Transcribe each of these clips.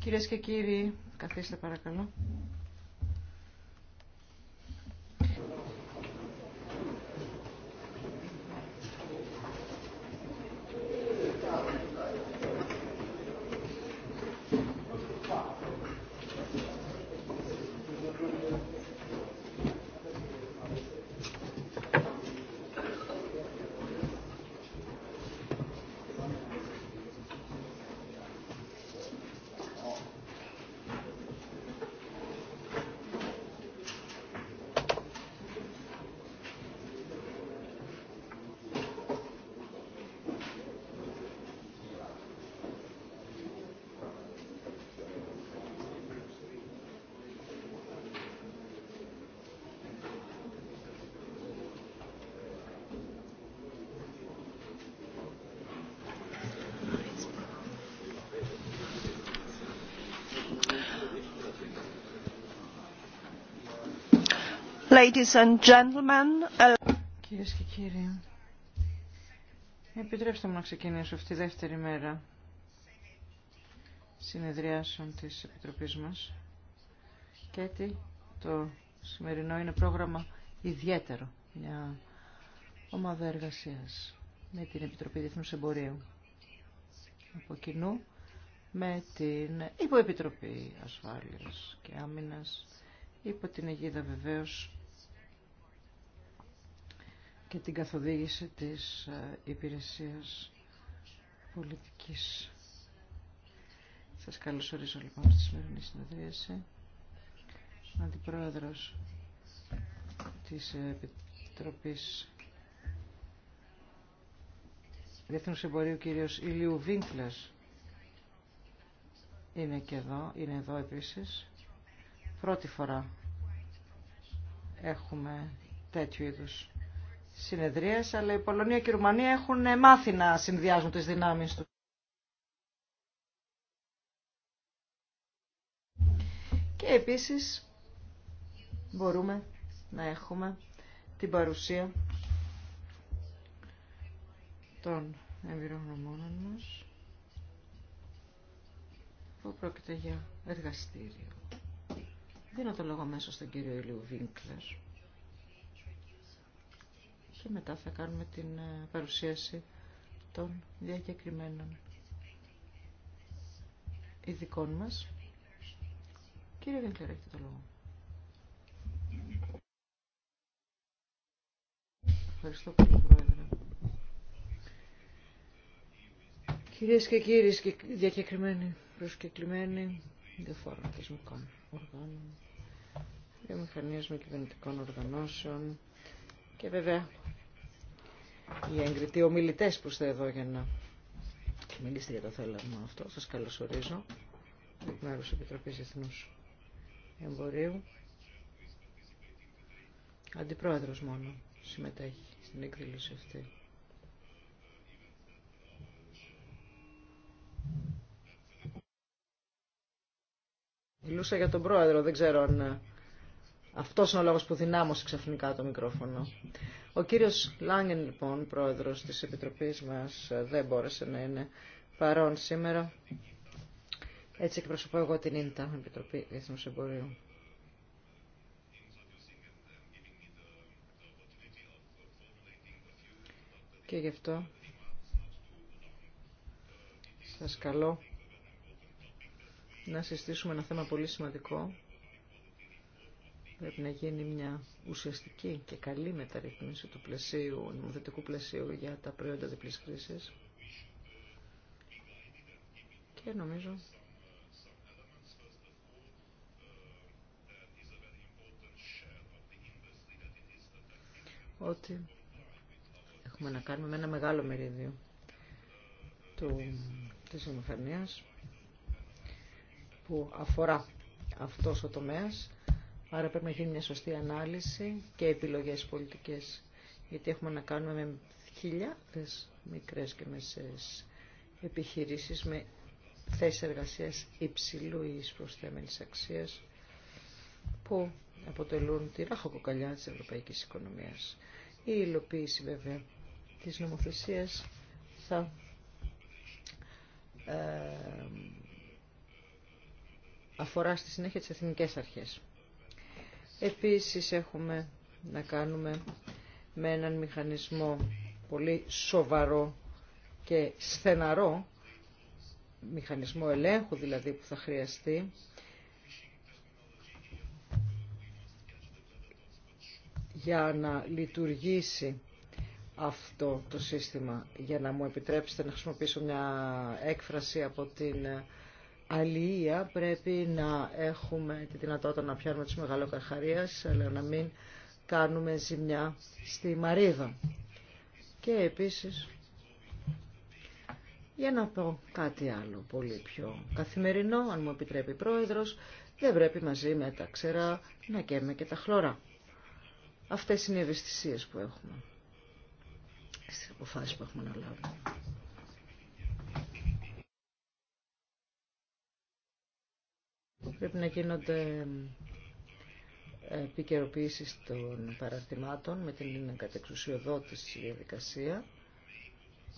Κυρίες και κύριοι, καθίστε παρακαλώ. Uh, Κυρίες και κύριοι, επιτρέψτε μου να ξεκινήσω αυτή τη δεύτερη μέρα συνεδριάσεων της Επιτροπής μας. Και το σημερινό είναι πρόγραμμα ιδιαίτερο, μια ομάδα εργασίας με την Επιτροπή Διεθνούς Εμπορίου. Από κοινού με την Υποεπιτροπή Ασφάλειας και Άμυνας υπό την αιγίδα βεβαίως και την καθοδήγηση της ε, υπηρεσίας πολιτικής. Σας καλωσορίζω λοιπόν στη σημερινή συνεδρίαση. Αντιπρόεδρος της Επιτροπής Διεθνούς Εμπορίου κύριος Ηλίου Βίγκλας, είναι και εδώ, είναι εδώ επίσης. Πρώτη φορά έχουμε τέτοιου είδους συνεδρίες, αλλά η Πολωνία και η Ρουμανία έχουν ε, μάθει να συνδυάζουν τις δυνάμεις τους. Και επίσης μπορούμε να έχουμε την παρουσία των εμπειρογνωμόνων μας που πρόκειται για εργαστήριο. Δίνω το λόγο μέσα στον κύριο Ηλίου Βίνκλερ και μετά θα κάνουμε την ε, παρουσίαση των διακεκριμένων ειδικών μας. Κύριε Βίγκλερ, έχετε το λόγο. Ευχαριστώ πολύ, Πρόεδρε. Κυρίες και κύριοι, διακεκριμένοι, προσκεκλημένοι, διαφόρων θεσμικών οργάνων, βιομηχανίας με κυβερνητικών οργανώσεων, και βέβαια οι εγκριτοί ομιλητέ που είστε εδώ για να μιλήσετε για το θέλαμα αυτό. Σας καλωσορίζω εκ μέρους της Επιτροπής Εθνούς Εμπορίου. Αντιπρόεδρος μόνο συμμετέχει στην εκδήλωση αυτή. Μιλούσα για τον πρόεδρο, δεν ξέρω αν ε, αυτό είναι ο λόγο που δυνάμωσε ξαφνικά το μικρόφωνο. Ο κύριο Λάγκεν, λοιπόν, πρόεδρο τη Επιτροπή μα, ε, δεν μπόρεσε να είναι παρόν σήμερα. Έτσι εκπροσωπώ εγώ την ΙΝΤΑ, Επιτροπή Διεθνού Εμπορίου. Και γι' αυτό σας καλώ να συστήσουμε ένα θέμα πολύ σημαντικό Πρέπει να γίνει μια ουσιαστική και καλή μεταρρύθμιση του πλαισίου, νομοθετικού πλαισίου για τα προϊόντα διπλής χρήσης. Και νομίζω ότι έχουμε να κάνουμε με ένα μεγάλο μερίδιο του, της ομοφανίας που αφορά αυτός ο τομέας Άρα πρέπει να γίνει μια σωστή ανάλυση και επιλογές πολιτικές. Γιατί έχουμε να κάνουμε με χιλιάδες μικρές και μεσές επιχειρήσεις με θέσεις εργασίας υψηλού ή προσθέμενης αξίας που αποτελούν τη ράχοκοκαλιά της ευρωπαϊκής οικονομίας. Η υλοποίηση αποτελουν τη κοκαλια της νομοθεσίας θα ε, αφορά στη συνέχεια τις εθνικές αρχές. Επίσης έχουμε να κάνουμε με έναν μηχανισμό πολύ σοβαρό και στεναρό, μηχανισμό ελέγχου δηλαδή που θα χρειαστεί, για να λειτουργήσει αυτό το σύστημα, για να μου επιτρέψετε να χρησιμοποιήσω μια έκφραση από την αλληλεία πρέπει να έχουμε τη δυνατότητα να πιάνουμε τους μεγαλοκαρχαρίες, αλλά να μην κάνουμε ζημιά στη Μαρίδα. Και επίσης, για να πω κάτι άλλο πολύ πιο καθημερινό, αν μου επιτρέπει ο Πρόεδρος, δεν πρέπει μαζί με τα ξερά να καίμε και τα χλωρά. Αυτές είναι οι ευαισθησίες που έχουμε, στις αποφάσεις που έχουμε να λάβουμε. Πρέπει να γίνονται ε, επικαιροποίηση των παραρτημάτων με την κατεξουσιοδότηση διαδικασία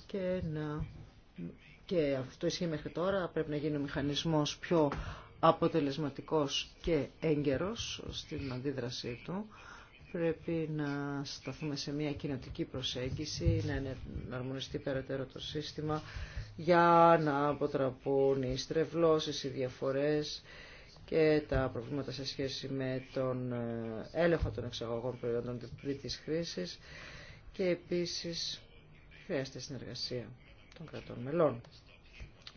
και, να... και αυτό ισχύει μέχρι τώρα. Πρέπει να γίνει ο μηχανισμός πιο αποτελεσματικός και έγκαιρος στην αντίδρασή του. Πρέπει να σταθούμε σε μια κοινοτική προσέγγιση, να εναρμονιστεί περαιτέρω το σύστημα για να αποτραπούν οι στρεβλώσεις, οι διαφορές, και τα προβλήματα σε σχέση με τον ε, έλεγχο των εξαγωγών προϊόντων τρίτης χρήσης και επίσης χρειάζεται συνεργασία των κρατών μελών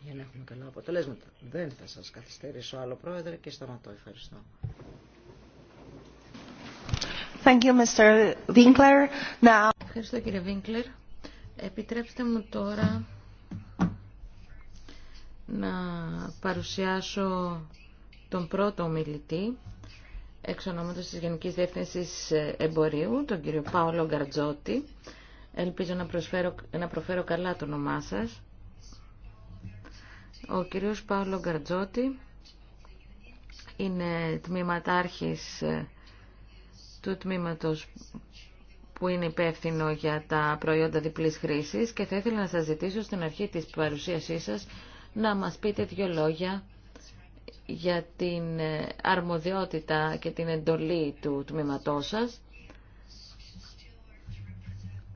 για να έχουμε καλά αποτελέσματα. Δεν θα σας καθυστερήσω άλλο πρόεδρε και σταματώ. Ευχαριστώ. Thank you, Mr. Winkler. Now... Ευχαριστώ κύριε Βίνκλερ. Επιτρέψτε μου τώρα να παρουσιάσω τον πρώτο ομιλητή εξ ονόματος της Γενικής Διεύθυνσης Εμπορίου, τον κύριο Πάολο Γκαρτζότη. Ελπίζω να, προσφέρω, να προφέρω καλά το όνομά σας. Ο κύριος Πάολο Γκαρτζότη είναι τμήματάρχης ε, του τμήματος που είναι υπεύθυνο για τα προϊόντα διπλής χρήσης και θα ήθελα να σας ζητήσω στην αρχή της παρουσίασής σας να μας πείτε δύο λόγια για την ε, αρμοδιότητα και την εντολή του τμήματός σας.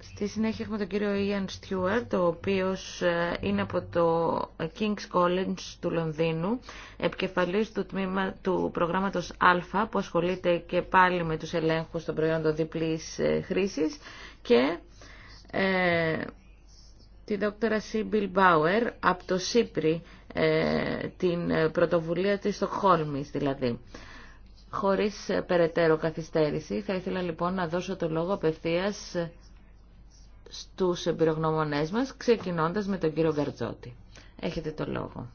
Στη συνέχεια έχουμε τον κύριο Ιαν Στιούαρτ, ο οποίος ε, είναι από το King's College του Λονδίνου, επικεφαλής του, τμήμα, του προγράμματος Α, που ασχολείται και πάλι με τους ελέγχους των προϊόντων διπλής ε, χρήσης και τη δόκτωρα Σίμπιλ Μπάουερ από το ΣΥΠΡΙ, ε, την πρωτοβουλία της Στοκχόλμης δηλαδή. Χωρίς ε, περαιτέρω καθυστέρηση, θα ήθελα λοιπόν να δώσω το λόγο απευθείας στους εμπειρογνωμονές μας, ξεκινώντας με τον κύριο Γκαρτζότη. Έχετε το λόγο.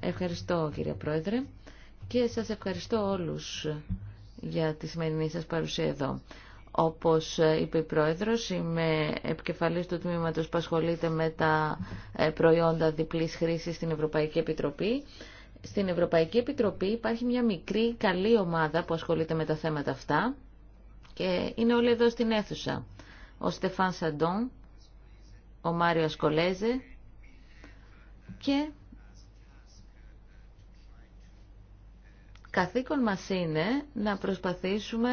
Ευχαριστώ κύριε Πρόεδρε και σας ευχαριστώ όλους για τη σημερινή σας παρουσία εδώ. Όπως είπε η Πρόεδρος, είμαι επικεφαλής του τμήματος που ασχολείται με τα ε, προϊόντα διπλής χρήσης στην Ευρωπαϊκή Επιτροπή. Στην Ευρωπαϊκή Επιτροπή υπάρχει μια μικρή καλή ομάδα που ασχολείται με τα θέματα αυτά και είναι όλοι εδώ στην αίθουσα. Ο Στεφάν Σαντών, ο Μάριο Ασκολέζε και καθήκον μας είναι να προσπαθήσουμε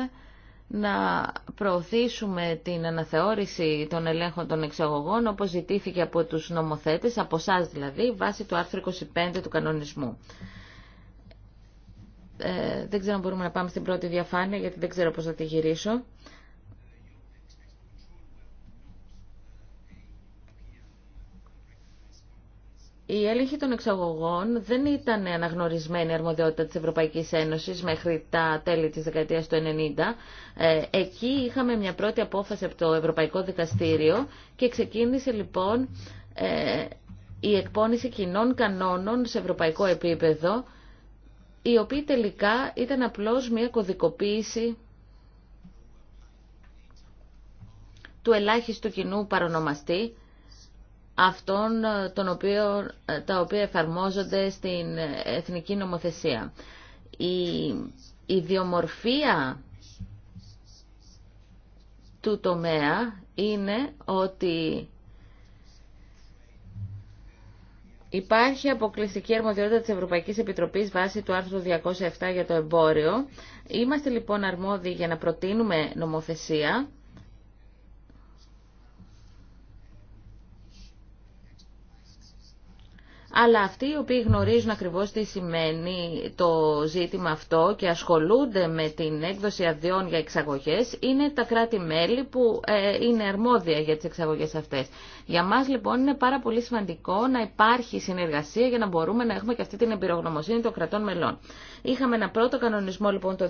να προωθήσουμε την αναθεώρηση των ελέγχων των εξαγωγών όπως ζητήθηκε από τους νομοθέτες, από εσά δηλαδή, βάσει του άρθρου 25 του κανονισμού. Ε, δεν ξέρω αν μπορούμε να πάμε στην πρώτη διαφάνεια γιατί δεν ξέρω πώς θα τη γυρίσω. η έλεγχη των εξαγωγών δεν ήταν αναγνωρισμένη αρμοδιότητα της Ευρωπαϊκής Ένωσης μέχρι τα τέλη της δεκαετίας του 1990. Ε, εκεί είχαμε μια πρώτη απόφαση από το Ευρωπαϊκό Δικαστήριο και ξεκίνησε λοιπόν ε, η εκπόνηση κοινών κανόνων σε ευρωπαϊκό επίπεδο, οι οποίοι τελικά ήταν απλώς μια κωδικοποίηση του ελάχιστου κοινού παρονομαστή, αυτών ε, τον οποίο ε, τα οποία εφαρμόζονται στην εθνική νομοθεσία. Η ιδιομορφία του τομέα είναι ότι Υπάρχει αποκλειστική αρμοδιότητα της Ευρωπαϊκής Επιτροπής βάσει του άρθρου 207 για το εμπόριο. Είμαστε λοιπόν αρμόδιοι για να προτείνουμε νομοθεσία αλλά αυτοί οι οποίοι γνωρίζουν ακριβώς τι σημαίνει το ζήτημα αυτό και ασχολούνται με την έκδοση αδειών για εξαγωγές είναι τα κράτη-μέλη που ε, είναι αρμόδια για τις εξαγωγές αυτές. Για μας λοιπόν είναι πάρα πολύ σημαντικό να υπάρχει συνεργασία για να μπορούμε να έχουμε και αυτή την εμπειρογνωμοσύνη των κρατών μελών. Είχαμε ένα πρώτο κανονισμό λοιπόν το 2000,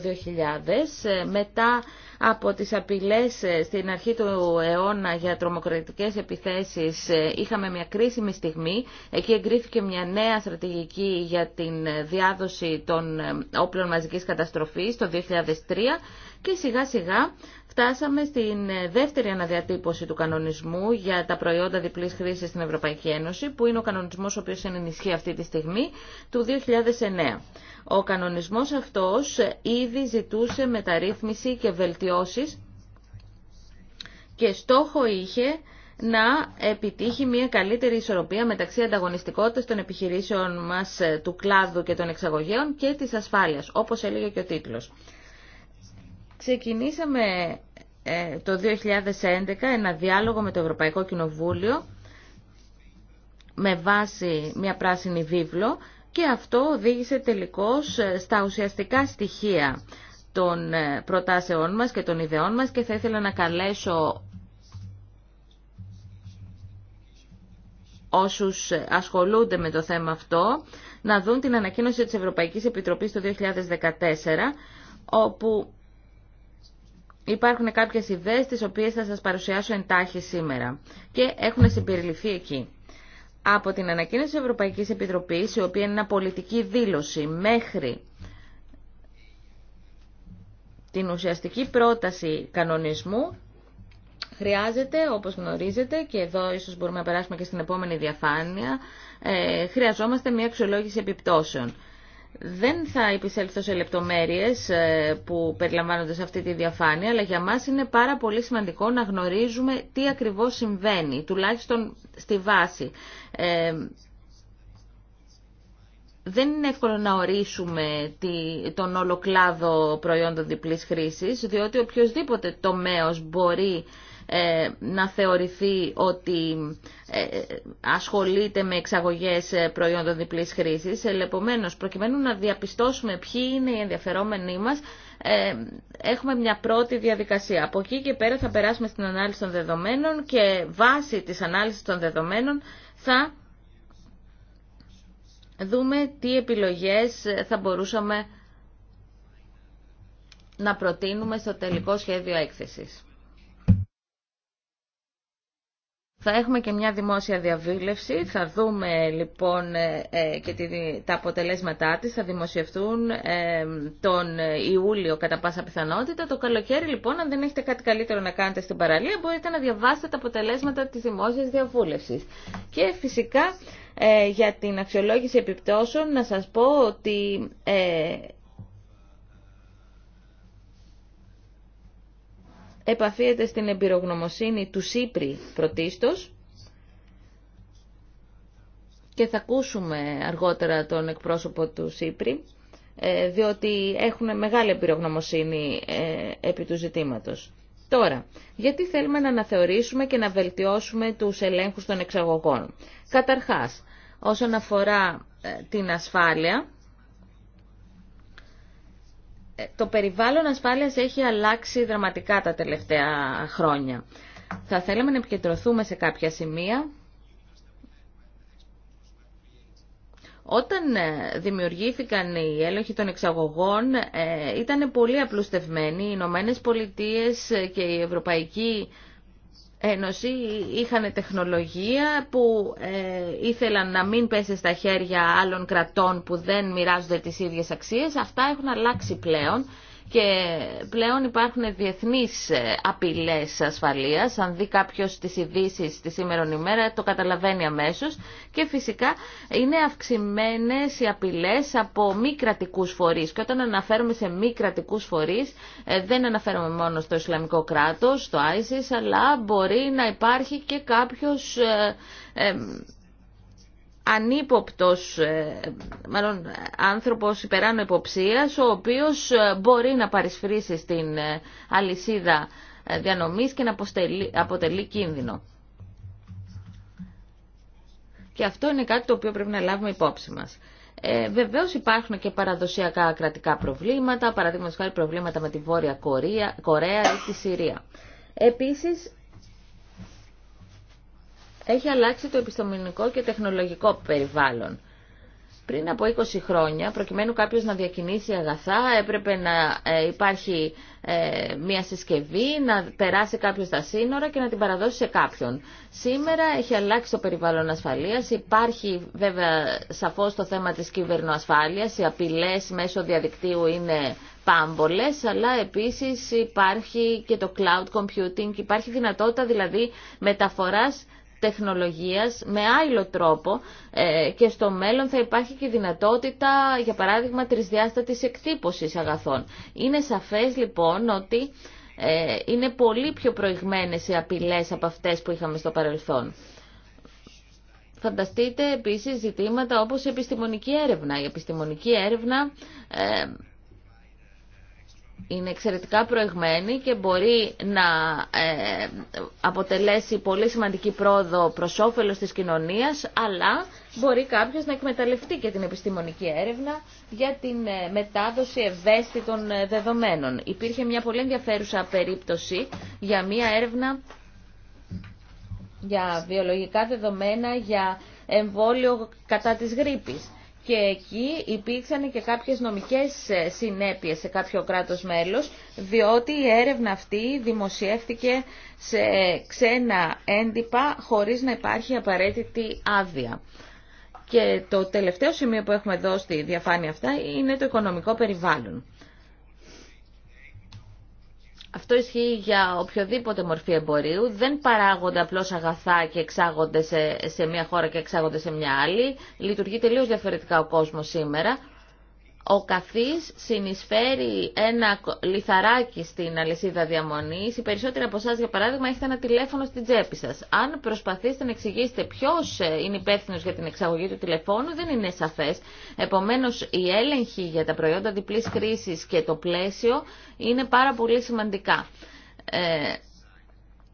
ε, μετά από τις απειλές ε, στην αρχή του αιώνα για τρομοκρατικές επιθέσεις είχαμε μια κρίσιμη στιγμή, εκεί εγκρίθηκε και μια νέα στρατηγική για την διάδοση των όπλων μαζικής καταστροφής το 2003 και σιγά σιγά φτάσαμε στην ε, δεύτερη αναδιατύπωση του κανονισμού για τα προϊόντα διπλής χρήσης στην Ευρωπαϊκή Ένωση που είναι ο κανονισμός ο οποίος είναι ενισχύει αυτή τη στιγμή του 2009. Ο κανονισμός αυτός ήδη ζητούσε μεταρρύθμιση και βελτιώσεις και στόχο είχε να επιτύχει μια καλύτερη ισορροπία μεταξύ ανταγωνιστικότητας των επιχειρήσεων μας ε, του κλάδου και των εξαγωγέων και της ασφάλειας, όπως έλεγε και ο τίτλος. Ξεκινήσαμε ε, το 2011 ένα διάλογο με το Ευρωπαϊκό Κοινοβούλιο με βάση μια πράσινη βίβλο και αυτό οδήγησε τελικώς ε, στα ουσιαστικά στοιχεία των προτάσεών μας και των ιδεών μας και θα ήθελα να καλέσω όσους ασχολούνται με το θέμα αυτό να δουν την ανακοίνωση της Ευρωπαϊκής Επιτροπής το 2014 όπου υπάρχουν κάποιες ιδέες τις οποίες θα σας παρουσιάσω εντάχει σήμερα και έχουν συμπεριληφθεί εκεί. Από την ανακοίνωση της Ευρωπαϊκής Επιτροπής, η οποία είναι μια πολιτική δήλωση μέχρι την ουσιαστική πρόταση κανονισμού Χρειάζεται, όπως γνωρίζετε, και εδώ ίσως μπορούμε να περάσουμε και στην επόμενη διαφάνεια, ε, χρειαζόμαστε μια αξιολόγηση επιπτώσεων. Δεν θα επισέλθω σε λεπτομέρειες ε, που περιλαμβάνονται σε αυτή τη διαφάνεια, αλλά για μας είναι πάρα πολύ σημαντικό να γνωρίζουμε τι ακριβώς συμβαίνει, τουλάχιστον στη βάση. Ε, δεν είναι εύκολο να ορίσουμε τον όλο κλάδο προϊόντων διπλής χρήσης, διότι οποιοδήποτε τομέος μπορεί ε, να θεωρηθεί ότι ε, ασχολείται με εξαγωγές ε, προϊόντων διπλής χρήσης. Επομένω, προκειμένου να διαπιστώσουμε ποιοι είναι οι ενδιαφερόμενοι μας, έχουμε μια πρώτη διαδικασία. Από εκεί και πέρα θα περάσουμε στην ανάλυση των δεδομένων και βάσει της ανάλυσης των δεδομένων θα δούμε τι επιλογές θα μπορούσαμε να προτείνουμε στο τελικό σχέδιο έκθεσης. Θα έχουμε και μια δημόσια διαβίλευση. θα δούμε λοιπόν ε, ε, και τα αποτελέσματά της, θα δημοσιευτούν ε, τον Ιούλιο κατά πάσα πιθανότητα. Το καλοκαίρι λοιπόν, αν δεν έχετε κάτι καλύτερο να κάνετε στην παραλία, μπορείτε να διαβάσετε τα αποτελέσματα της δημόσιας διαβούλευσης. Και φυσικά για την αξιολόγηση επιπτώσεων να σας πω ότι επαφίεται στην εμπειρογνωμοσύνη του Σύπρη πρωτίστως και θα ακούσουμε αργότερα τον εκπρόσωπο του Σύπρη ε, διότι έχουν μεγάλη εμπειρογνωμοσύνη ε, επί του ζητήματος. Τώρα, γιατί θέλουμε να αναθεωρήσουμε και να βελτιώσουμε τους ελέγχους των εξαγωγών. Καταρχάς, όσον αφορά ε, την ασφάλεια, ε, το περιβάλλον ασφάλειας έχει αλλάξει δραματικά τα τελευταία χρόνια. Θα θέλαμε να επικεντρωθούμε σε κάποια σημεία. Όταν ε, δημιουργήθηκαν οι έλεγχοι των εξαγωγών, ε, ήταν πολύ απλουστευμένοι. Οι Ηνωμένε Πολιτείε και η Ευρωπαϊκή Ένωση είχαν τεχνολογία που ε, ήθελαν να μην πέσει στα χέρια άλλων κρατών που δεν μοιράζονται τις ίδιες αξίες. Αυτά έχουν αλλάξει πλέον και πλέον υπάρχουν διεθνείς ε, απειλές ασφαλείας. Αν δει κάποιος τις ειδήσει τη σήμερα ημέρα το καταλαβαίνει αμέσως και φυσικά είναι αυξημένες οι απειλές από μη κρατικούς φορείς και όταν αναφέρουμε σε μη κρατικούς φορείς ε, δεν αναφέρομαι μόνο στο Ισλαμικό κράτος, στο ISIS αλλά μπορεί να υπάρχει και κάποιος ε, ανύποπτος ε, μάλλον, άνθρωπος υπεράνω υποψίας ο οποίος ε, μπορεί να παρισφρήσει στην ε, αλυσίδα διανομής και να αποτελεί κίνδυνο. Και αυτό είναι κάτι το οποίο πρέπει να λάβουμε υπόψη μας. Ε, βεβαίως υπάρχουν και παραδοσιακά κρατικά προβλήματα, παραδείγματος χάρη προβλήματα με τη Βόρεια Κορέα, Κορέα ή τη Συρία. Επίσης έχει αλλάξει το επιστημονικό και τεχνολογικό περιβάλλον. Πριν από 20 χρόνια, προκειμένου κάποιος να διακινήσει αγαθά, έπρεπε να ε, υπάρχει ε, μια συσκευή, να περάσει κάποιος τα σύνορα και να την παραδώσει σε κάποιον. Σήμερα έχει αλλάξει το περιβάλλον ασφαλείας, υπάρχει βέβαια σαφώς το θέμα της κυβερνοασφάλειας, οι απειλές μέσω διαδικτύου είναι πάμπολες, αλλά επίσης υπάρχει και το cloud computing, υπάρχει δυνατότητα δηλαδή μεταφοράς τεχνολογίας με άλλο τρόπο ε, και στο μέλλον θα υπάρχει και δυνατότητα, για παράδειγμα, τρισδιάστατης εκτύπωσης αγαθών. Είναι σαφές λοιπόν ότι ε, είναι πολύ πιο προηγμένες οι απειλές από αυτές που είχαμε στο παρελθόν. Φανταστείτε επίσης ζητήματα όπως η επιστημονική έρευνα. Η επιστημονική έρευνα ε, είναι εξαιρετικά προηγμένη και μπορεί να ε, αποτελέσει πολύ σημαντική πρόοδο προς όφελος της κοινωνίας, αλλά μπορεί κάποιος να εκμεταλλευτεί και την επιστημονική έρευνα για την ε, μετάδοση ευαίσθητων ε, δεδομένων. Υπήρχε μια πολύ ενδιαφέρουσα περίπτωση για μια έρευνα για βιολογικά δεδομένα για εμβόλιο κατά της γρήπης και εκεί υπήρξαν και κάποιες νομικές συνέπειες σε κάποιο κράτος μέλος, διότι η έρευνα αυτή δημοσιεύτηκε σε ξένα έντυπα χωρίς να υπάρχει απαραίτητη άδεια. Και το τελευταίο σημείο που έχουμε εδώ στη διαφάνεια αυτά είναι το οικονομικό περιβάλλον. Αυτό ισχύει για οποιοδήποτε μορφή εμπορίου. Δεν παράγονται απλώ αγαθά και εξάγονται σε, μια χώρα και εξάγονται σε μια άλλη. Λειτουργεί τελείω διαφορετικά ο κόσμο σήμερα ο καθής συνεισφέρει ένα λιθαράκι στην αλυσίδα διαμονής. Οι περισσότεροι από εσά, για παράδειγμα, έχετε ένα τηλέφωνο στην τσέπη σας. Αν προσπαθήσετε να εξηγήσετε ποιος ε, είναι υπεύθυνο για την εξαγωγή του τηλεφώνου, δεν είναι σαφές. Επομένως, η έλεγχη για τα προϊόντα διπλής χρήσης και το πλαίσιο είναι πάρα πολύ σημαντικά ε,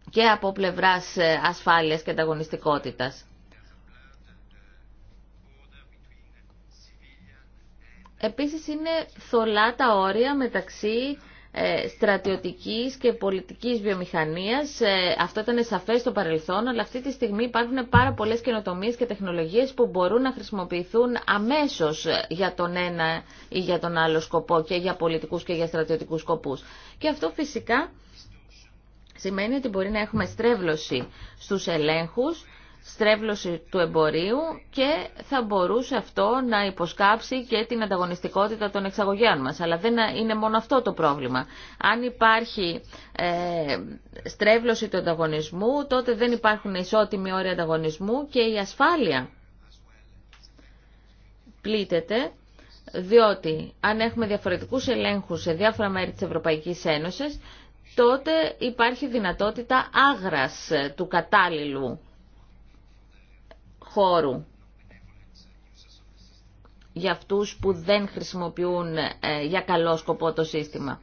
και από πλευράς ε, ασφάλειας και ανταγωνιστικότητας. Επίσης είναι θολά τα όρια μεταξύ ε, στρατιωτικής και πολιτικής βιομηχανίας. Ε, αυτό ήταν σαφές στο παρελθόν, αλλά αυτή τη στιγμή υπάρχουν πάρα πολλές καινοτομίες και τεχνολογίες που μπορούν να χρησιμοποιηθούν αμέσως ε, για τον ένα ή για τον άλλο σκοπό και για πολιτικούς και για στρατιωτικούς σκοπούς. Και αυτό φυσικά σημαίνει ότι μπορεί να έχουμε στρέβλωση στους ελέγχους στρέβλωση του εμπορίου και θα μπορούσε αυτό να υποσκάψει και την ανταγωνιστικότητα των εξαγωγέων μας. Αλλά δεν είναι μόνο αυτό το πρόβλημα. Αν υπάρχει ε, στρέβλωση του ανταγωνισμού, τότε δεν υπάρχουν ισότιμοι όροι ανταγωνισμού και η ασφάλεια πλήττεται, διότι αν έχουμε διαφορετικούς ελέγχους σε διάφορα μέρη της Ευρωπαϊκής Ένωσης, τότε υπάρχει δυνατότητα άγρας του κατάλληλου χώρου για αυτούς που δεν χρησιμοποιούν ε, για καλό σκοπό το σύστημα.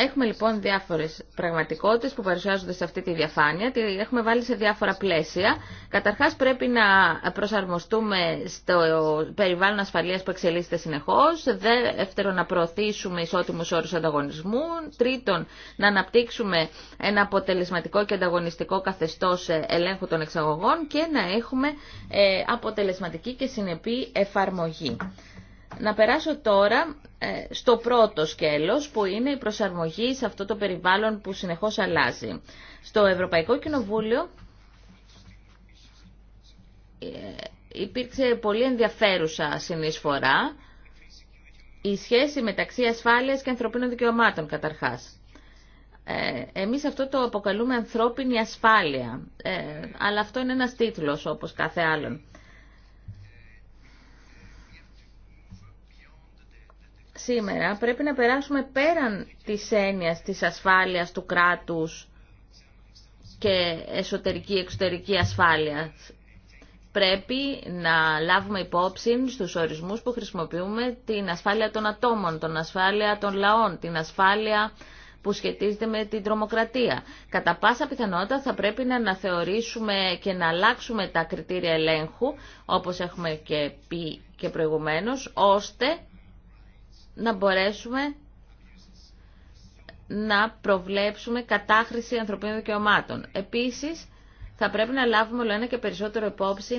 Έχουμε λοιπόν διάφορες πραγματικότητε που παρουσιάζονται σε αυτή τη διαφάνεια, τη έχουμε βάλει σε διάφορα πλαίσια. Καταρχάς πρέπει να προσαρμοστούμε στο περιβάλλον ασφαλείας που εξελίσσεται συνεχώ, δεύτερον να προωθήσουμε ισότιμους όρου ανταγωνισμού, τρίτον να αναπτύξουμε ένα αποτελεσματικό και ανταγωνιστικό καθεστώ ελέγχου των εξαγωγών και να έχουμε ε, αποτελεσματική και συνεπή εφαρμογή. Να περάσω τώρα ε, στο πρώτο σκέλος που είναι η προσαρμογή σε αυτό το περιβάλλον που συνεχώς αλλάζει. Στο Ευρωπαϊκό Κοινοβούλιο ε, υπήρξε πολύ ενδιαφέρουσα συνεισφορά η σχέση μεταξύ ασφάλειας και ανθρωπίνων δικαιωμάτων καταρχάς. Ε, εμείς αυτό το αποκαλούμε ανθρώπινη ασφάλεια, αλλά αυτό είναι ένας τίτλος όπως κάθε άλλον. σήμερα πρέπει να περάσουμε πέραν της έννοιας της ασφάλειας του κράτους και εσωτερική-εξωτερική ασφάλεια. Πρέπει να λάβουμε υπόψη στους ορισμούς που χρησιμοποιούμε την ασφάλεια των ατόμων, την ασφάλεια των λαών, την ασφάλεια που σχετίζεται με την τρομοκρατία. Κατά πάσα πιθανότητα θα πρέπει να αναθεωρήσουμε και να αλλάξουμε τα κριτήρια ελέγχου, όπως έχουμε και πει και προηγουμένως, ώστε να μπορέσουμε να προβλέψουμε κατάχρηση ανθρωπίνων δικαιωμάτων. Επίσης, θα πρέπει να λάβουμε όλο ένα και περισσότερο υπόψη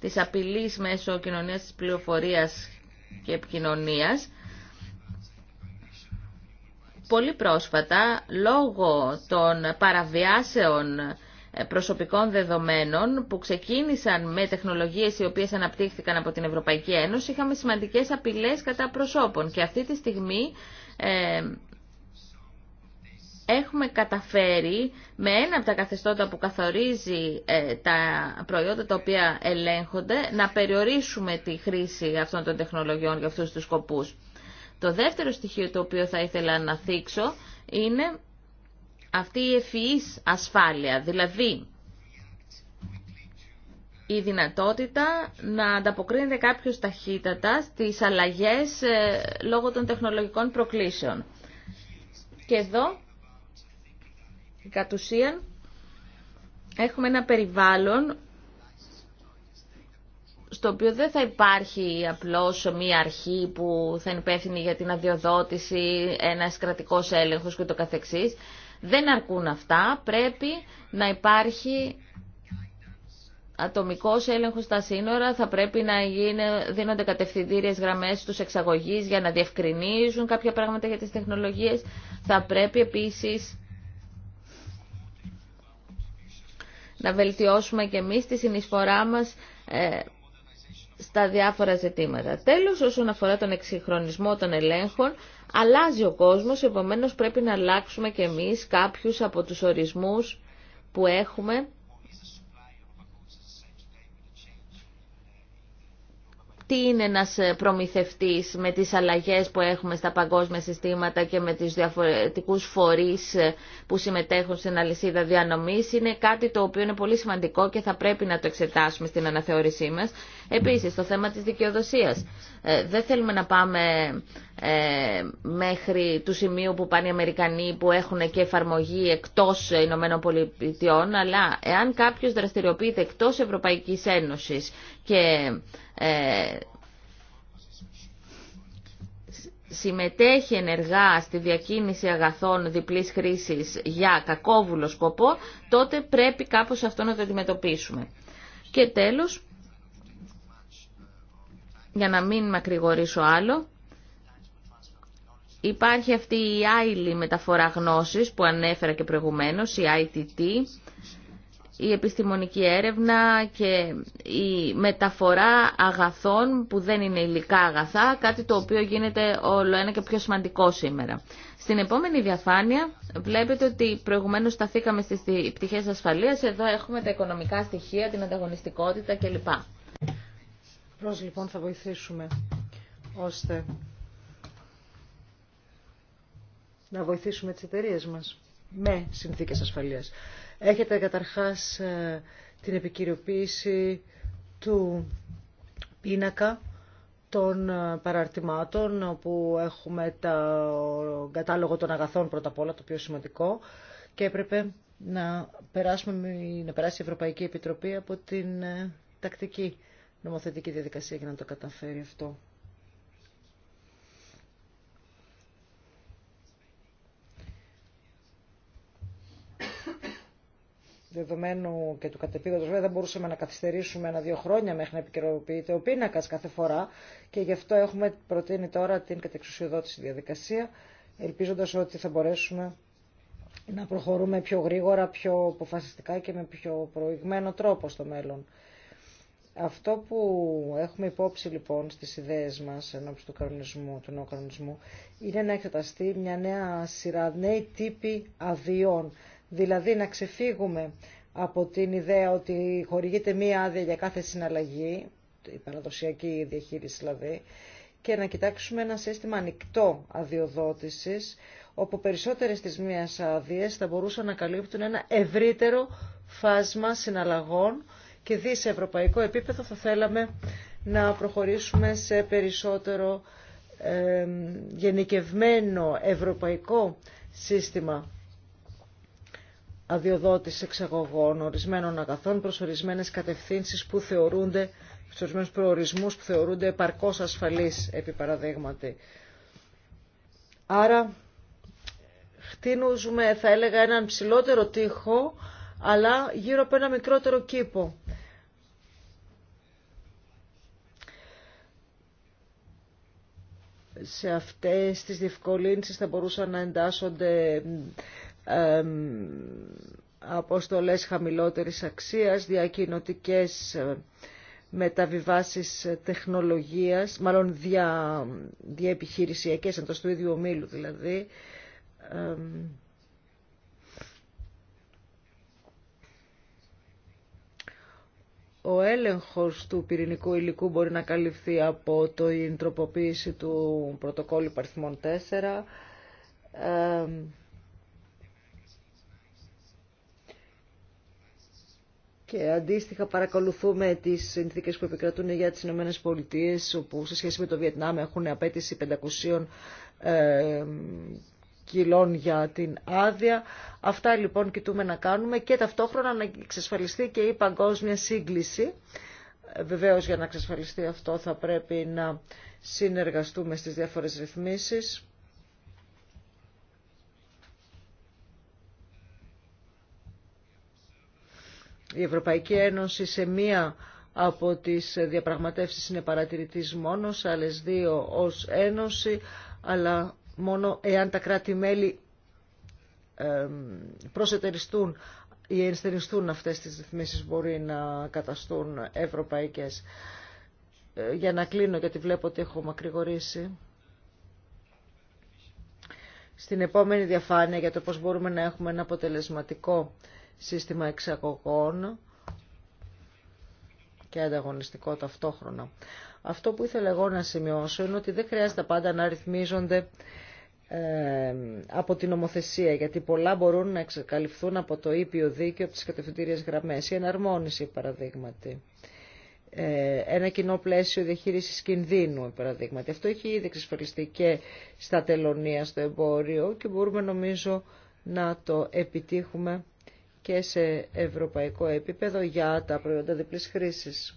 της απειλής μέσω κοινωνίας της πληροφορίας και επικοινωνίας. Πολύ πρόσφατα, λόγω των παραβιάσεων προσωπικών δεδομένων που ξεκίνησαν με τεχνολογίες οι οποίες αναπτύχθηκαν από την Ευρωπαϊκή Ένωση είχαμε σημαντικές απειλές κατά προσώπων και αυτή τη στιγμή ε, έχουμε καταφέρει με ένα από τα καθεστώτα που καθορίζει ε, τα προϊόντα τα οποία ελέγχονται να περιορίσουμε τη χρήση αυτών των τεχνολογιών για αυτούς τους σκοπούς. Το δεύτερο στοιχείο το οποίο θα ήθελα να θίξω είναι αυτή η ευφυής ασφάλεια, δηλαδή η δυνατότητα να ανταποκρίνεται κάποιος ταχύτατα στις αλλαγές ε, λόγω των τεχνολογικών προκλήσεων. Και εδώ, κατ' ουσίαν, έχουμε ένα περιβάλλον στο οποίο δεν θα υπάρχει απλώς μία αρχή που θα είναι υπεύθυνη για την αδειοδότηση, ένας κρατικός έλεγχος και το καθεξής. Δεν αρκούν αυτά, πρέπει να υπάρχει ατομικός έλεγχος στα σύνορα, θα πρέπει να δίνονται κατευθυντήριες γραμμές στους εξαγωγείς για να διευκρινίζουν κάποια πράγματα για τις τεχνολογίες. Θα πρέπει επίσης να βελτιώσουμε και εμείς τη συνεισφορά μας ε, στα διάφορα ζητήματα. Τέλος, όσον αφορά τον εξυγχρονισμό των ελέγχων, αλλάζει ο κόσμος, επομένως πρέπει να αλλάξουμε και εμείς κάποιους από τους ορισμούς που έχουμε τι είναι ένας ε, προμηθευτής με τις αλλαγές που έχουμε στα παγκόσμια συστήματα και με τις διαφορετικούς φορείς ε, που συμμετέχουν στην αλυσίδα διανομής είναι κάτι το οποίο είναι πολύ σημαντικό και θα πρέπει να το εξετάσουμε στην αναθεώρησή μας. Επίσης, το θέμα της δικαιοδοσίας. Ε, δεν θέλουμε να πάμε ε, μέχρι του σημείου που πάνε οι Αμερικανοί που έχουν και εφαρμογή εκτός Ηνωμένων Πολιτειών αλλά εάν κάποιος δραστηριοποιείται εκτός Ευρωπαϊκής Ένωσης και ε, συμμετέχει ενεργά στη διακίνηση αγαθών διπλής χρήσης για κακόβουλο σκοπό, τότε πρέπει κάπως αυτό να το αντιμετωπίσουμε. Και τέλος, για να μην μακρηγορήσω άλλο, Υπάρχει αυτή η άειλη μεταφορά γνώσης που ανέφερα και προηγουμένως, η ITT, η επιστημονική έρευνα και η μεταφορά αγαθών που δεν είναι υλικά αγαθά, κάτι το οποίο γίνεται όλο ένα και πιο σημαντικό σήμερα. Στην επόμενη διαφάνεια βλέπετε ότι προηγουμένως σταθήκαμε στις πτυχές ασφαλείας, εδώ έχουμε τα οικονομικά στοιχεία, την ανταγωνιστικότητα κλπ. Πώς λοιπόν θα βοηθήσουμε ώστε να βοηθήσουμε τις εταιρείε μας με συνθήκες ασφαλείας. Έχετε καταρχάς ε, την επικυριοποίηση του πίνακα των ε, παραρτημάτων όπου έχουμε τα κατάλογο των αγαθών πρώτα απ' όλα το πιο σημαντικό και έπρεπε να, περάσουμε, να περάσει η Ευρωπαϊκή Επιτροπή από την ε, τακτική νομοθετική διαδικασία για να το καταφέρει αυτό. δεδομένου και του κατεπίδοντος βέβαια δεν μπορούσαμε να καθυστερήσουμε ένα-δύο χρόνια μέχρι να επικαιροποιείται ο πίνακα κάθε φορά και γι' αυτό έχουμε προτείνει τώρα την κατεξουσιοδότηση διαδικασία ελπίζοντας ότι θα μπορέσουμε να προχωρούμε πιο γρήγορα, πιο αποφασιστικά και με πιο προηγμένο τρόπο στο μέλλον. Αυτό που έχουμε υπόψη λοιπόν στις ιδέες μας ενώπιση του κανονισμού, του νέου κανονισμού, είναι να εξεταστεί μια νέα σειρά, νέοι τύποι αδειών. Δηλαδή να ξεφύγουμε από την ιδέα ότι χορηγείται μία άδεια για κάθε συναλλαγή, η παραδοσιακή διαχείριση δηλαδή, και να κοιτάξουμε ένα σύστημα ανοιχτό αδειοδότησης, όπου περισσότερες της μίας αδείες θα μπορούσαν να καλύπτουν ένα ευρύτερο φάσμα συναλλαγών και δι σε ευρωπαϊκό επίπεδο θα θέλαμε να προχωρήσουμε σε περισσότερο ε, γενικευμένο ευρωπαϊκό σύστημα αδειοδότηση εξαγωγών ορισμένων αγαθών προ ορισμένε κατευθύνσεις που θεωρούνται, στους ορισμένου προορισμούς που θεωρούνται επαρκώς ασφαλείς επί παραδείγματι. Άρα χτύνουζουμε θα έλεγα έναν ψηλότερο τοίχο αλλά γύρω από ένα μικρότερο κήπο. Σε αυτές τις διευκολύνσεις θα μπορούσαν να εντάσσονται αποστολές χαμηλότερης αξίας, διακοινωτικές ε, μεταβιβάσεις τεχνολογίας, μάλλον δια, διαεπιχειρησιακές, εντός του ίδιου ομίλου δηλαδή, ο έλεγχος του πυρηνικού υλικού μπορεί να καλυφθεί από το τροποποίηση του πρωτοκόλλου παριθμών 4, Και αντίστοιχα παρακολουθούμε τις συνθήκες που επικρατούν για τις Ηνωμένες Πολιτείες, όπου σε σχέση με το Βιετνάμ έχουν απέτηση 500 ε, κιλών για την άδεια. Αυτά λοιπόν κοιτούμε να κάνουμε και ταυτόχρονα να εξασφαλιστεί και η παγκόσμια σύγκληση. Ε, βεβαίως για να εξασφαλιστεί αυτό θα πρέπει να συνεργαστούμε στις διάφορες ρυθμίσεις. η Ευρωπαϊκή Ένωση σε μία από τις διαπραγματεύσεις είναι παρατηρητής μόνο, σε άλλες δύο ως Ένωση, αλλά μόνο εάν τα κράτη-μέλη προσετεριστούν ή ενστεριστούν αυτές τις ρυθμίσεις μπορεί να καταστούν ευρωπαϊκές. Ε, για να κλείνω γιατί βλέπω ότι έχω μακρηγορήσει. Στην επόμενη διαφάνεια για το πώς μπορούμε να έχουμε ένα αποτελεσματικό σύστημα εξαγωγών και ανταγωνιστικό ταυτόχρονα. Αυτό που ήθελα εγώ να σημειώσω είναι ότι δεν χρειάζεται πάντα να ρυθμίζονται ε, από την νομοθεσία, γιατί πολλά μπορούν να εξακαλυφθούν από το ήπιο δίκαιο, από τις κατευθυντήριες γραμμές, η εναρμόνιση παραδείγματι. Ε, ένα κοινό πλαίσιο διαχείρισης κινδύνου, παραδείγματι. Αυτό έχει ήδη εξασφαλιστεί και στα τελωνία, στο εμπόριο και μπορούμε νομίζω να το επιτύχουμε και σε ευρωπαϊκό επίπεδο για τα προϊόντα διπλής χρήσης.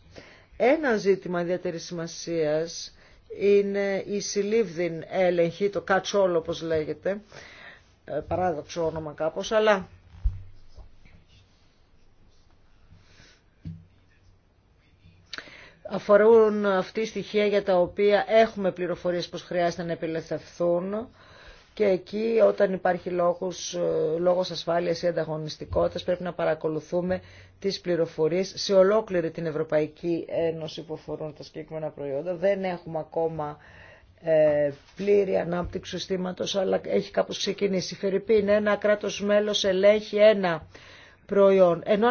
Ένα ζήτημα ιδιαίτερη σημασία είναι η συλλήβδην έλεγχη, το catch-all όπως λέγεται, ε, παράδοξο όνομα κάπως, αλλά αφορούν αυτή η στοιχεία για τα οποία έχουμε πληροφορίες πως χρειάζεται να επιλευθευθούν και εκεί όταν υπάρχει λόγος, ε, λόγος ασφάλειας ή ανταγωνιστικότητας πρέπει να παρακολουθούμε τις πληροφορίες σε ολόκληρη την Ευρωπαϊκή Ένωση που αφορούν τα συγκεκριμένα προϊόντα. Δεν έχουμε ακόμα ε, πλήρη ανάπτυξη συστήματος, αλλά έχει κάπως ξεκινήσει. είναι ένα κράτος μέλος ελέγχει ένα προϊόν, ενώ,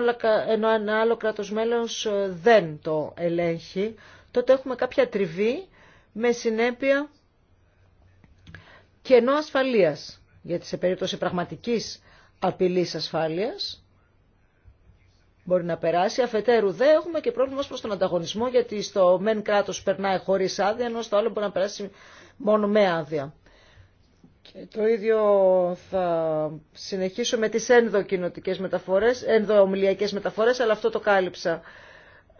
ενώ ένα άλλο κράτος μέλος ε, δεν το ελέγχει, τότε έχουμε κάποια τριβή με συνέπεια κενό ασφαλείας. Γιατί σε περίπτωση πραγματικής απειλής ασφάλειας μπορεί να περάσει. Αφετέρου δεν έχουμε και πρόβλημα ως προς τον ανταγωνισμό γιατί στο μεν κράτος περνάει χωρίς άδεια ενώ στο άλλο μπορεί να περάσει μόνο με άδεια. Και το ίδιο θα συνεχίσω με τις ενδοκοινωτικές μεταφορές, ενδοομιλιακές μεταφορές, αλλά αυτό το κάλυψα.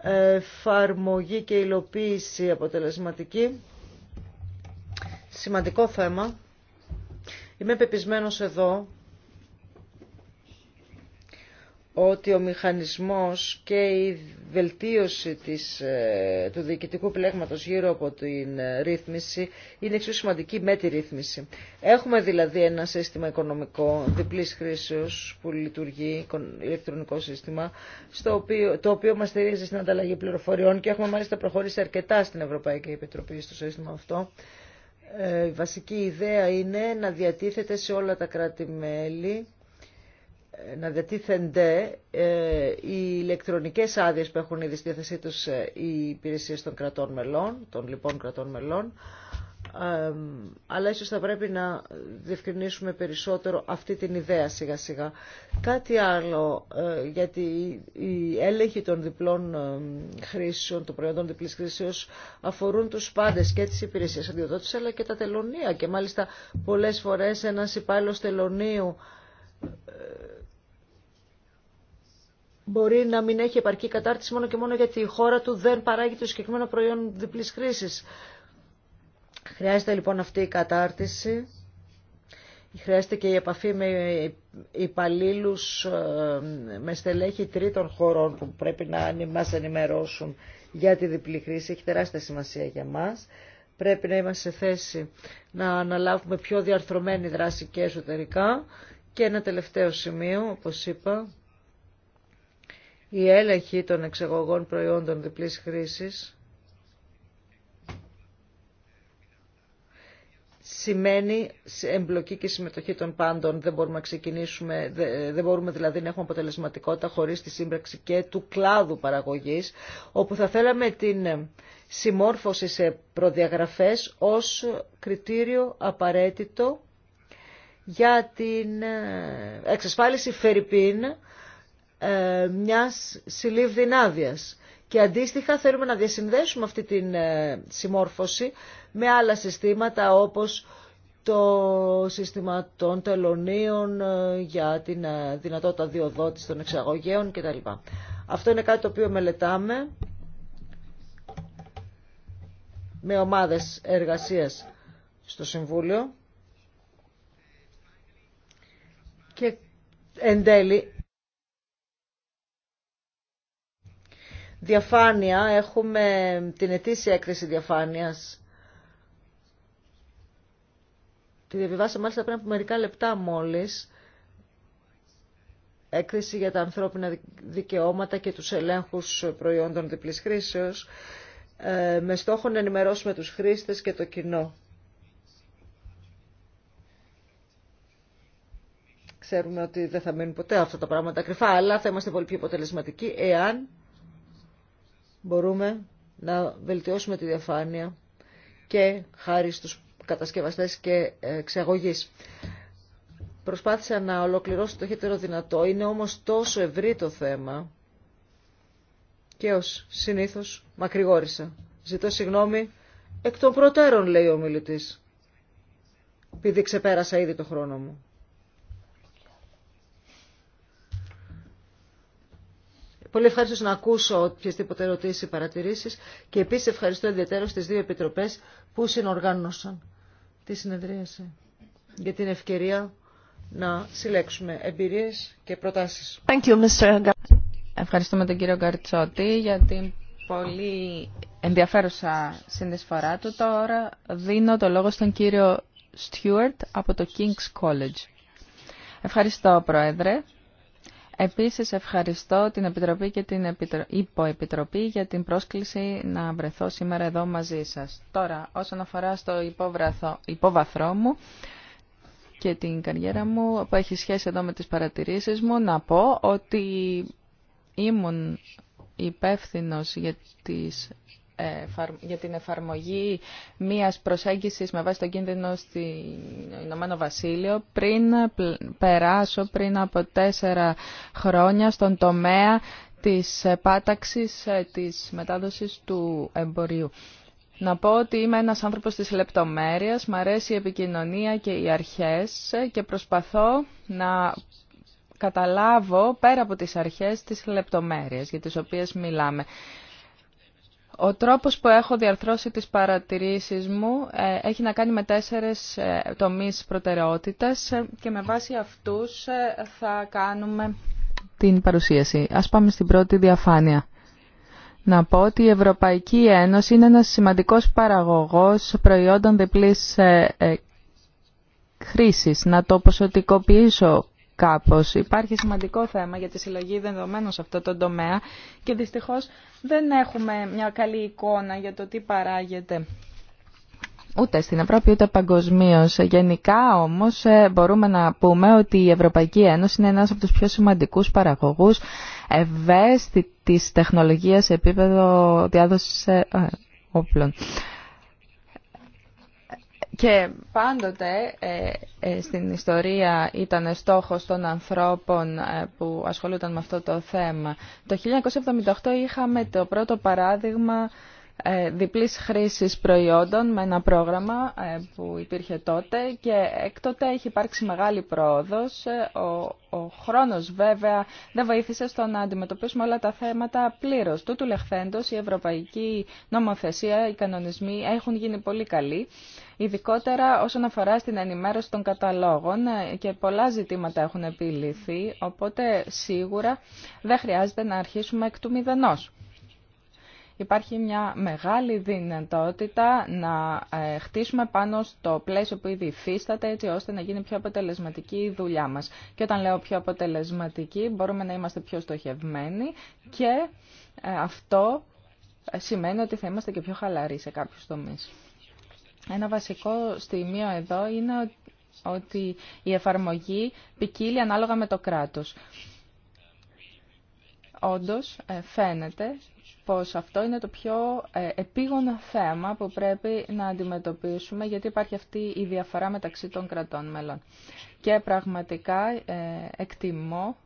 Εφαρμογή και υλοποίηση αποτελεσματική. Σημαντικό θέμα. Είμαι πεπισμένος εδώ ότι ο μηχανισμός και η βελτίωση της, ε, του διοικητικού πλέγματος γύρω από την ε, ρύθμιση είναι εξίσου σημαντική με τη ρύθμιση. Έχουμε δηλαδή ένα σύστημα οικονομικό διπλής χρήσεως που λειτουργεί, ηλεκτρονικό σύστημα, στο οποίο, το οποίο μας στηρίζει στην ανταλλαγή πληροφοριών και έχουμε μάλιστα προχωρήσει αρκετά στην Ευρωπαϊκή Επιτροπή στο σύστημα αυτό. Ε, η βασική ιδέα είναι να διατίθεται σε όλα τα κράτη-μέλη ε, να διατίθενται ε, οι ηλεκτρονικές άδειες που έχουν ήδη στη διάθεσή τους οι υπηρεσίες των κρατών μελών, των λοιπόν κρατών μελών, αλλά ίσως θα πρέπει να διευκρινίσουμε περισσότερο αυτή την ιδέα σιγά σιγά. Κάτι άλλο, ε, γιατί οι έλεγχοι των διπλών χρήσεων, των προϊόντων διπλής χρήσεως αφορούν τους πάντες και τις υπηρεσίες αντιοδότησης αλλά και τα τελωνία και μάλιστα πολλές φορές ένας υπάλληλο τελωνίου ε, μπορεί να μην έχει επαρκή κατάρτιση μόνο και μόνο γιατί η χώρα του δεν παράγει το συγκεκριμένο προϊόν διπλής χρήσης. Χρειάζεται λοιπόν αυτή η κατάρτιση, χρειάζεται και η επαφή με υπαλλήλου ε, με στελέχη τρίτων χωρών που πρέπει να μας ενημερώσουν για τη διπλή χρήση. Έχει τεράστια σημασία για μας. Πρέπει να είμαστε σε θέση να αναλάβουμε πιο διαρθρωμένη δράση και εσωτερικά. Και ένα τελευταίο σημείο, όπως είπα, η έλεγχη των εξεγωγών προϊόντων διπλής χρήσης σημαίνει εμπλοκή και συμμετοχή των πάντων. Δεν μπορούμε, να ξεκινήσουμε, δεν μπορούμε δηλαδή να έχουμε αποτελεσματικότητα χωρίς τη σύμπραξη και του κλάδου παραγωγής, όπου θα θέλαμε την συμμόρφωση σε προδιαγραφές ως κριτήριο απαραίτητο για την ε, εξασφάλιση φερρυπίν ε, μιας συλλήβδην άδειας. Και αντίστοιχα θέλουμε να διασυνδέσουμε αυτή τη ε, συμμόρφωση με άλλα συστήματα όπως το σύστημα των τελωνίων ε, για την ε, δυνατότητα διοδότηση των εξαγωγέων κτλ. Αυτό είναι κάτι το οποίο μελετάμε με ομάδες εργασίας στο Συμβούλιο και εν Διαφάνεια, έχουμε την ετήσια έκθεση διαφάνειας. Τη διαβιβάσαμε μάλιστα πριν από μερικά λεπτά μόλις. Έκθεση για τα ανθρώπινα δικαιώματα και τους ελέγχους προϊόντων διπλής χρήσεως ε, με στόχο να ενημερώσουμε τους χρήστες και το κοινό. Ξέρουμε ότι δεν θα μείνουν ποτέ αυτά τα πράγματα κρυφά, αλλά θα είμαστε πολύ πιο αποτελεσματικοί εάν μπορούμε να βελτιώσουμε τη διαφάνεια και χάρη στους κατασκευαστές και εξαγωγείς. Προσπάθησα να ολοκληρώσω το χέτερο δυνατό, είναι όμως τόσο ευρύ το θέμα και ως συνήθως μακρηγόρησα. Ζητώ συγγνώμη, εκ των προτέρων λέει ο μιλητής, επειδή ξεπέρασα ήδη το χρόνο μου. Πολύ ευχαριστώ να ακούσω οποιασδήποτε ερωτήσει ή παρατηρήσει και επίση ευχαριστώ ιδιαίτερα στι δύο επιτροπέ που συνοργάνωσαν τη συνεδρίαση για την ευκαιρία να συλλέξουμε εμπειρίε και προτάσει. Ευχαριστούμε τον κύριο Γκαρτσότη για την πολύ ενδιαφέρουσα συνεισφορά του. Τώρα δίνω το λόγο στον κύριο Στιούαρτ από το King's College. Ευχαριστώ, Πρόεδρε. Επίσης ευχαριστώ την Επιτροπή και την Υποεπιτροπή για την πρόσκληση να βρεθώ σήμερα εδώ μαζί σας. Τώρα, όσον αφορά στο υπόβαθρό μου και την καριέρα μου που έχει σχέση εδώ με τις παρατηρήσεις μου, να πω ότι ήμουν υπεύθυνος για τις για την εφαρμογή μίας προσέγγισης με βάση τον κίνδυνο στο Ηνωμένο Βασίλειο πριν περάσω πριν από τέσσερα χρόνια στον τομέα της πάταξης ε, της μετάδοσης του εμπορίου. Να πω ότι είμαι ένας άνθρωπος της λεπτομέρειας, μ' αρέσει η επικοινωνία και οι αρχές ε, και προσπαθώ να καταλάβω πέρα από τις αρχές τις λεπτομέρειες για τις οποίες μιλάμε. Ο τρόπος που έχω διαρθρώσει τις παρατηρήσεις μου ε, έχει να κάνει με τέσσερες ε, τομείς προτεραιότητας ε, και με βάση αυτούς θα κάνουμε την παρουσίαση. Ας πάμε στην πρώτη διαφάνεια. Να πω ότι η Ευρωπαϊκή Ένωση είναι ένας σημαντικός παραγωγός προϊόντων διπλής χρήσης. Να το ποσοτικοποιήσω κάπως. Υπάρχει σημαντικό θέμα για τη συλλογή δεδομένων σε αυτό το τομέα και δυστυχώς δεν έχουμε μια καλή εικόνα για το τι παράγεται ούτε στην Ευρώπη ούτε παγκοσμίω. Γενικά όμως ε, μπορούμε να πούμε ότι η Ευρωπαϊκή Ένωση είναι ένας από τους πιο σημαντικούς παραγωγούς ευαίσθητης τεχνολογίας σε επίπεδο διάδοσης ε, ε, όπλων. Και πάντοτε ε, ε, στην ιστορία ήταν στόχος των ανθρώπων ε, που ασχολούνταν με αυτό το θέμα. Το 1978 είχαμε το πρώτο παράδειγμα ε, διπλής χρήσης προϊόντων με ένα πρόγραμμα ε, που υπήρχε τότε και έκτοτε έχει υπάρξει μεγάλη πρόοδος. Ε, ο, ο χρόνος βέβαια δεν βοήθησε στο να αντιμετωπίσουμε όλα τα θέματα πλήρως. του λεχθέντος η ευρωπαϊκή νομοθεσία, οι κανονισμοί έχουν γίνει πολύ καλοί. Ειδικότερα όσον αφορά στην ενημέρωση των καταλόγων και πολλά ζητήματα έχουν επιλυθεί οπότε σίγουρα δεν χρειάζεται να αρχίσουμε εκ του μηδενός υπάρχει μια μεγάλη δυνατότητα να ε, χτίσουμε πάνω στο πλαίσιο που ήδη υφίσταται έτσι ώστε να γίνει πιο αποτελεσματική η δουλειά μας. Και όταν λέω πιο αποτελεσματική μπορούμε να είμαστε πιο στοχευμένοι και ε, αυτό ε, σημαίνει ότι θα είμαστε και πιο χαλαροί σε κάποιους τομείς. Ένα βασικό στιγμίο εδώ είναι ότι η εφαρμογή ποικίλει ανάλογα με το κράτος. Όντως φαίνεται πως αυτό είναι το πιο ε, επίγον θέμα που πρέπει να αντιμετωπίσουμε γιατί υπάρχει αυτή η διαφορά μεταξύ των κρατών μελών. Και πραγματικά ε, εκτιμώ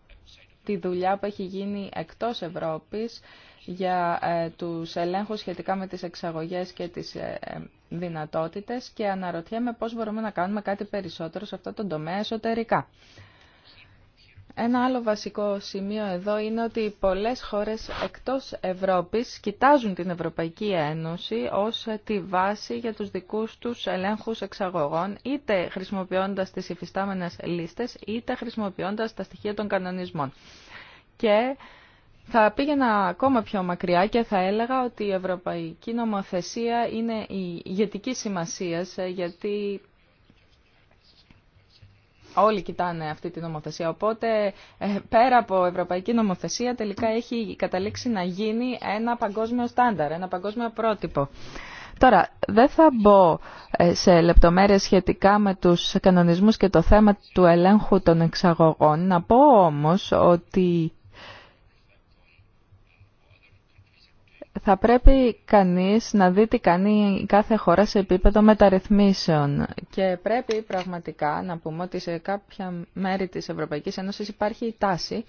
τη δουλειά που έχει γίνει εκτός Ευρώπης για ε, τους ελέγχους σχετικά με τις εξαγωγές και τις δυνατότητες και αναρωτιέμαι πώς μπορούμε να κάνουμε κάτι περισσότερο σε αυτό το τομέα εσωτερικά. Ένα άλλο βασικό σημείο εδώ είναι ότι πολλές χώρες εκτός Ευρώπης κοιτάζουν την Ευρωπαϊκή Ένωση ως τη βάση για τους δικούς τους ελέγχους εξαγωγών, είτε χρησιμοποιώντας τις υφιστάμενες λίστες, είτε χρησιμοποιώντας τα στοιχεία των κανονισμών. Και θα πήγαινα ακόμα πιο μακριά και θα έλεγα ότι η Ευρωπαϊκή Νομοθεσία είναι η ηγετική σημασία γιατί Όλοι κοιτάνε αυτή την νομοθεσία, οπότε ε, πέρα από ευρωπαϊκή νομοθεσία τελικά έχει καταλήξει να γίνει ένα παγκόσμιο στάνταρ, ένα παγκόσμιο πρότυπο. Τώρα, δεν θα μπω ε, σε λεπτομέρειες σχετικά με τους κανονισμούς και το θέμα του ελέγχου των εξαγωγών. Να πω όμως ότι θα πρέπει κανείς να δει τι κάνει κάθε χώρα σε επίπεδο μεταρρυθμίσεων. Και πρέπει πραγματικά να πούμε ότι σε κάποια μέρη της Ευρωπαϊκής Ένωσης υπάρχει η τάση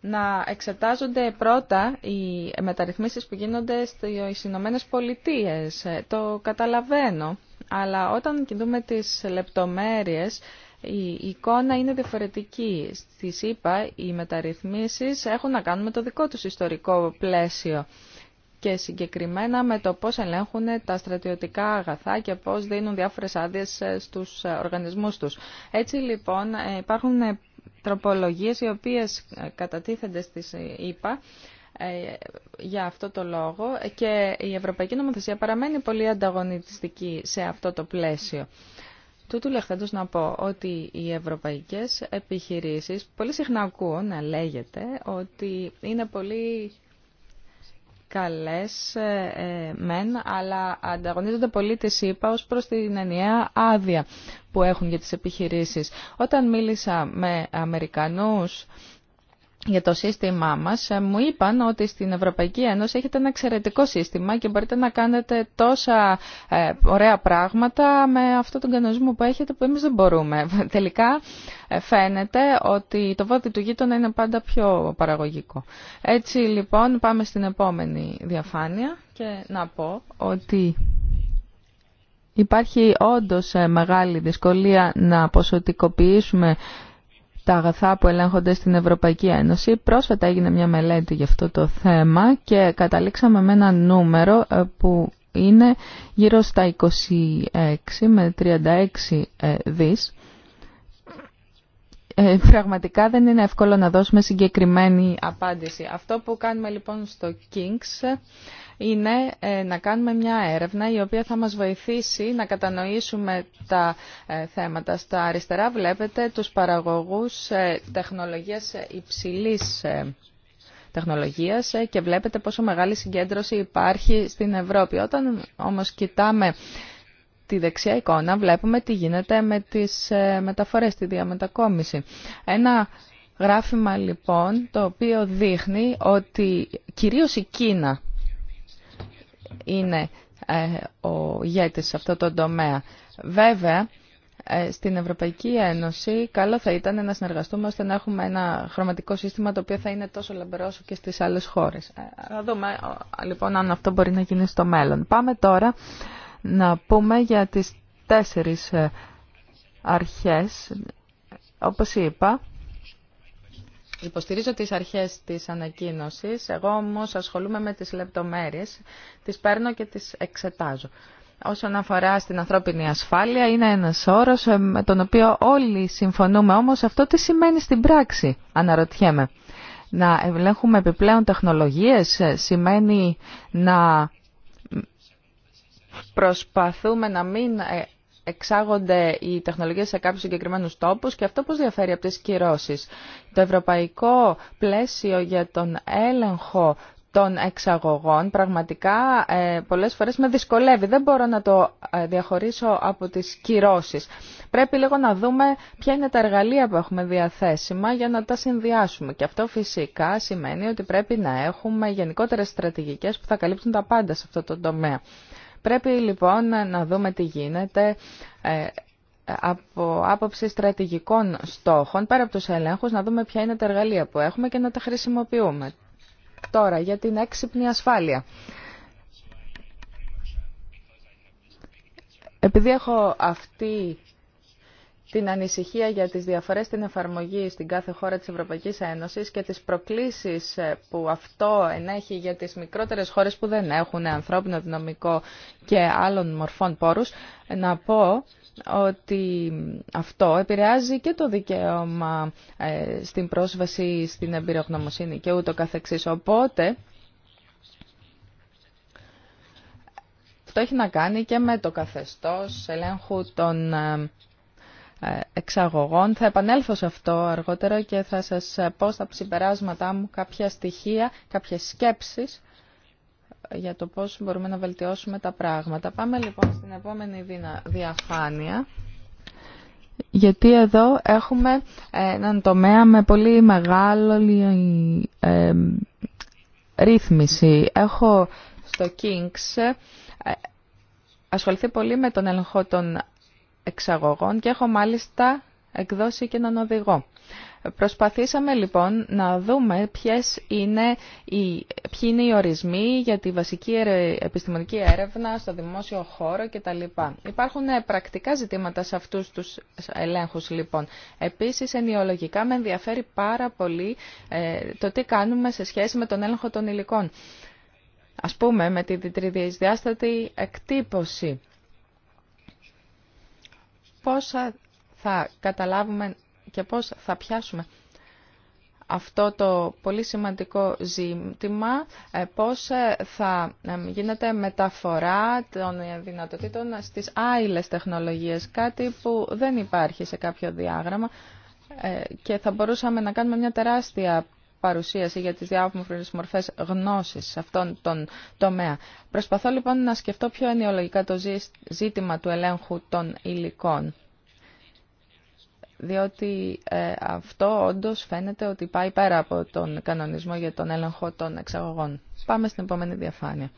να εξετάζονται πρώτα οι μεταρρυθμίσεις που γίνονται στις Ηνωμένε Πολιτείες. Ε, το καταλαβαίνω, αλλά όταν κοιτούμε τις λεπτομέρειες η εικόνα είναι διαφορετική. Στη ΣΥΠΑ οι μεταρρυθμίσεις έχουν να κάνουν με το δικό τους ιστορικό πλαίσιο και συγκεκριμένα με το πώς ελέγχουν τα στρατιωτικά αγαθά και πώς δίνουν διάφορες άδειες ε, στους οργανισμούς τους. Έτσι λοιπόν ε, υπάρχουν ε, τροπολογίες οι οποίες κατατίθενται στις ΕΠΑ για αυτό το λόγο και η Ευρωπαϊκή Νομοθεσία παραμένει πολύ ανταγωνιστική σε αυτό το πλαίσιο. Τούτου λεχθέντως να πω ότι οι ευρωπαϊκές επιχειρήσεις πολύ συχνά ακούω να λέγεται ότι είναι πολύ καλές ε, ε, μεν, αλλά ανταγωνίζονται πολύ τη ΣΥΠΑ ως προς την ενιαία άδεια που έχουν για τις επιχειρήσεις. Όταν μίλησα με Αμερικανούς για το σύστημά μας ε, μου είπαν ότι στην Ευρωπαϊκή Ένωση έχετε ένα εξαιρετικό σύστημα και μπορείτε να κάνετε τόσα ε, ωραία πράγματα με αυτόν τον κανονισμό που έχετε που εμείς δεν μπορούμε. Τελικά ε, φαίνεται ότι το βότι του γείτονα είναι πάντα πιο παραγωγικό. Έτσι λοιπόν πάμε στην επόμενη διαφάνεια και να πω ότι... Υπάρχει όντως μεγάλη δυσκολία να ποσοτικοποιήσουμε τα αγαθά που ελέγχονται στην Ευρωπαϊκή Ένωση. Πρόσφατα έγινε μια μελέτη για αυτό το θέμα και καταλήξαμε με ένα νούμερο ε, που είναι γύρω στα 26 με 36 ε, δις. Ε, πραγματικά δεν είναι εύκολο να δώσουμε συγκεκριμένη απάντηση. Αυτό που κάνουμε λοιπόν στο Kings είναι ε, να κάνουμε μια έρευνα η οποία θα μας βοηθήσει να κατανοήσουμε τα ε, θέματα. Στα αριστερά βλέπετε τους παραγωγούς ε, τεχνολογίας υψηλής τεχνολογίας και βλέπετε πόσο μεγάλη συγκέντρωση υπάρχει στην Ευρώπη. Όταν όμως κοιτάμε τη δεξιά εικόνα βλέπουμε τι γίνεται με τις μεταφορές, τη διαμετακόμιση. Ένα γράφημα λοιπόν το οποίο δείχνει ότι κυρίως η Κίνα είναι ε, ο ηγέτης σε αυτό το τομέα. Βέβαια, ε, στην Ευρωπαϊκή Ένωση καλό θα ήταν να συνεργαστούμε ώστε να έχουμε ένα χρωματικό σύστημα το οποίο θα είναι τόσο λαμπερό όσο και στις άλλες χώρες. Ε, θα δούμε λοιπόν αν αυτό μπορεί να γίνει στο μέλλον. Πάμε τώρα να πούμε για τις τέσσερις αρχές. Όπως είπα, Υποστηρίζω τις αρχές της ανακοίνωσης, εγώ όμως ασχολούμαι με τις λεπτομέρειες, τις παίρνω και τις εξετάζω. Όσον αφορά στην ανθρώπινη ασφάλεια, είναι ένας όρος ε, με τον οποίο όλοι συμφωνούμε, όμως αυτό τι σημαίνει στην πράξη, αναρωτιέμαι. Να ελέγχουμε επιπλέον τεχνολογίες ε, σημαίνει να προσπαθούμε να μην ε, εξάγονται οι τεχνολογίες σε κάποιους συγκεκριμένους τόπους και αυτό πώς διαφέρει από τις κυρώσεις. Το ευρωπαϊκό πλαίσιο για τον έλεγχο των εξαγωγών πραγματικά ε, πολλές φορές με δυσκολεύει. Δεν μπορώ να το ε, διαχωρίσω από τις κυρώσεις. Πρέπει λίγο να δούμε ποια είναι τα εργαλεία που έχουμε διαθέσιμα για να τα συνδυάσουμε. Και αυτό φυσικά σημαίνει ότι πρέπει να έχουμε γενικότερες στρατηγικές που θα καλύπτουν τα πάντα σε αυτό το τομέα. Πρέπει λοιπόν να δούμε τι γίνεται ε, από άποψη στρατηγικών στόχων, πέρα από τους ελέγχους, να δούμε ποια είναι τα εργαλεία που έχουμε και να τα χρησιμοποιούμε. Τώρα, για την έξυπνη ασφάλεια. Επειδή έχω αυτή την ανησυχία για τις διαφορές στην εφαρμογή στην κάθε χώρα της Ευρωπαϊκής Ένωσης και τις προκλήσεις ε, που αυτό ενέχει για τις μικρότερες χώρες που δεν έχουν ανθρώπινο δυναμικό και άλλων μορφών πόρους, να πω ότι αυτό επηρεάζει και το δικαίωμα ε, στην πρόσβαση στην εμπειρογνωμοσύνη και ούτω καθεξής. Οπότε, αυτό έχει να κάνει και με το καθεστώς ελέγχου των ε, ε, εξαγωγών. Θα επανέλθω σε αυτό αργότερα και θα σας πω στα συμπεράσματά μου κάποια στοιχεία, κάποιες σκέψεις ε, για το πώς μπορούμε να βελτιώσουμε τα πράγματα. Πάμε λοιπόν στην επόμενη διαφάνεια. Γιατί εδώ έχουμε ε, έναν τομέα με πολύ μεγάλη ρύθμιση. Έχω στο Kings ασχοληθεί πολύ με τον έλεγχο των εξαγωγών και έχω μάλιστα εκδώσει και έναν οδηγό. Προσπαθήσαμε λοιπόν να δούμε ποιες είναι οι, ποιοι είναι οι ορισμοί για τη βασική επιστημονική έρευνα στο δημόσιο χώρο κτλ. Υπάρχουν ε, πρακτικά ζητήματα σε αυτούς τους ελέγχους λοιπόν. Επίσης ενοιολογικά με ενδιαφέρει πάρα πολύ ε, το τι κάνουμε σε σχέση με τον έλεγχο των υλικών. Ας πούμε με τη τριδιασδιάστατη εκτύπωση πώς θα καταλάβουμε και πώς θα πιάσουμε αυτό το πολύ σημαντικό ζήτημα, ε, πώς ε, θα ε, γίνεται μεταφορά των δυνατοτήτων στις άειλες τεχνολογίες, κάτι που δεν υπάρχει σε κάποιο διάγραμμα και θα μπορούσαμε να κάνουμε μια τεράστια παρουσίαση για τις διάφορες μορφές γνώσης σε αυτόν τον τομέα. Προσπαθώ λοιπόν να σκεφτώ πιο ενοιολογικά το ζήτημα του ελέγχου των υλικών. Διότι ε, αυτό όντως φαίνεται ότι πάει πέρα από τον κανονισμό για τον έλεγχο των εξαγωγών. Πάμε στην επόμενη διαφάνεια.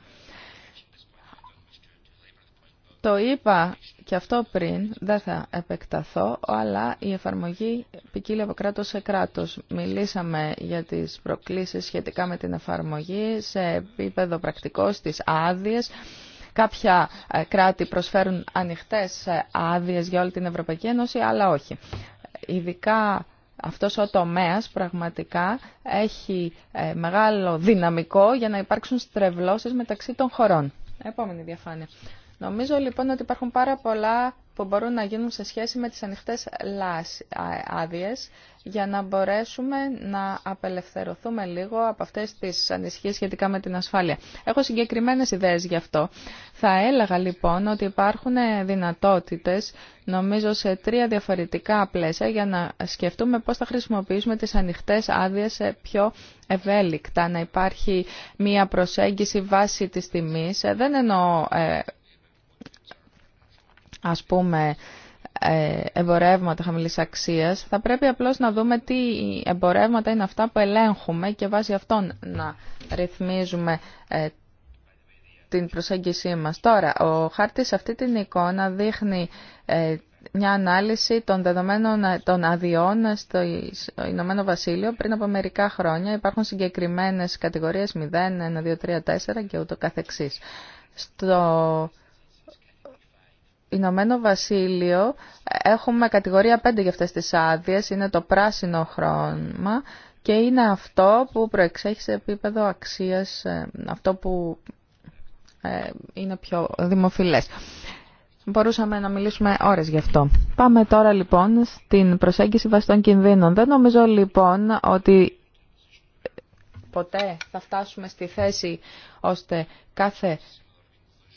Το είπα και αυτό πριν, δεν θα επεκταθώ, αλλά η εφαρμογή ποικίλει από κράτος σε κράτος. Μιλήσαμε για τις προκλήσεις σχετικά με την εφαρμογή σε επίπεδο πρακτικό στις άδειες. Κάποια ε, κράτη προσφέρουν ανοιχτές ε, άδειες για όλη την Ευρωπαϊκή Ένωση, αλλά όχι. Ειδικά αυτός ο τομέας πραγματικά έχει ε, μεγάλο δυναμικό για να υπάρξουν στρεβλώσεις μεταξύ των χωρών. Επόμενη διαφάνεια. Νομίζω λοιπόν ότι υπάρχουν πάρα πολλά που μπορούν να γίνουν σε σχέση με τις ανοιχτές άδειε για να μπορέσουμε να απελευθερωθούμε λίγο από αυτές τις ανησυχίες σχετικά με την ασφάλεια. Έχω συγκεκριμένες ιδέες γι' αυτό. Θα έλεγα λοιπόν ότι υπάρχουν δυνατότητες, νομίζω σε τρία διαφορετικά πλαίσια, για να σκεφτούμε πώς θα χρησιμοποιήσουμε τις ανοιχτές άδειε πιο ευέλικτα, να υπάρχει μία προσέγγιση βάση της τιμής. Δεν εννοώ ε, ας πούμε ε, εμπορεύματα χαμηλής αξίας, θα πρέπει απλώς να δούμε τι εμπορεύματα είναι αυτά που ελέγχουμε και βάσει αυτών να ρυθμίζουμε ε, την προσέγγισή μας. Τώρα, ο χάρτης αυτή την εικόνα δείχνει ε, μια ανάλυση των δεδομένων των αδειών στο Ηνωμένο Βασίλειο πριν από μερικά χρόνια. Υπάρχουν συγκεκριμένες κατηγορίες 0, 1, 2, 3, 4 και ούτω καθεξής. Στο Ηνωμένο Βασίλειο έχουμε κατηγορία 5 για αυτές τις άδειες, είναι το πράσινο χρώμα και είναι αυτό που προεξέχει σε επίπεδο αξίας, ε, αυτό που ε, είναι πιο δημοφιλές. Μπορούσαμε να μιλήσουμε ώρες γι' αυτό. Πάμε τώρα λοιπόν στην προσέγγιση βαστών κινδύνων. Δεν νομίζω λοιπόν ότι ποτέ θα φτάσουμε στη θέση ώστε κάθε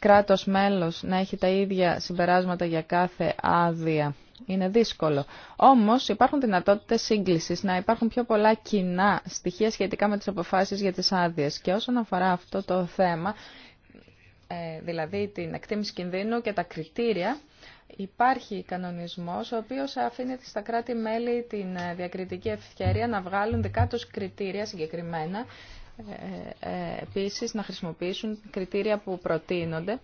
κράτος μέλος να έχει τα ίδια συμπεράσματα για κάθε άδεια. Είναι δύσκολο. Όμως υπάρχουν δυνατότητες σύγκλησης, να υπάρχουν πιο πολλά κοινά στοιχεία σχετικά με τις αποφάσεις για τις άδειες. Και όσον αφορά αυτό το θέμα, ε, δηλαδή την εκτίμηση κινδύνου και τα κριτήρια, υπάρχει κανονισμός ο οποίος αφήνεται στα κράτη-μέλη την ε, διακριτική ευκαιρία να βγάλουν δικά τους κριτήρια συγκεκριμένα ε, ε, ε, επίσης να χρησιμοποιήσουν κριτήρια που προτείνονται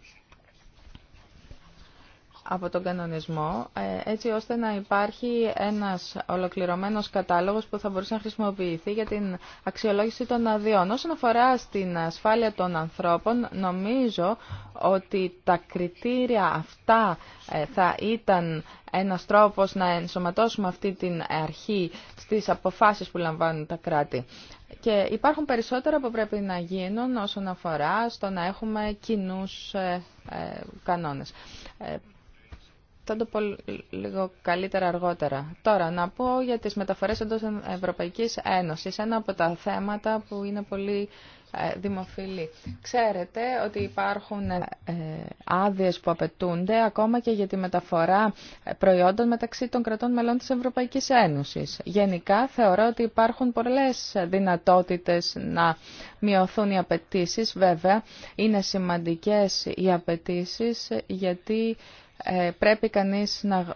από τον κανονισμό, ε, έτσι ώστε να υπάρχει ένας ολοκληρωμένος κατάλογος που θα μπορούσε να χρησιμοποιηθεί για την αξιολόγηση των αδειών. Όσον αφορά στην ασφάλεια των ανθρώπων, νομίζω ότι τα κριτήρια αυτά ε, θα ήταν ένας τρόπος να ενσωματώσουμε αυτή την αρχή στις αποφάσεις που λαμβάνουν τα κράτη. Και υπάρχουν περισσότερα που πρέπει να γίνουν όσον αφορά στο να έχουμε κοινούς ε, κανόνες. Θα το πω λίγο καλύτερα αργότερα. Τώρα, να πω για τις μεταφορές εντός Ευρωπαϊκής Ένωσης. Ένα από τα θέματα που είναι πολύ ε, δημοφιλή. Ξέρετε ότι υπάρχουν ε, ε, άδειε που απαιτούνται ακόμα και για τη μεταφορά προϊόντων μεταξύ των κρατών μελών της Ευρωπαϊκής Ένωσης. Γενικά θεωρώ ότι υπάρχουν πολλές δυνατότητες να μειωθούν οι απαιτήσει. Βέβαια, είναι σημαντικές οι απαιτήσει γιατί ε, πρέπει κανείς να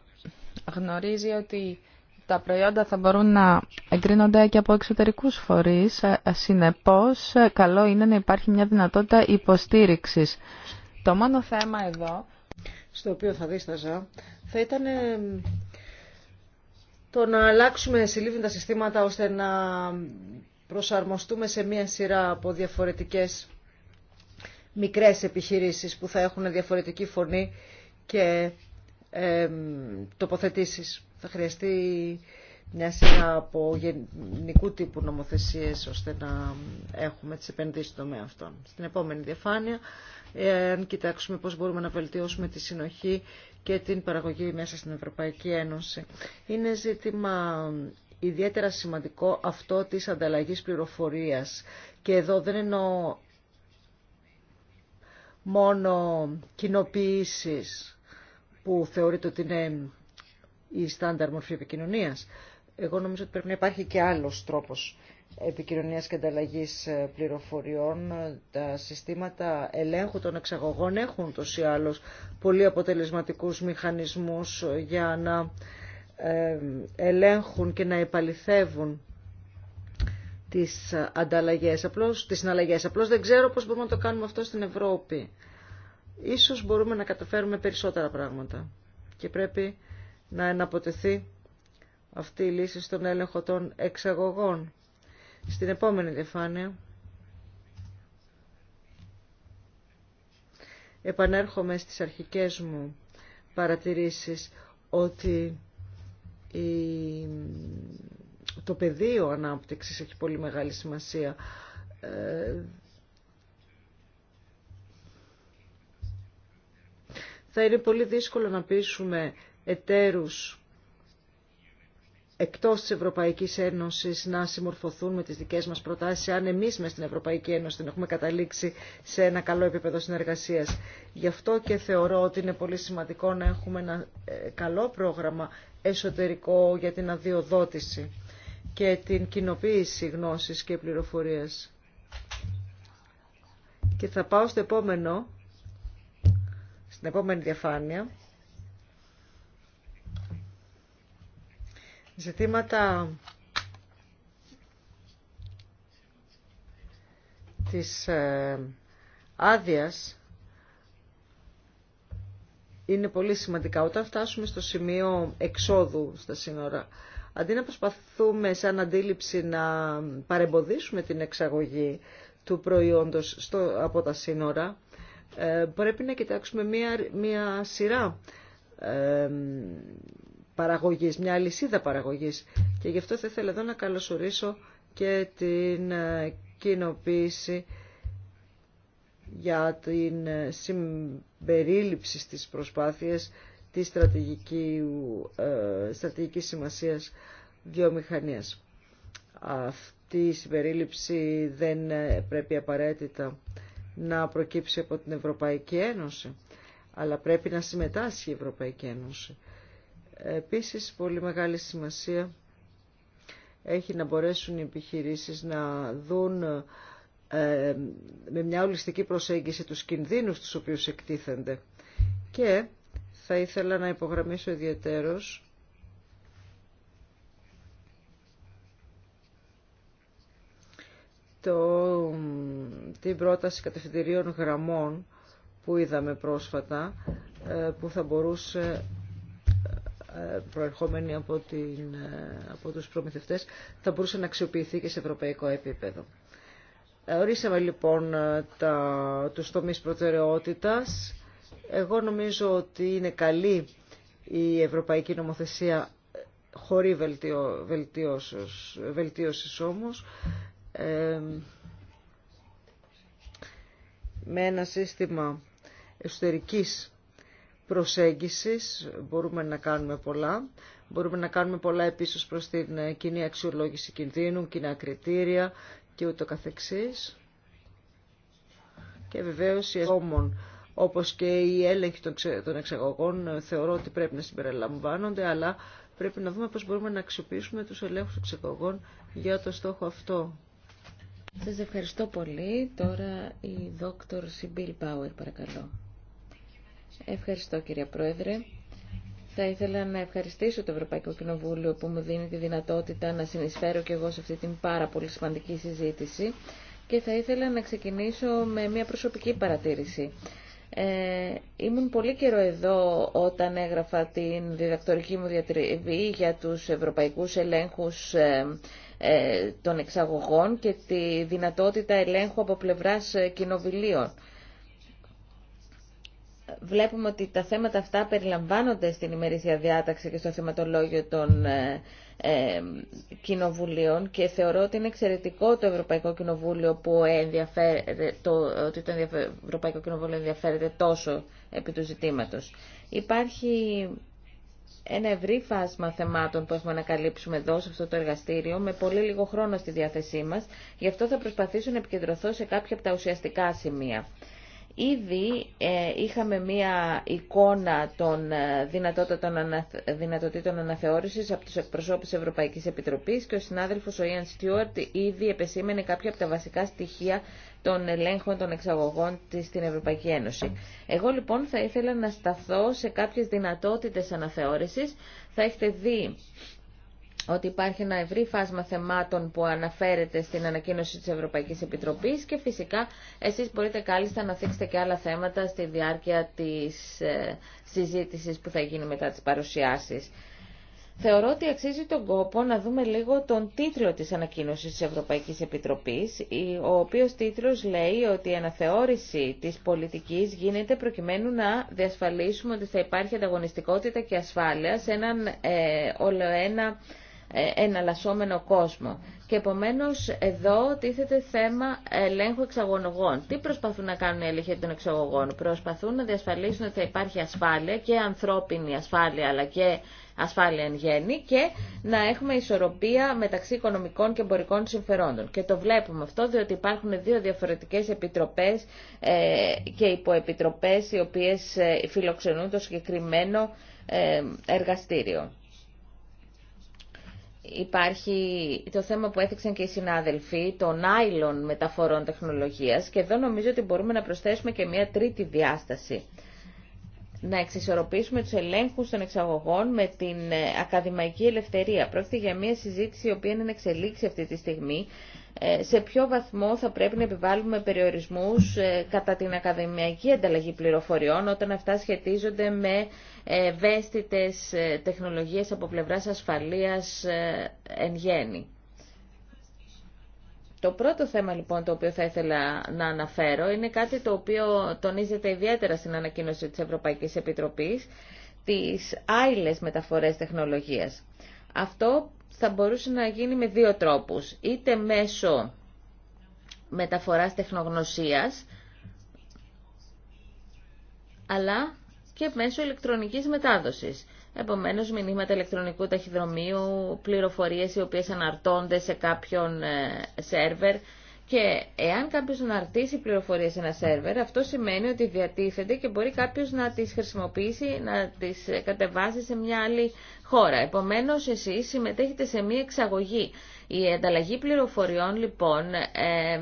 γνωρίζει ότι τα προϊόντα θα μπορούν να εγκρίνονται και από εξωτερικούς φορείς. Ε, συνεπώς, ε, καλό είναι να υπάρχει μια δυνατότητα υποστήριξης. Το μόνο θέμα εδώ, στο οποίο θα δίσταζα, θα ήταν το να αλλάξουμε τα συστήματα ώστε να προσαρμοστούμε σε μια σειρά από διαφορετικές μικρές επιχειρήσεις που θα έχουν διαφορετική φωνή και ε, τοποθετήσεις. Θα χρειαστεί μια σειρά από γενικού τύπου νομοθεσίες ώστε να έχουμε τις επενδύσεις στο τομέα αυτών. Στην επόμενη διαφάνεια, αν κοιτάξουμε πώς μπορούμε να βελτιώσουμε τη συνοχή και την παραγωγή μέσα στην Ευρωπαϊκή Ένωση. Είναι ζήτημα ιδιαίτερα σημαντικό αυτό της ανταλλαγής πληροφορίας. Και εδώ δεν εννοώ μόνο κοινοποιήσεις που θεωρείται ότι είναι η στάνταρ μορφή επικοινωνία. Εγώ νομίζω ότι πρέπει να υπάρχει και άλλος τρόπος επικοινωνίας και ανταλλαγή ε, πληροφοριών. Τα συστήματα ελέγχου των εξαγωγών έχουν τόσο ή άλλως πολύ αποτελεσματικούς μηχανισμούς για να ε, ελέγχουν και να επαληθεύουν τις ανταλλαγές, απλώς, τις συναλλαγές. Απλώς δεν ξέρω πώς μπορούμε να το κάνουμε αυτό στην Ευρώπη ίσως μπορούμε να καταφέρουμε περισσότερα πράγματα. Και πρέπει να εναποτεθεί αυτή η λύση στον έλεγχο των εξαγωγών. Στην επόμενη διαφάνεια επανέρχομαι στις αρχικές μου παρατηρήσεις ότι το πεδίο ανάπτυξης έχει πολύ μεγάλη σημασία. Ε, θα είναι πολύ δύσκολο να πείσουμε εταίρους εκτός της Ευρωπαϊκής Ένωσης να συμμορφωθούν με τις δικές μας προτάσεις, αν εμείς με στην Ευρωπαϊκή Ένωση δεν έχουμε καταλήξει σε ένα καλό επίπεδο συνεργασίας. Γι' αυτό και θεωρώ ότι είναι πολύ σημαντικό να έχουμε ένα ε, καλό πρόγραμμα εσωτερικό για την αδειοδότηση και την κοινοποίηση γνώσης και πληροφορίας. Και θα πάω στο επόμενο στην επόμενη διαφάνεια. Ζητήματα της ε, άδειας είναι πολύ σημαντικά. Όταν φτάσουμε στο σημείο εξόδου στα σύνορα, αντί να προσπαθούμε σαν αντίληψη να παρεμποδίσουμε την εξαγωγή του προϊόντος στο, από τα σύνορα, ε, πρέπει να κοιτάξουμε μία, μία σειρά ε, παραγωγής, μια αλυσίδα παραγωγής. Και γι' αυτό θα ήθελα εδώ να καλωσορίσω και την ε, κοινοποίηση για την συμπερίληψη στις προσπάθειες της στρατηγικής σημασίας βιομηχανίας. Αυτή η συμπερίληψη δεν πρέπει απαραίτητα να προκύψει από την Ευρωπαϊκή Ένωση, αλλά πρέπει να συμμετάσχει η Ευρωπαϊκή Ένωση. Επίσης, πολύ μεγάλη σημασία έχει να μπορέσουν οι επιχειρήσεις να δουν ε, με μια ολιστική προσέγγιση τους κινδύνους τους οποίους εκτίθενται. Και θα ήθελα να υπογραμμίσω ιδιαίτερος το την πρόταση κατευθυντηρίων γραμμών που είδαμε πρόσφατα, ε, που θα μπορούσε ε, ε, προερχόμενη από, την, από τους προμηθευτές, θα μπορούσε να αξιοποιηθεί και σε ευρωπαϊκό επίπεδο. Ορίσαμε λοιπόν τα, τους τομείς προτεραιότητας. Εγώ νομίζω ότι είναι καλή η ευρωπαϊκή νομοθεσία χωρί βελτίωσης όμως με ένα σύστημα εσωτερικής προσέγγισης μπορούμε να κάνουμε πολλά. Μπορούμε να κάνουμε πολλά επίσης προς την κοινή αξιολόγηση κινδύνου, κοινά κριτήρια και ούτω καθεξής. Και βεβαίως οι ατόμων όπως και η έλεγχοι των εξαγωγών θεωρώ ότι πρέπει να συμπεριλαμβάνονται, αλλά πρέπει να δούμε πώς μπορούμε να αξιοποιήσουμε τους ελέγχους εξαγωγών για το στόχο αυτό. Σας ευχαριστώ πολύ. Τώρα η δόκτωρ Σιμπίλ Πάουερ, παρακαλώ. Ευχαριστώ κύριε Πρόεδρε. Θα ήθελα να ευχαριστήσω το Ευρωπαϊκό Κοινοβούλιο που μου δίνει τη δυνατότητα να συνεισφέρω και εγώ σε αυτή την πάρα πολύ σημαντική συζήτηση και θα ήθελα να ξεκινήσω με μια προσωπική παρατήρηση. Ε, ήμουν πολύ καιρό εδώ όταν έγραφα την διδακτορική μου διατριβή για τους ευρωπαϊκούς ελέγχους ε, ε, των εξαγωγών και τη δυνατότητα ελέγχου από πλευράς ε, κοινοβουλίων. Βλέπουμε ότι τα θέματα αυτά περιλαμβάνονται στην ημερήσια διάταξη και στο θεματολόγιο των ε, κοινοβουλίων και θεωρώ ότι είναι εξαιρετικό το Ευρωπαϊκό Κοινοβούλιο που το, ότι το Ευρωπαϊκό Κοινοβούλιο ενδιαφέρεται τόσο επί του ζητήματος. Υπάρχει ένα ευρύ φάσμα θεμάτων που έχουμε να καλύψουμε εδώ σε αυτό το εργαστήριο με πολύ λίγο χρόνο στη διάθεσή μας, γι' αυτό θα προσπαθήσω να επικεντρωθώ σε κάποια από τα ουσιαστικά σημεία. Ήδη ε, είχαμε μία εικόνα των ε, δυνατοτήτων αναθεώρησης από τους εκπροσώπους Ευρωπαϊκής Επιτροπής και ο συνάδελφος ο Ιαν Στιούαρτ ήδη επεσήμενε κάποια από τα βασικά στοιχεία των ελέγχων των εξαγωγών της στην Ευρωπαϊκή Ένωση. Εγώ λοιπόν θα ήθελα να σταθώ σε κάποιες δυνατότητες αναθεώρησης. Θα έχετε δει ότι υπάρχει ένα ευρύ φάσμα θεμάτων που αναφέρεται στην ανακοίνωση της Ευρωπαϊκής Επιτροπής και φυσικά εσείς μπορείτε κάλλιστα να θίξετε και άλλα θέματα στη διάρκεια της ε, συζήτησης που θα γίνει μετά τις παρουσιάσεις. Θεωρώ ότι αξίζει τον κόπο να δούμε λίγο τον τίτλο της ανακοίνωσης της Ευρωπαϊκής Επιτροπής, ο οποίος τίτλος λέει ότι η αναθεώρηση της πολιτικής γίνεται προκειμένου να διασφαλίσουμε ότι θα υπάρχει ανταγωνιστικότητα και ασφάλεια σε έναν ε, ολοένα ε, εναλλασσόμενο κόσμο. Και επομένως εδώ τίθεται θέμα ελέγχου εξαγωγών Τι προσπαθούν να κάνουν οι έλεγχοι των εξαγωγών. Προσπαθούν να διασφαλίσουν ότι θα υπάρχει ασφάλεια και ανθρώπινη ασφάλεια αλλά και ασφάλεια εν γέννη και να έχουμε ισορροπία μεταξύ οικονομικών και εμπορικών συμφερόντων. Και το βλέπουμε αυτό διότι υπάρχουν δύο διαφορετικές επιτροπές ε, και υποεπιτροπές οι οποίες ε, φιλοξενούν το συγκεκριμένο εργαστήριο υπάρχει το θέμα που έθιξαν και οι συνάδελφοι, των άιλων μεταφορών τεχνολογίας και εδώ νομίζω ότι μπορούμε να προσθέσουμε και μια τρίτη διάσταση. Να εξισορροπήσουμε τους ελέγχους των εξαγωγών με την ε, ακαδημαϊκή ελευθερία. Πρόκειται για μια συζήτηση η οποία είναι εξελίξη αυτή τη στιγμή. Ε, σε ποιο βαθμό θα πρέπει να επιβάλλουμε περιορισμούς ε, κατά την ακαδημαϊκή ανταλλαγή πληροφοριών όταν αυτά σχετίζονται με ε, ευαίσθητες ε, τεχνολογίες από πλευράς ασφαλείας ε, εν γέννη. Το πρώτο θέμα λοιπόν το οποίο θα ήθελα να αναφέρω είναι κάτι το οποίο τονίζεται ιδιαίτερα στην ανακοίνωση της Ευρωπαϊκής Επιτροπής, τις άειλες μεταφορές τεχνολογίας. Αυτό θα μπορούσε να γίνει με δύο τρόπους, είτε μέσω μεταφοράς τεχνογνωσίας, αλλά και μέσω ηλεκτρονικής μετάδοσης. Επομένως, μηνύματα ηλεκτρονικού ταχυδρομείου, πληροφορίες οι οποίες αναρτώνται σε κάποιον ε, σερβερ. Και εάν κάποιος αναρτήσει πληροφορίες σε ένα σερβερ, αυτό σημαίνει ότι διατίθεται και μπορεί κάποιος να τις χρησιμοποιήσει, να τις κατεβάσει σε μια άλλη χώρα. Επομένως, εσείς συμμετέχετε σε μια εξαγωγή. Η ανταλλαγή πληροφοριών, λοιπόν, ε,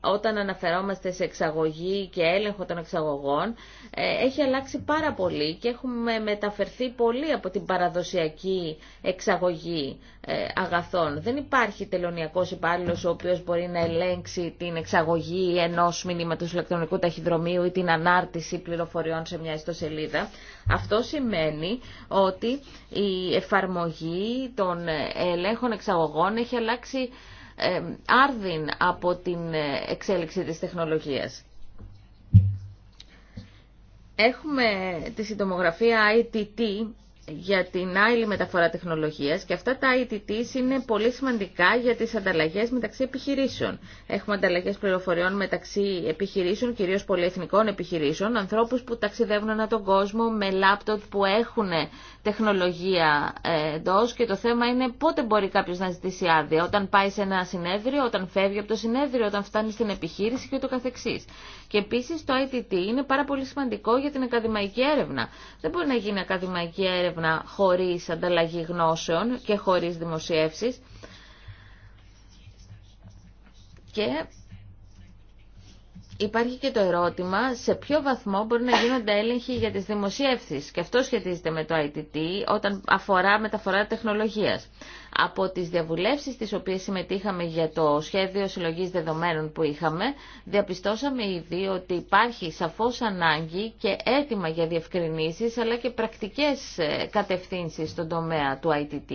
όταν αναφερόμαστε σε εξαγωγή και έλεγχο των εξαγωγών ε, έχει αλλάξει πάρα πολύ και έχουμε μεταφερθεί πολύ από την παραδοσιακή εξαγωγή ε, αγαθών. Δεν υπάρχει τελωνιακός υπάλληλο ο οποίος μπορεί να ελέγξει την εξαγωγή ενός μηνύματος ηλεκτρονικού ταχυδρομείου ή την ανάρτηση πληροφοριών σε μια ιστοσελίδα. Αυτό σημαίνει ότι η εφαρμογή των ελέγχων εξαγωγών έχει αλλάξει άρδιν από την ε, εξέλιξη της τεχνολογίας. Έχουμε τη συντομογραφία ITT για την άλλη μεταφορά τεχνολογίας και αυτά τα ITTs είναι πολύ σημαντικά για τις ανταλλαγές μεταξύ επιχειρήσεων. Έχουμε ανταλλαγές πληροφοριών μεταξύ επιχειρήσεων, κυρίως πολυεθνικών επιχειρήσεων, ανθρώπους που ταξιδεύουν ανά τον κόσμο με λάπτοπ που έχουν τεχνολογία ε, εντό και το θέμα είναι πότε μπορεί κάποιο να ζητήσει άδεια, όταν πάει σε ένα συνέδριο, όταν φεύγει από το συνέδριο, όταν φτάνει στην επιχείρηση και το καθεξής. Και επίσης το ITT είναι πάρα πολύ σημαντικό για την ακαδημαϊκή έρευνα. Δεν μπορεί να γίνει ακαδημαϊκή έρευνα έρευνα χωρίς ανταλλαγή γνώσεων και χωρίς δημοσιεύσεις. Και υπάρχει και το ερώτημα σε ποιο βαθμό μπορεί να γίνονται έλεγχοι για τις δημοσιεύσεις και αυτό σχετίζεται με το ITT όταν αφορά μεταφορά τεχνολογίας. Από τις διαβουλεύσεις τις οποίες συμμετείχαμε για το σχέδιο συλλογής δεδομένων που είχαμε, διαπιστώσαμε ήδη ότι υπάρχει σαφώς ανάγκη και έτοιμα για διευκρινήσεις αλλά και πρακτικές ε, κατευθύνσεις στον τομέα του ITT.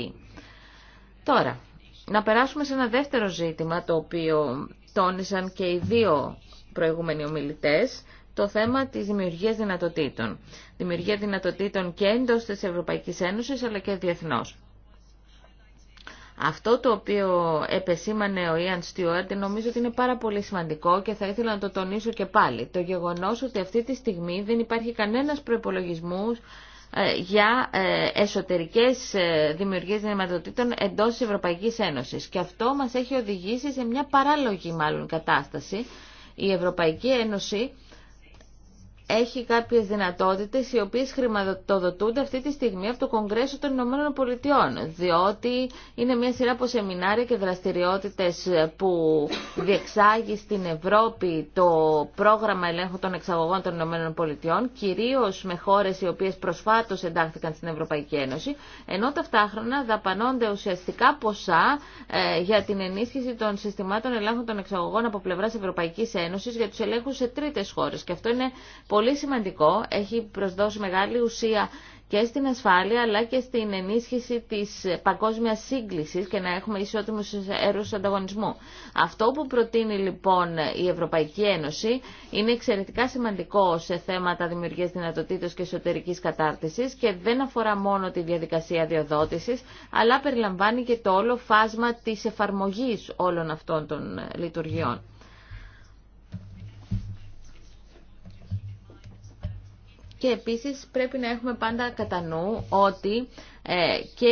Τώρα, να περάσουμε σε ένα δεύτερο ζήτημα το οποίο τόνισαν και οι δύο προηγούμενοι ομιλητές, το θέμα της δημιουργίας δυνατοτήτων. Δημιουργία δυνατοτήτων και εντός της Ευρωπαϊκής Ένωσης αλλά και διεθνώς. Αυτό το οποίο επεσήμανε ο Ιαν Στιούαρτ νομίζω ότι είναι πάρα πολύ σημαντικό και θα ήθελα να το τονίσω και πάλι. Το γεγονός ότι αυτή τη στιγμή δεν υπάρχει κανένας προπολογισμό ε, για ε, εσωτερικές ε, δημιουργίες δυνατοτήτων εντός της Ευρωπαϊκής Ένωσης. Και αυτό μας έχει οδηγήσει σε μια παράλογη μάλλον κατάσταση, η Ευρωπαϊκή Ένωση έχει κάποιες δυνατότητες οι οποίες χρηματοδοτούνται αυτή τη στιγμή από το Κογκρέσο των Ηνωμένων Πολιτειών, διότι είναι μια σειρά από σεμινάρια και δραστηριότητες που διεξάγει στην Ευρώπη το πρόγραμμα ελέγχου των εξαγωγών των Ηνωμένων Πολιτειών, κυρίως με χώρες οι οποίες προσφάτως εντάχθηκαν στην Ευρωπαϊκή Ένωση, ενώ ταυτάχρονα δαπανώνται ουσιαστικά ποσά ε, για την ενίσχυση των συστημάτων ελέγχου των εξαγωγών από πλευράς Ευρωπαϊκής Ένωσης για τους ελέγχους σε τρίτες χώρες. Και αυτό είναι πολύ σημαντικό, έχει προσδώσει μεγάλη ουσία και στην ασφάλεια αλλά και στην ενίσχυση της παγκόσμιας σύγκλησης και να έχουμε ισότιμους αίρους ανταγωνισμού. Αυτό που προτείνει λοιπόν η Ευρωπαϊκή Ένωση είναι εξαιρετικά σημαντικό σε θέματα δημιουργίας δυνατοτήτων και εσωτερικής κατάρτισης και δεν αφορά μόνο τη διαδικασία διοδότησης αλλά περιλαμβάνει και το όλο φάσμα της εφαρμογής όλων αυτών των λειτουργιών. Και επίσης πρέπει να έχουμε πάντα κατά νου ότι ε, και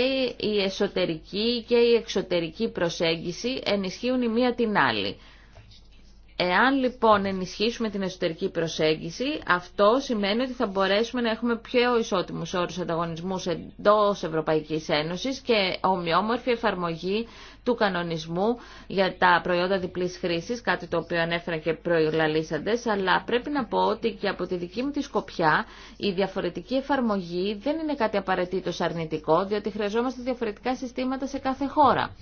η εσωτερική και η εξωτερική προσέγγιση ενισχύουν η μία την άλλη. Εάν λοιπόν ενισχύσουμε την εσωτερική προσέγγιση, αυτό σημαίνει ότι θα μπορέσουμε να έχουμε πιο ισότιμους όρους ανταγωνισμού εντός Ευρωπαϊκής Ένωσης και ομοιόμορφη εφαρμογή του κανονισμού για τα προϊόντα διπλής χρήσης, κάτι το οποίο ανέφερα και προηλαλήσαντες, αλλά πρέπει να πω ότι και από τη δική μου τη σκοπιά η διαφορετική εφαρμογή δεν είναι κάτι απαραίτητο αρνητικό, διότι χρειαζόμαστε διαφορετικά συστήματα σε κάθε χώρα.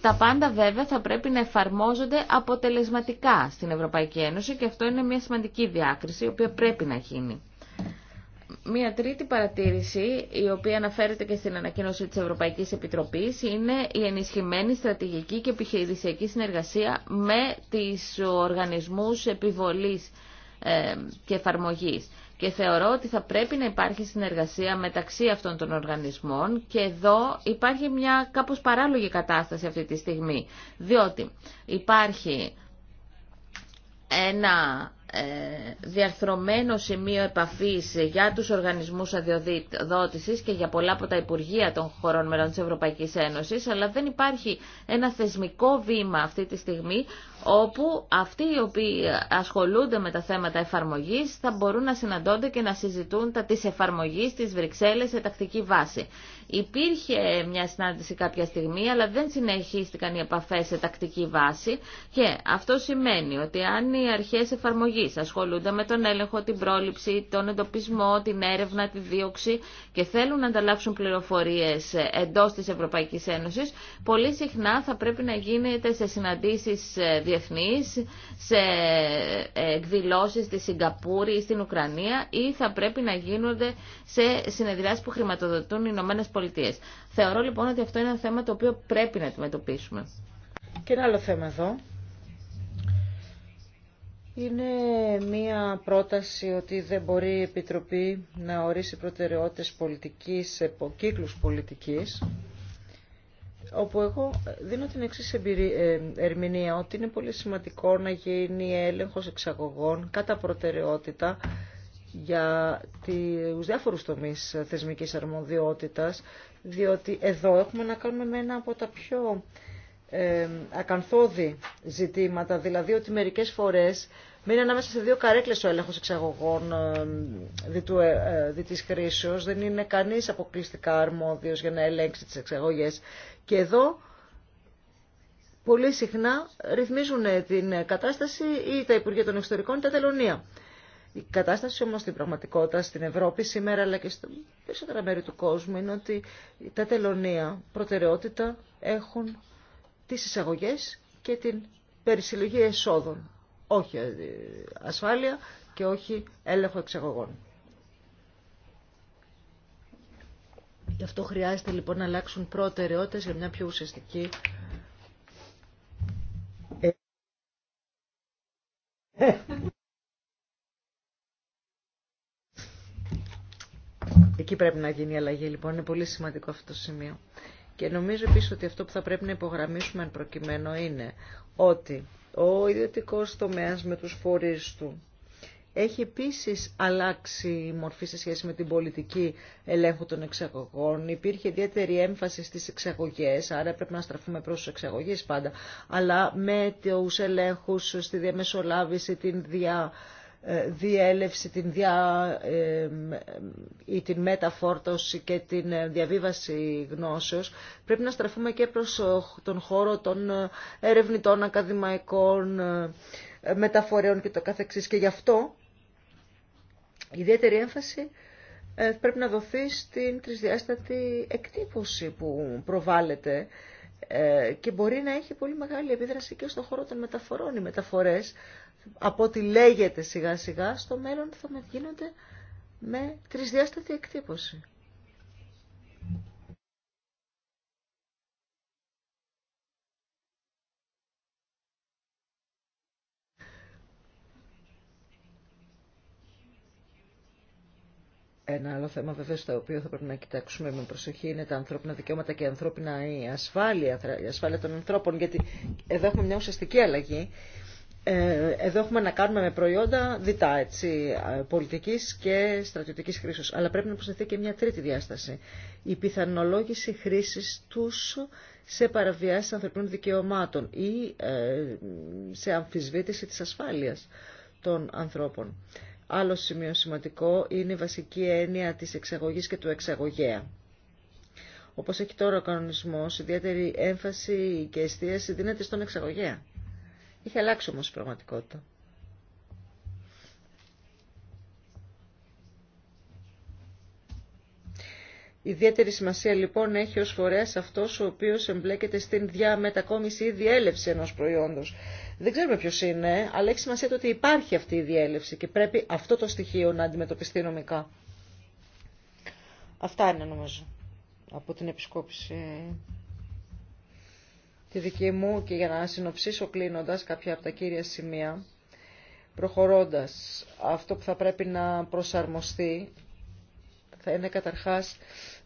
Τα πάντα βέβαια θα πρέπει να εφαρμόζονται αποτελεσματικά στην Ευρωπαϊκή Ένωση και αυτό είναι μια σημαντική διάκριση η οποία πρέπει να γίνει. Μία τρίτη παρατήρηση, η οποία αναφέρεται και στην ανακοίνωση της Ευρωπαϊκής Επιτροπής, είναι η ενισχυμένη στρατηγική και επιχειρησιακή συνεργασία με τις οργανισμούς επιβολής ε, και εφαρμογής. Και θεωρώ ότι θα πρέπει να υπάρχει συνεργασία μεταξύ αυτών των οργανισμών και εδώ υπάρχει μια κάπως παράλογη κατάσταση αυτή τη στιγμή, διότι υπάρχει ένα ε, διαρθρωμένο σημείο επαφής για τους οργανισμούς αδειοδότησης και για πολλά από τα Υπουργεία των χωρών μελών της Ευρωπαϊκής Ένωσης, αλλά δεν υπάρχει ένα θεσμικό βήμα αυτή τη στιγμή όπου αυτοί οι οποίοι ασχολούνται με τα θέματα εφαρμογής θα μπορούν να συναντώνται και να συζητούν τα της εφαρμογής της Βρυξέλλες σε τακτική βάση. Υπήρχε μια συνάντηση κάποια στιγμή, αλλά δεν συνεχίστηκαν οι επαφές σε τακτική βάση και αυτό σημαίνει ότι αν οι αρχές εφαρμογής ασχολούνται με τον έλεγχο, την πρόληψη, τον εντοπισμό, την έρευνα, τη δίωξη και θέλουν να ανταλλάξουν πληροφορίες εντός της Ευρωπαϊκής Ένωσης, πολύ συχνά θα πρέπει να γίνεται σε συναντήσεις ε, διεθνείς, σε εκδηλώσεις στη Σιγκαπούρη ή στην Ουκρανία ή θα πρέπει να γίνονται σε συνεδριάσεις που χρηματοδοτούν οι Ηνωμένε Πολιτείε. Θεωρώ λοιπόν ότι αυτό είναι ένα θέμα το οποίο πρέπει να αντιμετωπίσουμε. Και ένα άλλο θέμα εδώ. Είναι μία πρόταση ότι δεν μπορεί η Επιτροπή να ορίσει προτεραιότητες πολιτικής, εποκύκλους επιτροπη να ορισει προτεραιοτητες πολιτικης ποκυκλους πολιτικης όπου εγώ δίνω την εξή ε, ερμηνεία, ότι είναι πολύ σημαντικό να γίνει έλεγχος εξαγωγών κατά προτεραιότητα για τους διάφορους τομείς θεσμικής αρμοδιότητας, διότι εδώ έχουμε να κάνουμε με ένα από τα πιο ε, ακανθόδη ζητήματα, δηλαδή ότι μερικές φορές μείνει ανάμεσα σε δύο καρέκλες ο έλεγχος εξαγωγών ε, δι, του, ε, δι της Δεν είναι κανείς αποκλειστικά αρμόδιος για να ελέγξει τις εξαγωγές. Και εδώ πολύ συχνά ρυθμίζουν την κατάσταση ή τα Υπουργεία των Εξωτερικών ή τα Τελωνία. Η κατάσταση όμως στην πραγματικότητα στην Ευρώπη σήμερα αλλά και στα περισσότερα μέρη του κόσμου είναι ότι τα τελωνία προτεραιότητα έχουν τις εισαγωγές και την περισυλλογή εσόδων. Όχι ε, ασφάλεια και όχι έλεγχο εξαγωγών. Γι' αυτό χρειάζεται λοιπόν να αλλάξουν προτεραιότητες για μια πιο ουσιαστική Εκεί πρέπει να γίνει η αλλαγή λοιπόν, είναι πολύ σημαντικό αυτό το σημείο. Και νομίζω επίσης ότι αυτό που θα πρέπει να υπογραμμίσουμε αν προκειμένου είναι ότι ο ιδιωτικός τομέας με τους φορείς του έχει επίσης αλλάξει η μορφή σε σχέση με την πολιτική ελέγχου των εξαγωγών. Υπήρχε ιδιαίτερη έμφαση στις εξαγωγές, άρα πρέπει να στραφούμε προς τις εξαγωγές πάντα, αλλά με τους ελέγχους στη διαμεσολάβηση, την δια ε, διέλευση την δια, ε, ε, ή την μεταφόρτωση και την διαβίβαση γνώσεως πρέπει να στραφούμε και προς τον χώρο των ερευνητών, ακαδημαϊκών, μεταφορέων και το καθεξής και γι' αυτό Ιδιαίτερη έμφαση ε, πρέπει να δοθεί στην τρισδιάστατη εκτύπωση που προβάλλεται ε, και μπορεί να έχει πολύ μεγάλη επίδραση και στον χώρο των μεταφορών. Οι μεταφορές, από ό,τι λέγεται σιγά σιγά, στο μέλλον θα γίνονται με τρισδιάστατη εκτύπωση. Ένα άλλο θέμα βέβαια στο οποίο θα πρέπει να κοιτάξουμε με προσοχή είναι τα ανθρώπινα δικαιώματα και η ανθρώπινα η ασφάλεια, των ανθρώπων, γιατί εδώ έχουμε μια ουσιαστική αλλαγή. Ε, εδώ έχουμε να κάνουμε με προϊόντα διτά, έτσι, ε, πολιτικής και στρατιωτικής χρήσης. Αλλά πρέπει να προσθεθεί και μια τρίτη διάσταση. Η πιθανολόγηση χρήσης τους σε παραβιάσεις ανθρωπίνων δικαιωμάτων ή ε, σε αμφισβήτηση της ασφάλειας των ανθρώπων. Άλλο σημείο σημαντικό είναι η βασική έννοια της εξαγωγής και του εξαγωγέα. Όπως έχει τώρα ο κανονισμός, ιδιαίτερη έμφαση και εστίαση δίνεται στον εξαγωγέα. Είχε αλλάξει όμως η πραγματικότητα. Ιδιαίτερη σημασία λοιπόν έχει ως φορέας αυτός ο οποίος εμπλέκεται στην διαμετακόμιση ή διέλευση ενός προϊόντος. Δεν ξέρουμε ποιο είναι, αλλά έχει σημασία το ότι υπάρχει αυτή η διέλευση και πρέπει αυτό το στοιχείο να αντιμετωπιστεί νομικά. Αυτά είναι νομίζω από την επισκόπηση τη δική μου και για να συνοψίσω κλείνοντας κάποια από τα κύρια σημεία, προχωρώντας αυτό που θα πρέπει να προσαρμοστεί θα είναι καταρχάς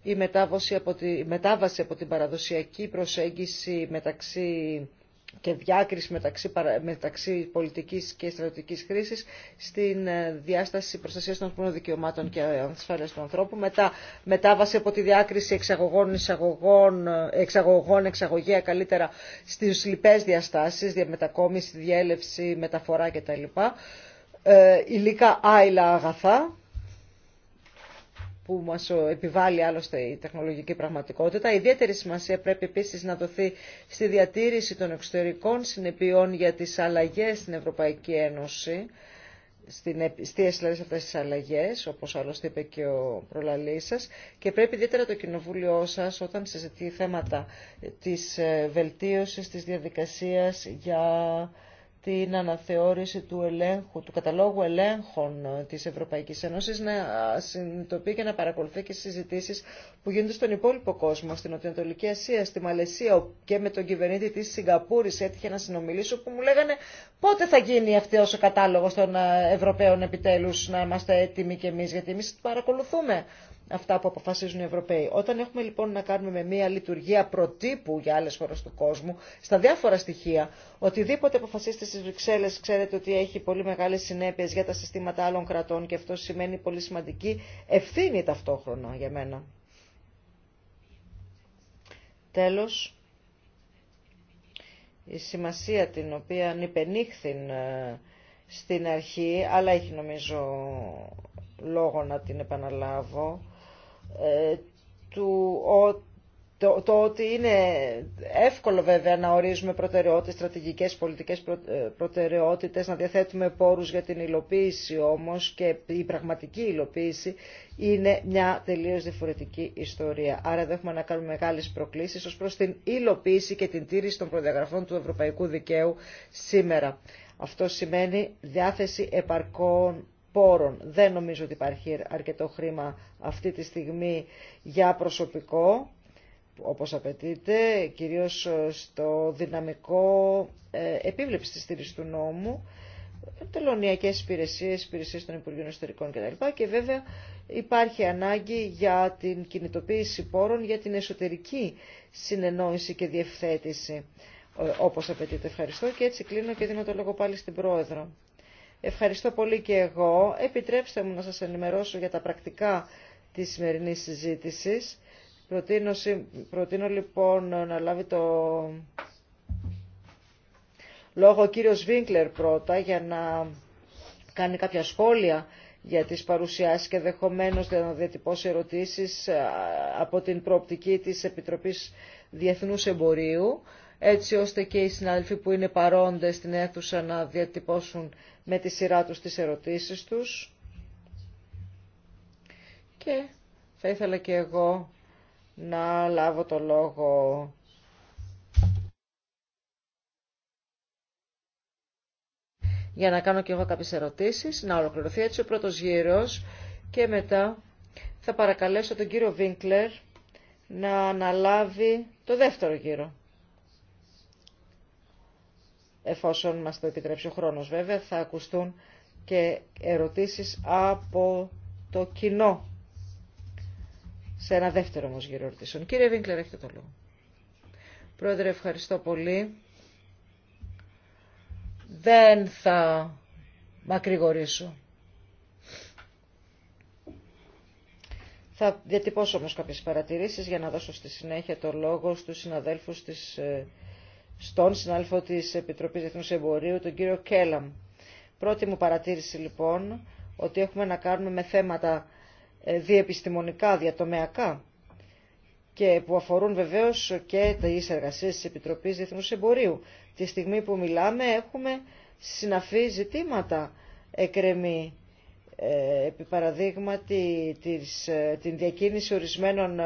η, μετάβαση από η μετάβαση από την παραδοσιακή προσέγγιση μεταξύ και διάκριση μεταξύ, μεταξύ πολιτικής και στρατιωτικής χρήσης στην ε, διάσταση προστασία των ανθρώπινων δικαιωμάτων και ασφάλειας του ανθρώπου. Μετά, μετάβαση από τη διάκριση εξαγωγών, εισαγωγών, ε, εξαγωγών, εξαγωγέα καλύτερα στις λοιπές διαστάσεις, διαμετακόμιση, διέλευση, μεταφορά κτλ. Ε, υλικά άειλα αγαθά που μας ε, επιβάλλει άλλωστε η τεχνολογική πραγματικότητα. Ιδιαίτερη σημασία πρέπει επίσης να δοθεί στη διατήρηση των εξωτερικών συνεπειών για τις αλλαγές στην Ευρωπαϊκή Ένωση, στις δηλαδή σε αυτές αλλαγές, όπως άλλωστε είπε και ο προλαλής σας, και πρέπει ιδιαίτερα το κοινοβούλιο σας όταν συζητεί θέματα της ε, βελτίωσης της διαδικασίας για την αναθεώρηση του ελέγχου, του καταλόγου ελέγχων της Ευρωπαϊκής Ένωσης να συνειδητοποιεί και να παρακολουθεί και συζητήσεις που γίνονται στον υπόλοιπο κόσμο, στην Νοτιοανατολική Ασία, στη Μαλαισία και με τον κυβερνήτη της Σιγκαπούρης έτυχε να συνομιλήσω που μου λέγανε πότε θα γίνει αυτή ο κατάλογος των ε, Ευρωπαίων επιτέλους να είμαστε έτοιμοι και εμείς γιατί εμείς παρακολουθούμε αυτά που αποφασίζουν οι Ευρωπαίοι. Όταν έχουμε λοιπόν να κάνουμε με μια λειτουργία προτύπου για άλλε χώρε του κόσμου, στα διάφορα στοιχεία, οτιδήποτε αποφασίστε στι Βρυξέλλε, ξέρετε ότι έχει πολύ μεγάλε συνέπειε για τα συστήματα άλλων κρατών και αυτό σημαίνει πολύ σημαντική ευθύνη ταυτόχρονα για μένα. Τέλος, η σημασία την οποία υπενήχθην ε, στην αρχή, αλλά έχει νομίζω λόγο να την επαναλάβω, ε, το, το, ότι είναι εύκολο βέβαια να ορίζουμε προτεραιότητες, στρατηγικές πολιτικές προ, ε, προτεραιότητες, να διαθέτουμε πόρους για την υλοποίηση όμως και η πραγματική υλοποίηση είναι μια τελείως διαφορετική ιστορία. Άρα δεν έχουμε να κάνουμε μεγάλες προκλήσεις ως προς την υλοποίηση και την τήρηση των προδιαγραφών του ευρωπαϊκού δικαίου σήμερα. Αυτό σημαίνει διάθεση επαρκών πόρων. Δεν νομίζω ότι υπάρχει αρκετό χρήμα αυτή τη στιγμή για προσωπικό, όπως απαιτείται, κυρίως ε, στο δυναμικό ε, επίβλεψη της στήριξης του νόμου, τελωνιακές υπηρεσίες, υπηρεσίες των Υπουργείων Ιστορικών κτλ. Και βέβαια υπάρχει ανάγκη για την κινητοποίηση πόρων, για την εσωτερική συνεννόηση και διευθέτηση, ε, όπως απαιτείται. Ευχαριστώ και έτσι κλείνω και δίνω το λόγο πάλι στην Πρόεδρο. Ευχαριστώ πολύ και εγώ. Επιτρέψτε μου να σας ενημερώσω για τα πρακτικά της σημερινής συζήτησης. Προτείνω, λοιπόν να λάβει το λόγο ο κύριος Βίνκλερ πρώτα για να κάνει κάποια σχόλια για τις παρουσιάσεις και δεχομένως να διατυπώσει ερωτήσεις ε, από την προοπτική της Επιτροπής Διεθνούς Εμπορίου έτσι ώστε και οι συνάδελφοι που είναι παρόντες στην αίθουσα να διατυπώσουν με τη σειρά τους τις ερωτήσεις τους. Και θα ήθελα και εγώ να λάβω το λόγο για να κάνω και εγώ κάποιες ερωτήσεις, να ολοκληρωθεί έτσι ο πρώτος γύρος και μετά θα παρακαλέσω τον κύριο Βίνκλερ να αναλάβει το δεύτερο γύρο εφόσον μας το επιτρέψει ο χρόνος βέβαια, θα ακουστούν και ερωτήσεις από το κοινό. Σε ένα δεύτερο όμως γύρω ερωτήσεων. Κύριε Βίγκλερ, έχετε το λόγο. Πρόεδρε, ευχαριστώ πολύ. Δεν θα μακρηγορήσω. Θα διατυπώσω όμως κάποιες παρατηρήσεις για να δώσω στη συνέχεια το λόγο στους συναδέλφους της ε, στον συνάδελφο της Επιτροπής Διεθνούς Εμπορίου, τον κύριο Κέλαμ. Πρώτη μου παρατήρηση λοιπόν, ότι έχουμε να κάνουμε με θέματα ε, διεπιστημονικά, διατομεακά και που αφορούν βεβαίως και τις εργασίες της Επιτροπής Διεθνούς Εμπορίου. Τη στιγμή που μιλάμε έχουμε συναφή ζητήματα εκρεμή ε, επί παραδείγματι της, ε, την διακίνηση ορισμένων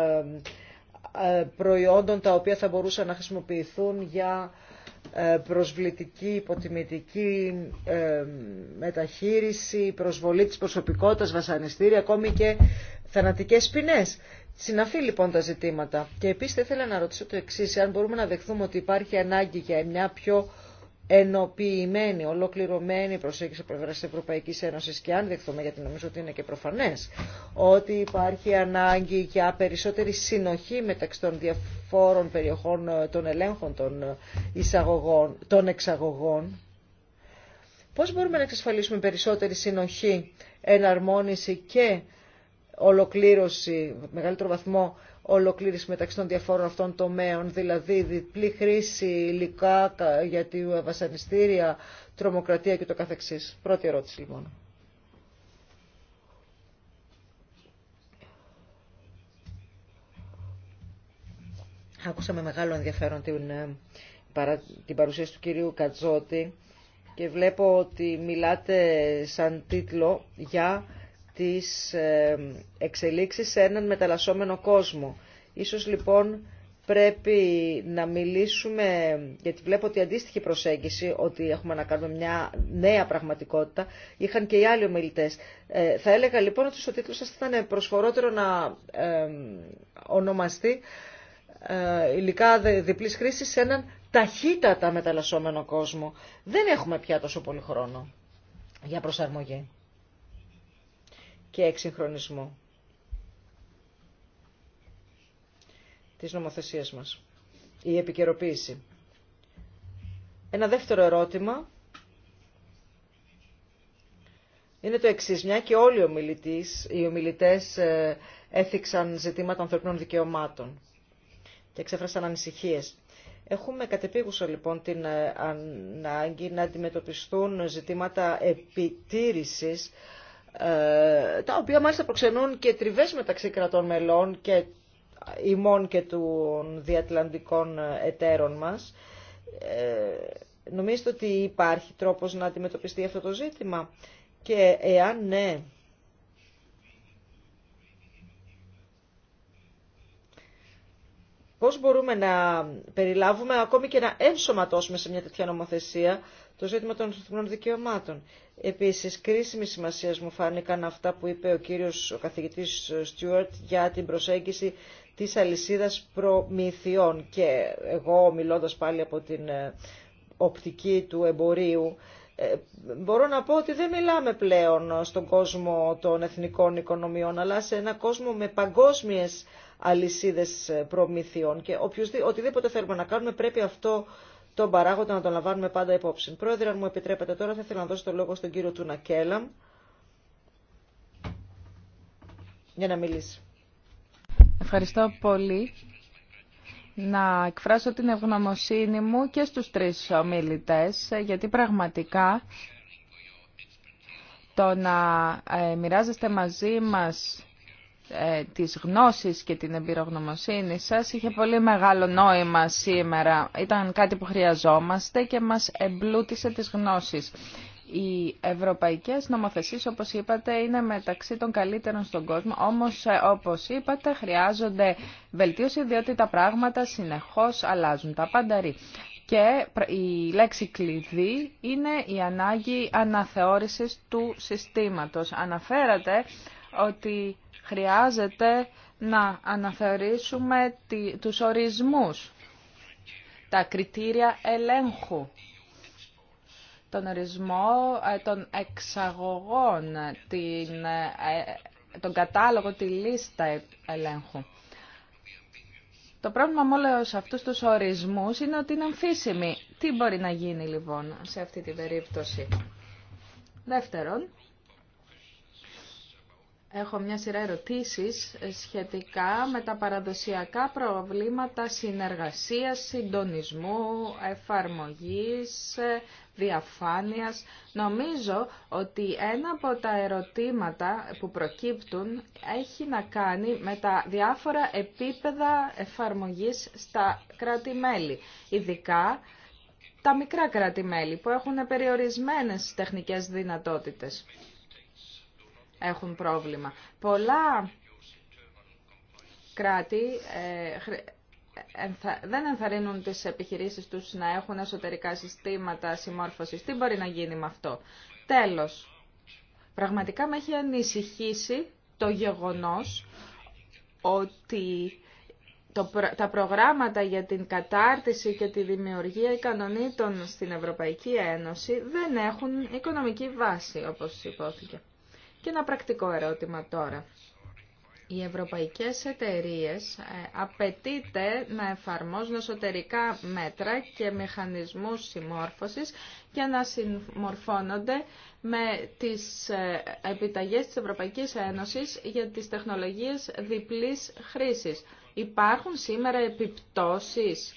ε, προϊόντων τα οποία θα μπορούσαν να χρησιμοποιηθούν για ε, προσβλητική, υποτιμητική ε, μεταχείριση, προσβολή της προσωπικότητας, βασανιστήρια, ακόμη και θανατικές ποινές. Συναφή λοιπόν τα ζητήματα. Και επίσης θα ήθελα να ρωτήσω το εξής, αν μπορούμε να δεχθούμε ότι υπάρχει ανάγκη για μια πιο ενοποιημένη, ολοκληρωμένη προσέγγιση πλευρά τη Ευρωπαϊκή Ένωση και αν δεχθούμε, γιατί νομίζω ότι είναι και προφανέ, ότι υπάρχει ανάγκη για περισσότερη συνοχή μεταξύ των διαφόρων περιοχών των ελέγχων των εισαγωγών, των εξαγωγών. Πώς μπορούμε να εξασφαλίσουμε περισσότερη συνοχή, εναρμόνιση και ολοκλήρωση, μεγαλύτερο βαθμό ολοκλήρωση μεταξύ των διαφόρων αυτών τομέων, δηλαδή διπλή χρήση υλικά για τη βασανιστήρια, τρομοκρατία και το καθεξής. Πρώτη ερώτηση λοιπόν. Άκουσα με μεγάλο ενδιαφέρον την, ε, την παρουσίαση του κυρίου Κατζότη και βλέπω ότι μιλάτε σαν τίτλο για τις εξελίξεις σε έναν μεταλλασσόμενο κόσμο. Ίσως λοιπόν πρέπει να μιλήσουμε, γιατί βλέπω ότι αντίστοιχη προσέγγιση, ότι έχουμε να κάνουμε μια νέα πραγματικότητα, είχαν και οι άλλοι ομιλητέ. Ε, θα έλεγα λοιπόν ότι στο τίτλο σας ήταν προσφορότερο να ονομαστεί ε, υλικά διπλής χρήσης σε έναν ταχύτατα μεταλλασσόμενο κόσμο. Δεν έχουμε πια τόσο πολύ χρόνο για προσαρμογή και εξυγχρονισμό της νομοθεσίας μας, η επικαιροποίηση. Ένα δεύτερο ερώτημα είναι το εξής, μια και όλοι οι, ομιλητές, οι ομιλητές ε, έθιξαν ζητήματα ανθρωπινών δικαιωμάτων και εξέφρασαν ανησυχίες. Έχουμε κατεπίγουσα λοιπόν την ε, ανάγκη να αντιμετωπιστούν ζητήματα επιτήρησης ε, τα οποία μάλιστα προξενούν και τριβές μεταξύ κρατών μελών και ημών και των διατλαντικών εταίρων μας. Ε, νομίζετε ότι υπάρχει τρόπος να αντιμετωπιστεί αυτό το ζήτημα και εάν ναι, πώς μπορούμε να περιλάβουμε ακόμη και να ενσωματώσουμε σε μια τέτοια νομοθεσία το ζήτημα των ανθρωπινών δικαιωμάτων. Επίσης, κρίσιμη σημασία μου φάνηκαν αυτά που είπε ο κύριος ο καθηγητής Στιούαρτ για την προσέγγιση της αλυσίδα προμηθειών και εγώ μιλώντας πάλι από την ε, οπτική του εμπορίου ε, μπορώ να πω ότι δεν μιλάμε πλέον στον κόσμο των εθνικών οικονομιών αλλά σε ένα κόσμο με παγκόσμιες αλυσίδες ε, προμηθειών και οτιδήποτε θέλουμε να κάνουμε πρέπει αυτό τον παράγοντα να τον λαμβάνουμε πάντα υπόψη. Πρόεδρε, αν μου επιτρέπετε τώρα, θα ήθελα να δώσω το λόγο στον κύριο Τούνα Κέλαμ για να μιλήσει. Ευχαριστώ πολύ. Να εκφράσω την ευγνωμοσύνη μου και στους τρεις ομιλητές, γιατί πραγματικά το να ε, μοιράζεστε μαζί μας ε, της γνώσης και την εμπειρογνωμοσύνη σας είχε πολύ μεγάλο νόημα σήμερα. Ήταν κάτι που χρειαζόμαστε και μας εμπλούτησε τις γνώσεις. Οι ευρωπαϊκές νομοθεσίες, όπως είπατε, είναι μεταξύ των καλύτερων στον κόσμο, όμως, ε, όπως είπατε, χρειάζονται βελτίωση, διότι τα πράγματα συνεχώς αλλάζουν, τα ρί. Και η λέξη κλειδί είναι η ανάγκη αναθεώρησης του συστήματος. Αναφέρατε ότι Χρειάζεται να αναθεωρήσουμε τους ορισμούς, τα κριτήρια ελέγχου, τον ορισμό ε, των εξαγωγών, ε, τον κατάλογο, τη λίστα ε, ελέγχου. Το πρόβλημα με όλους αυτούς τους ορισμούς είναι ότι είναι αμφίσιμοι. Τι μπορεί να γίνει λοιπόν σε αυτή την περίπτωση. Δεύτερον, Έχω μια σειρά ερωτήσεις ε, σχετικά με τα παραδοσιακά προβλήματα συνεργασίας, συντονισμού, εφαρμογής, ε, διαφάνειας. Νομίζω ότι ένα από τα ερωτήματα που προκύπτουν έχει να κάνει με τα διάφορα επίπεδα εφαρμογής στα κράτη-μέλη, ειδικά τα μικρά κράτη-μέλη που έχουν περιορισμένες τεχνικές δυνατότητες έχουν πρόβλημα. Πολλά κράτη ε, δεν ενθαρρύνουν τις επιχειρήσεις τους να έχουν εσωτερικά συστήματα συμμόρφωσης. Τι μπορεί να γίνει με αυτό. Τέλος, πραγματικά με έχει ανησυχήσει το γεγονός ότι τα προγράμματα για την κατάρτιση και τη δημιουργία ικανονίτων στην Ευρωπαϊκή Ένωση δεν έχουν οικονομική βάση, όπως υπόθηκε. Και ένα πρακτικό ερώτημα τώρα. Οι ευρωπαϊκές εταιρείες ε, απαιτείται να εφαρμόζουν εσωτερικά μέτρα και μηχανισμούς συμμόρφωσης για να συμμορφώνονται με τις ε, επιταγές της Ευρωπαϊκής Ένωσης για τις τεχνολογίες διπλής χρήσης. Υπάρχουν σήμερα επιπτώσεις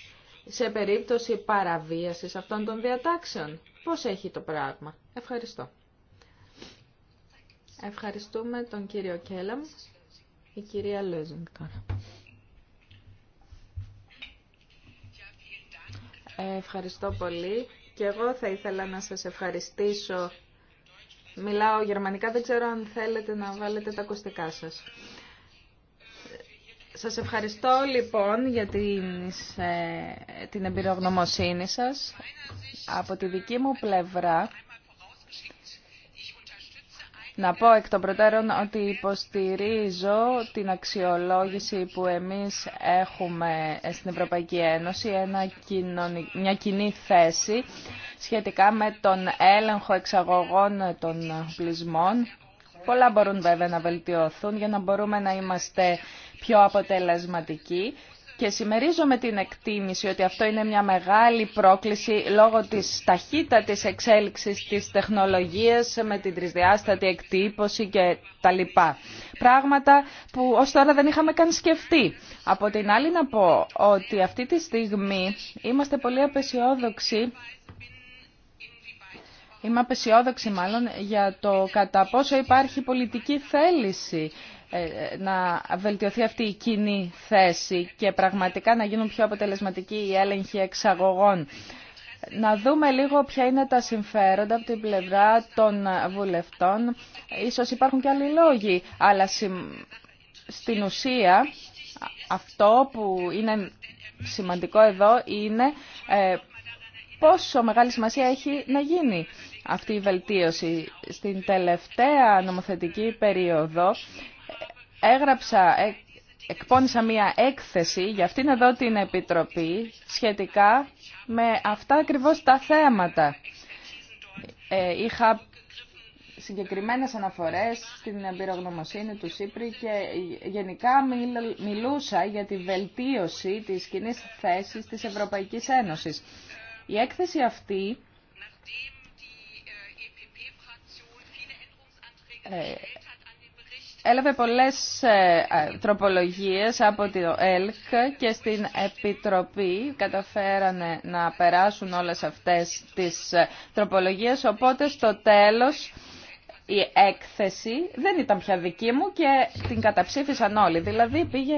σε περίπτωση παραβίασης αυτών των διατάξεων. Πώς έχει το πράγμα. Ευχαριστώ. Ευχαριστούμε τον κύριο Κέλαμ. Η κυρία Λέζινγκ Ευχαριστώ πολύ. Και εγώ θα ήθελα να σας ευχαριστήσω. Μιλάω γερμανικά, δεν ξέρω αν θέλετε να βάλετε τα ακουστικά σας. Σας ευχαριστώ λοιπόν για την, ε, την εμπειρογνωμοσύνη σας. Από τη δική μου πλευρά να πω εκ των προτέρων ότι υποστηρίζω την αξιολόγηση που εμείς έχουμε στην Ευρωπαϊκή Ένωση, μια κοινή θέση σχετικά με τον έλεγχο εξαγωγών των πλεισμών. Πολλά μπορούν βέβαια να βελτιωθούν για να μπορούμε να είμαστε πιο αποτελεσματικοί και συμμερίζομαι την εκτίμηση ότι αυτό είναι μια μεγάλη πρόκληση λόγω της ταχύτατης εξέλιξης της τεχνολογίας με την τρισδιάστατη εκτύπωση και Πράγματα που ως τώρα δεν είχαμε καν σκεφτεί. Από την άλλη να πω ότι αυτή τη στιγμή είμαστε πολύ απεσιόδοξοι Είμαι απεσιόδοξη μάλλον για το κατά πόσο υπάρχει πολιτική θέληση ε, ε, να βελτιωθεί αυτή η κοινή θέση και πραγματικά να γίνουν πιο αποτελεσματικοί οι έλεγχοι εξαγωγών. Να δούμε λίγο ποια είναι τα συμφέροντα από την πλευρά των βουλευτών. Ίσως υπάρχουν και άλλοι λόγοι, αλλά στην ουσία αυτό που είναι σημαντικό εδώ είναι ε, πόσο μεγάλη σημασία έχει να γίνει αυτή η βελτίωση. Στην τελευταία νομοθετική περίοδο έγραψα, ε, εκπώνησα μία έκθεση για αυτήν εδώ την Επιτροπή σχετικά με αυτά ακριβώς τα θέματα. Ε, είχα συγκεκριμένες αναφορές στην εμπειρογνωμοσύνη του Σύπρη και γενικά μιλούσα για τη βελτίωση της κοινή θέσης της Ευρωπαϊκής Ένωσης. Η έκθεση αυτή ε, έλαβε πολλές ε, ε, τροπολογίες από το ΕΛΚ και στην Επιτροπή καταφέρανε να περάσουν όλες αυτές τις ε, τροπολογίες, οπότε στο τέλος η έκθεση δεν ήταν πια δική μου και την καταψήφισαν όλοι, δηλαδή πήγε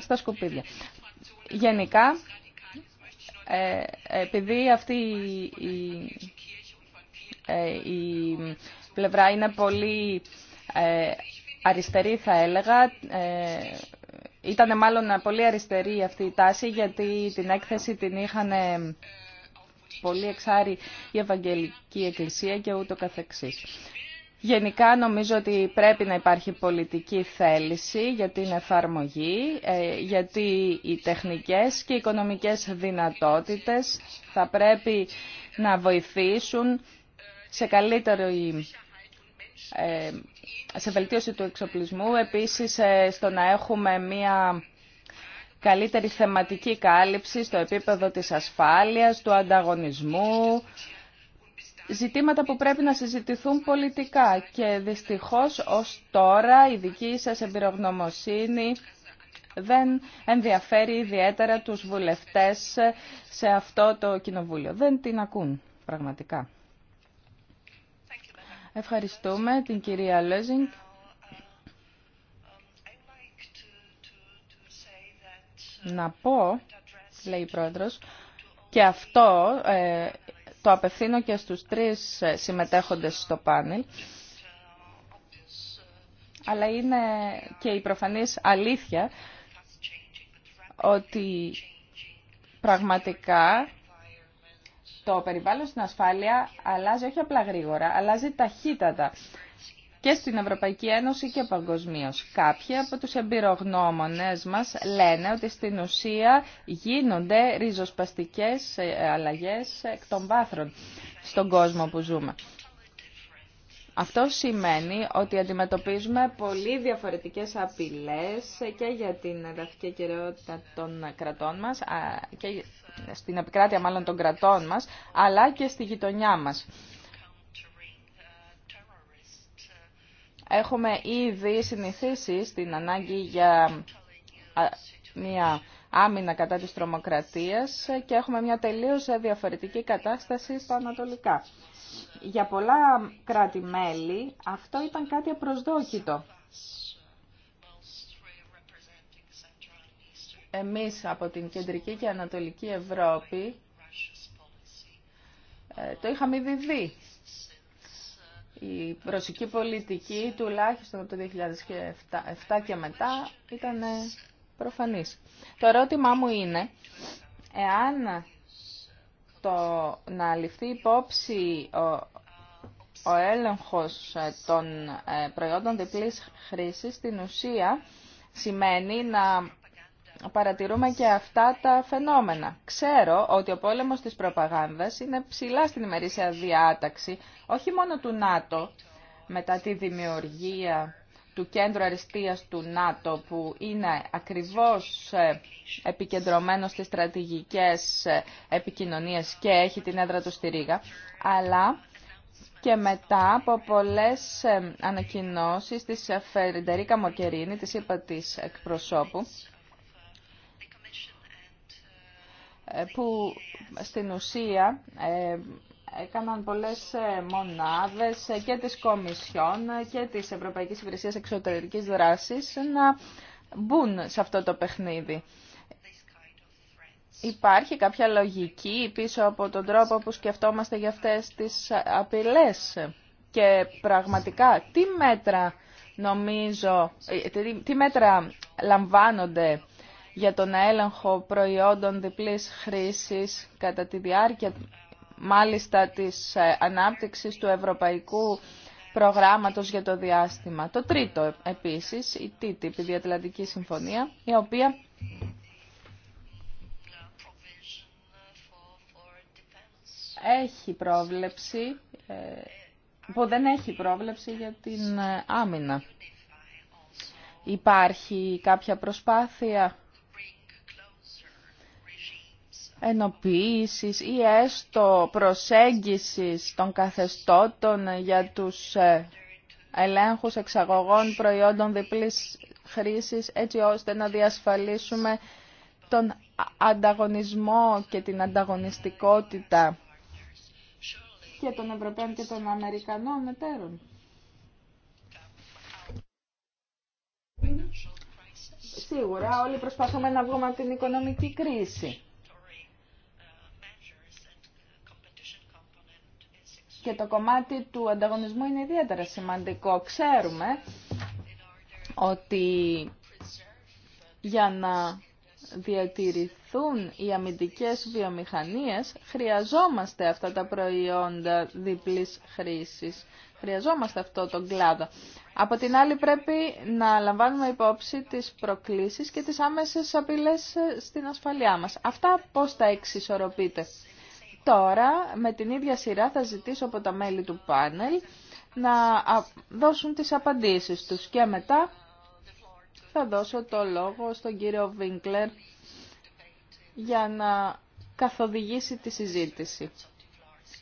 στα σκουπίδια. Γενικά, επειδή αυτή η πλευρά είναι πολύ ε, αριστερή θα έλεγα. Ε, Ήταν μάλλον πολύ αριστερή αυτή η τάση γιατί την έκθεση την είχαν πολύ εξάρει η Ευαγγελική Εκκλησία και ούτω καθεξής. Γενικά νομίζω ότι πρέπει να υπάρχει πολιτική θέληση για την εφαρμογή, ε, γιατί οι τεχνικές και οι οικονομικές δυνατότητες θα πρέπει να βοηθήσουν σε καλύτερη ε, σε βελτίωση του εξοπλισμού, επίσης ε, στο να έχουμε μία καλύτερη θεματική κάλυψη στο επίπεδο της ασφάλειας, του ανταγωνισμού, ζητήματα που πρέπει να συζητηθούν πολιτικά και δυστυχώς ως τώρα η δική σας εμπειρογνωμοσύνη δεν ενδιαφέρει ιδιαίτερα τους βουλευτές σε αυτό το κοινοβούλιο. Δεν την ακούν πραγματικά. Ευχαριστούμε την κυρία Λέζινγκ. Να πω, λέει η πρόεδρος, και αυτό ε, το απευθύνω και στους τρεις ε, συμμετέχοντες στο πάνελ, αλλά είναι και η προφανής αλήθεια ότι πραγματικά το περιβάλλον στην ασφάλεια αλλάζει όχι απλά γρήγορα, αλλάζει ταχύτατα και στην Ευρωπαϊκή Ένωση και παγκοσμίω. Κάποιοι από τους εμπειρογνώμονες μας λένε ότι στην ουσία γίνονται ριζοσπαστικές ε, αλλαγές εκ των βάθρων στον κόσμο που ζούμε. Αυτό σημαίνει ότι αντιμετωπίζουμε πολύ διαφορετικές απειλές και για την εδαφική κυριότητα των κρατών μας και στην επικράτεια μάλλον των κρατών μας, αλλά και στη γειτονιά μας. Έχουμε ήδη συνηθίσει στην ανάγκη για μια άμυνα κατά της τρομοκρατίας και έχουμε μια τελείως διαφορετική κατάσταση στα ανατολικά. Για πολλά κράτη-μέλη αυτό ήταν κάτι απροσδόκητο. Εμείς από την Κεντρική και Ανατολική Ευρώπη ε, το είχαμε ήδη δει. Η ρωσική πολιτική, τουλάχιστον από το 2007 και μετά, ήταν ε, προφανής. Το ερώτημά μου είναι, εάν το να ληφθεί υπόψη ο, ο έλεγχος ε, των προϊόντων διπλής χρήσης, στην ουσία σημαίνει να παρατηρούμε και αυτά τα φαινόμενα. Ξέρω ότι ο πόλεμος της προπαγάνδας είναι ψηλά στην ημερήσια διάταξη, όχι μόνο του ΝΑΤΟ, μετά τη δημιουργία του κέντρου αριστείας του ΝΑΤΟ που είναι ακριβώς ε, επικεντρωμένο στις στρατηγικές ε, επικοινωνίες και έχει την έδρα του στη Ρήγα, αλλά και μετά από πολλές ε, ανακοινώσεις της Φερντερίκα Μοκερίνη, της είπα της εκπροσώπου, Ε, που στην ουσία ε, έκαναν πολλές ε, μονάδες και της Κομισιόν και της Ευρωπαϊκής Υπηρεσίας Εξωτερικής Δράσης να μπουν σε αυτό το παιχνίδι. Υπάρχει κάποια λογική πίσω από τον τρόπο που σκεφτόμαστε για αυτές τις απειλές και πραγματικά τι μέτρα νομίζω, τι μέτρα λαμβάνονται για τον έλεγχο προϊόντων διπλής χρήσης κατά τη διάρκεια μάλιστα της ε, ανάπτυξης του Ευρωπαϊκού Προγράμματος για το διάστημα. Το τρίτο επίσης, η TTIP, η Διατλαντική Συμφωνία, η οποία έχει πρόβλεψη, ε, που δεν έχει πρόβλεψη για την ε, άμυνα. Υπάρχει κάποια προσπάθεια ενοποίησης ή έστω προσέγγισης των καθεστώτων για τους ε, ελέγχους εξαγωγών προϊόντων διπλής χρήσης έτσι ώστε να διασφαλίσουμε τον ανταγωνισμό και την ανταγωνιστικότητα και των Ευρωπαίων και των Αμερικανών εταίρων. Σίγουρα όλοι προσπαθούμε να βγούμε από την οικονομική κρίση. και το κομμάτι του ανταγωνισμού είναι ιδιαίτερα σημαντικό. Ξέρουμε ότι για να διατηρηθούν οι αμυντικές βιομηχανίες, χρειαζόμαστε αυτά τα προϊόντα διπλής χρήσης. Χρειαζόμαστε αυτό το κλάδο. Από την άλλη πρέπει να λαμβάνουμε υπόψη τις προκλήσεις και τις άμεσες απειλές ε, στην ασφαλειά μας. Αυτά πώς τα εξισορροπείτε. Τώρα, με την ίδια σειρά θα ζητήσω από τα μέλη του πάνελ να δώσουν τις απαντήσεις τους και μετά θα δώσω το λόγο στον κύριο Βίνκλερ για να καθοδηγήσει τη συζήτηση.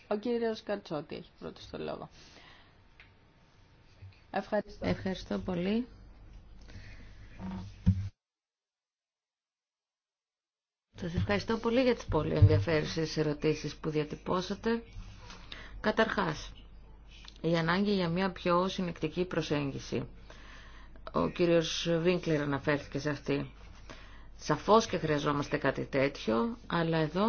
Ο κύριος Κατσότη έχει πρώτο το λόγο. Ευχαριστώ. Ευχαριστώ πολύ. Σας ευχαριστώ πολύ για τις πολύ ενδιαφέρουσες ερωτήσεις που διατυπώσατε. Καταρχάς, η ανάγκη για μια πιο συνεκτική προσέγγιση. Ο κύριος Βίνκλερ αναφέρθηκε σε αυτή. Σαφώς και χρειαζόμαστε κάτι τέτοιο, αλλά εδώ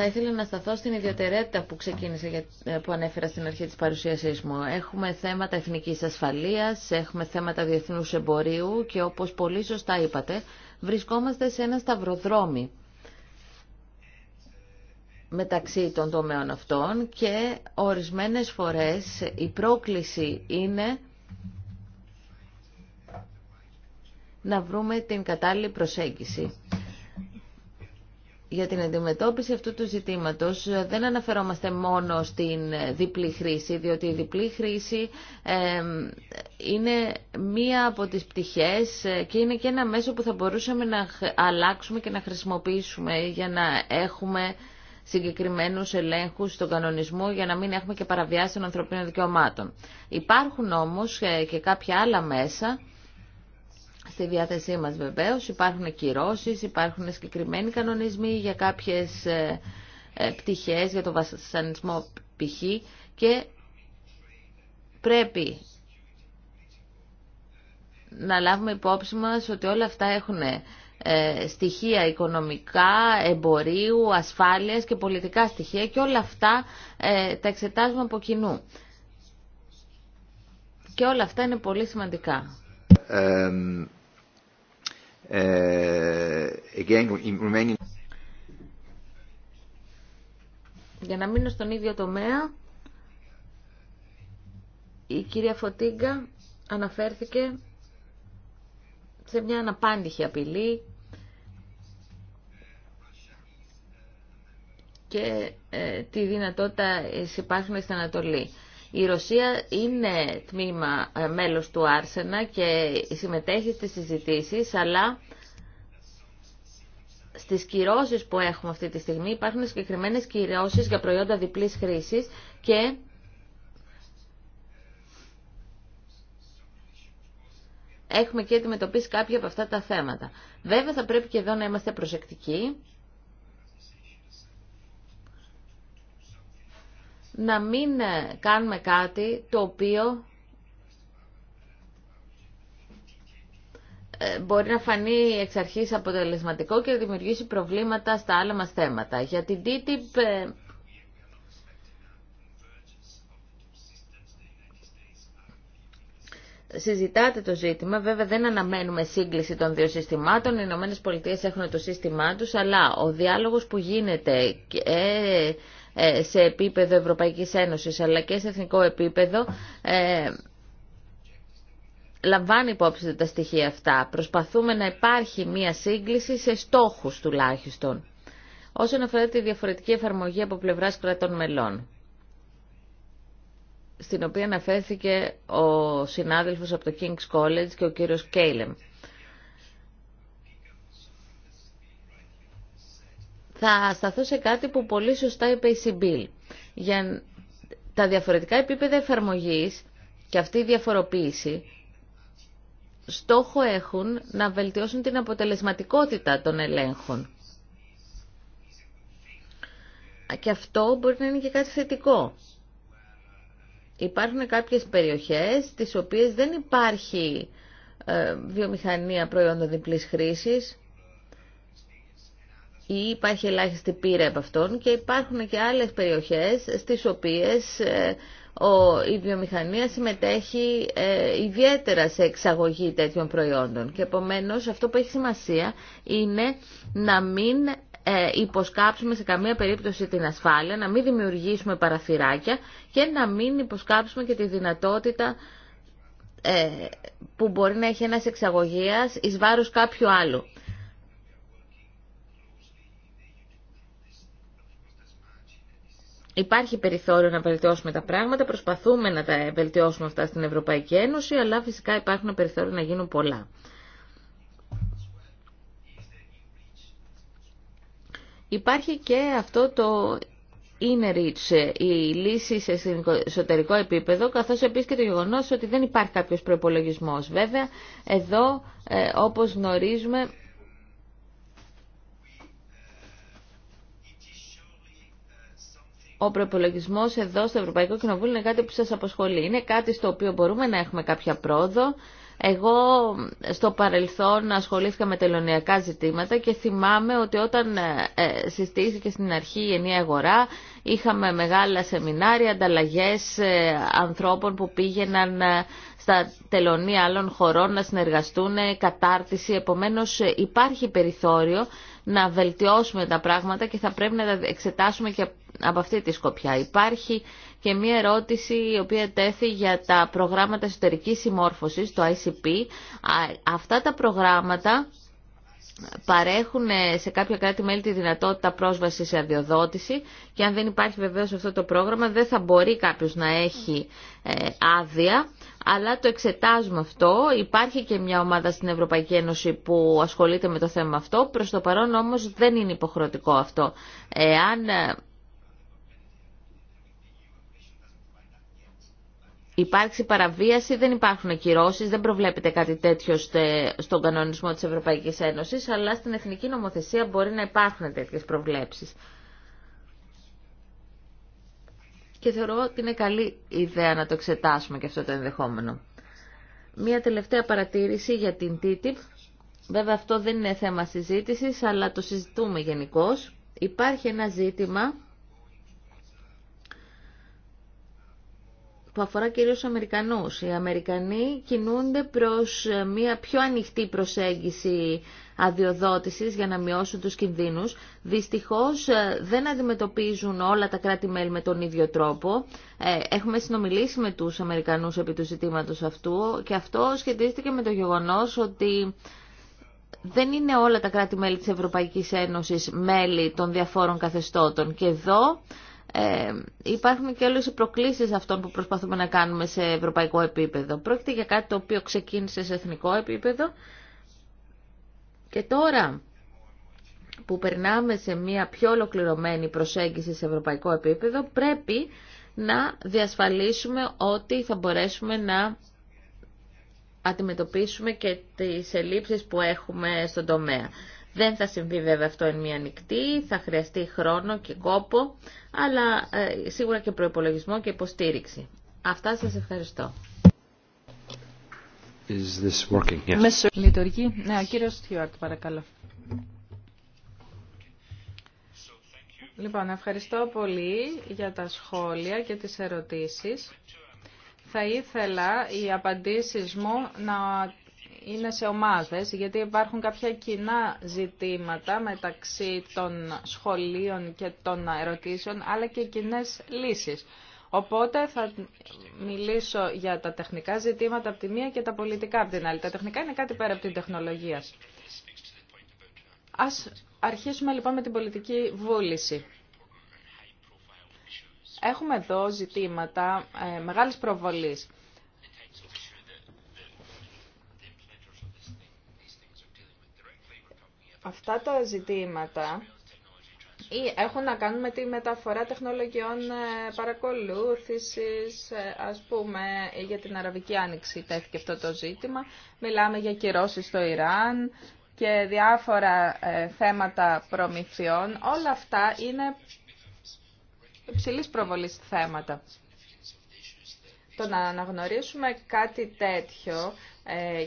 Θα ήθελα να σταθώ στην ιδιαιτερότητα που ξεκίνησε, που ανέφερα στην αρχή της παρουσίασής μου. Έχουμε θέματα εθνικής ασφαλείας, έχουμε θέματα διεθνούς εμπορίου και όπως πολύ σωστά είπατε, βρισκόμαστε σε ένα σταυροδρόμι μεταξύ των τομέων αυτών και ορισμένες φορές η πρόκληση είναι να βρούμε την κατάλληλη προσέγγιση για την αντιμετώπιση αυτού του ζητήματος ε, δεν αναφερόμαστε μόνο στην διπλή χρήση, διότι η διπλή χρήση είναι μία από τις πτυχές ε, και είναι και ένα μέσο που θα μπορούσαμε να αλλάξουμε και να χρησιμοποιήσουμε για να έχουμε συγκεκριμένους ελέγχους στον κανονισμό για να μην έχουμε και παραβιάσει των ανθρωπίνων δικαιωμάτων. Υπάρχουν όμως ε, και κάποια άλλα μέσα στη διάθεσή μας βεβαίως. Υπάρχουν κυρώσεις, υπάρχουν συγκεκριμένοι κανονισμοί για κάποιες ε, ε, πτυχές, για το βασανισμό π.χ. και πρέπει να λάβουμε υπόψη μας ότι όλα αυτά έχουν ε, στοιχεία οικονομικά, εμπορίου, ασφάλειας και πολιτικά στοιχεία και όλα αυτά τα εξετάζουμε από κοινού. Και όλα αυτά είναι πολύ σημαντικά. Ε, Για να μείνω στον ίδιο τομέα, η κυρία Φωτίγκα αναφέρθηκε σε μια αναπάντηχη απειλή και ε, τη δυνατότητα ε, υπάρχουν στην Ανατολή. Η Ρωσία είναι τμήμα ε, μέλος του Άρσενα και συμμετέχει στις συζητήσεις, αλλά στις κυρώσεις που έχουμε αυτή τη στιγμή υπάρχουν συγκεκριμένες κυρώσεις για προϊόντα διπλής χρήσης και έχουμε και αντιμετωπίσει κάποια από αυτά τα θέματα. Βέβαια θα πρέπει και εδώ να είμαστε προσεκτικοί να μην ε, κάνουμε κάτι το οποίο ε, μπορεί να φανεί εξ αρχής αποτελεσματικό και να δημιουργήσει προβλήματα στα άλλα μας θέματα. Για την TTIP ε, συζητάτε το ζήτημα. Βέβαια δεν αναμένουμε σύγκληση των δύο συστημάτων. Οι Ηνωμένε Πολιτείε έχουν το σύστημά τους, αλλά ο διάλογος που γίνεται και ε, σε επίπεδο Ευρωπαϊκής Ένωσης αλλά και σε εθνικό επίπεδο ε, λαμβάνει υπόψη τα στοιχεία αυτά. Προσπαθούμε να υπάρχει μία σύγκληση σε στόχους τουλάχιστον όσον αφορά τη διαφορετική εφαρμογή από πλευράς κρατών μελών στην οποία αναφέρθηκε ο συνάδελφος από το King's College και ο κύριος Κέιλεμ. θα σταθώ σε κάτι που πολύ σωστά είπε η Σιμπίλ. Για τα διαφορετικά επίπεδα εφαρμογής και αυτή η διαφοροποίηση στόχο έχουν να βελτιώσουν την αποτελεσματικότητα των ελέγχων. Και αυτό μπορεί να είναι και κάτι θετικό. Υπάρχουν κάποιες περιοχές τις οποίες δεν υπάρχει ε, βιομηχανία προϊόντων διπλής χρήσης ή υπάρχει ελάχιστη πύρα από αυτόν και υπάρχουν και άλλες περιοχές στις οποίες ε, ο, η βιομηχανία συμμετέχει ε, ιδιαίτερα σε εξαγωγή τέτοιων προϊόντων και επομένως αυτό που έχει σημασία είναι να μην ε, υποσκάψουμε σε καμία περίπτωση την ασφάλεια, να μην δημιουργήσουμε παραθυράκια και να μην υποσκάψουμε και τη δυνατότητα ε, που μπορεί να έχει ένας εξαγωγίας εις βάρος κάποιου άλλου. Υπάρχει περιθώριο να βελτιώσουμε τα πράγματα, προσπαθούμε να τα βελτιώσουμε αυτά στην Ευρωπαϊκή Ένωση, αλλά φυσικά υπάρχουν περιθώρια να γίνουν πολλά. Υπάρχει και αυτό το inner reach, η λύση σε εσωτερικό επίπεδο, καθώς επίσης και το γεγονός ότι δεν υπάρχει κάποιος προπολογισμό. Βέβαια, εδώ, ε, όπως γνωρίζουμε, ο προπολογισμό εδώ στο Ευρωπαϊκό Κοινοβούλιο είναι κάτι που σα αποσχολεί. Είναι κάτι στο οποίο μπορούμε να έχουμε κάποια πρόοδο. Εγώ στο παρελθόν ασχολήθηκα με τελωνιακά ζητήματα και θυμάμαι ότι όταν ε, ε συστήθηκε στην αρχή η ενιαία αγορά είχαμε μεγάλα σεμινάρια, ανταλλαγές ε, ανθρώπων που πήγαιναν ε, στα τελωνία άλλων χωρών να συνεργαστούν, κατάρτιση. Επομένως υπάρχει περιθώριο να βελτιώσουμε τα πράγματα και θα πρέπει να τα εξετάσουμε και από αυτή τη σκοπιά. Υπάρχει και μία ερώτηση η οποία τέθη για τα προγράμματα εσωτερική συμμόρφωσης, το ICP. Αυτά τα προγράμματα παρέχουν ε, σε κάποια κράτη-μέλη τη δυνατότητα πρόσβαση σε αδειοδότηση και αν δεν υπάρχει βεβαίω αυτό το πρόγραμμα δεν θα μπορεί κάποιο να έχει ε, άδεια αλλά το εξετάζουμε αυτό. Υπάρχει και μια ομάδα στην Ευρωπαϊκή Ένωση που ασχολείται με το θέμα αυτό. Προς το παρόν όμως δεν είναι υποχρεωτικό αυτό. Ε, υπάρξει παραβίαση, δεν υπάρχουν κυρώσει, δεν προβλέπεται κάτι τέτοιο στον κανονισμό της Ευρωπαϊκής Ένωσης, αλλά στην εθνική νομοθεσία μπορεί να υπάρχουν τέτοιε προβλέψεις. Και θεωρώ ότι είναι καλή ιδέα να το εξετάσουμε και αυτό το ενδεχόμενο. Μία τελευταία παρατήρηση για την TTIP. Βέβαια αυτό δεν είναι θέμα συζήτησης, αλλά το συζητούμε γενικώ. Υπάρχει ένα ζήτημα που αφορά κυρίως Αμερικανούς. Οι Αμερικανοί κινούνται προς ε, μια πιο ανοιχτή προσέγγιση αδειοδότησης για να μειώσουν τους κινδύνους. Δυστυχώς ε, δεν αντιμετωπίζουν όλα τα κράτη-μέλη με τον ίδιο τρόπο. Ε, έχουμε συνομιλήσει με τους Αμερικανούς επί του ζητήματος αυτού και αυτό σχετίζεται με το γεγονός ότι δεν είναι όλα τα κράτη-μέλη της Ευρωπαϊκής Ένωσης μέλη των διαφόρων καθεστώτων. Και εδώ ε, υπάρχουν και όλες οι προκλήσεις αυτών που προσπαθούμε να κάνουμε σε ευρωπαϊκό επίπεδο. Πρόκειται για κάτι το οποίο ξεκίνησε σε εθνικό επίπεδο και τώρα που περνάμε σε μια πιο ολοκληρωμένη προσέγγιση σε ευρωπαϊκό επίπεδο πρέπει να διασφαλίσουμε ότι θα μπορέσουμε να αντιμετωπίσουμε και τις ελλείψεις που έχουμε στον τομέα. Δεν θα συμβεί βέβαια αυτό εν μία νυχτή, θα χρειαστεί χρόνο και κόπο, αλλά ε, σίγουρα και προπολογισμό και υποστήριξη. Αυτά σας ευχαριστώ. Is this working? Yes. Λειτουργεί. Ναι, ο κύριος Στιουαρτ, παρακαλώ. Λοιπόν, ευχαριστώ πολύ για τα σχόλια και τις ερωτήσεις. Θα ήθελα οι απαντήσεις μου να είναι σε ομάδες, γιατί υπάρχουν κάποια κοινά ζητήματα μεταξύ των σχολείων και των ερωτήσεων, αλλά και κοινέ λύσεις. Οπότε θα μιλήσω για τα τεχνικά ζητήματα από τη μία και τα πολιτικά από την άλλη. Τα τεχνικά είναι κάτι πέρα από την τεχνολογία. Ας αρχίσουμε λοιπόν με την πολιτική βούληση. Έχουμε εδώ ζητήματα ε, μεγάλης προβολής. αυτά τα ζητήματα ή έχουν να κάνουν με τη μεταφορά τεχνολογιών ε, παρακολούθησης, ε, ας πούμε, για την Αραβική Άνοιξη τέθηκε αυτό το ζήτημα. Μιλάμε για κυρώσεις στο Ιράν και διάφορα ε, θέματα προμηθειών. Όλα αυτά είναι υψηλής προβολής θέματα. Το να αναγνωρίσουμε κάτι τέτοιο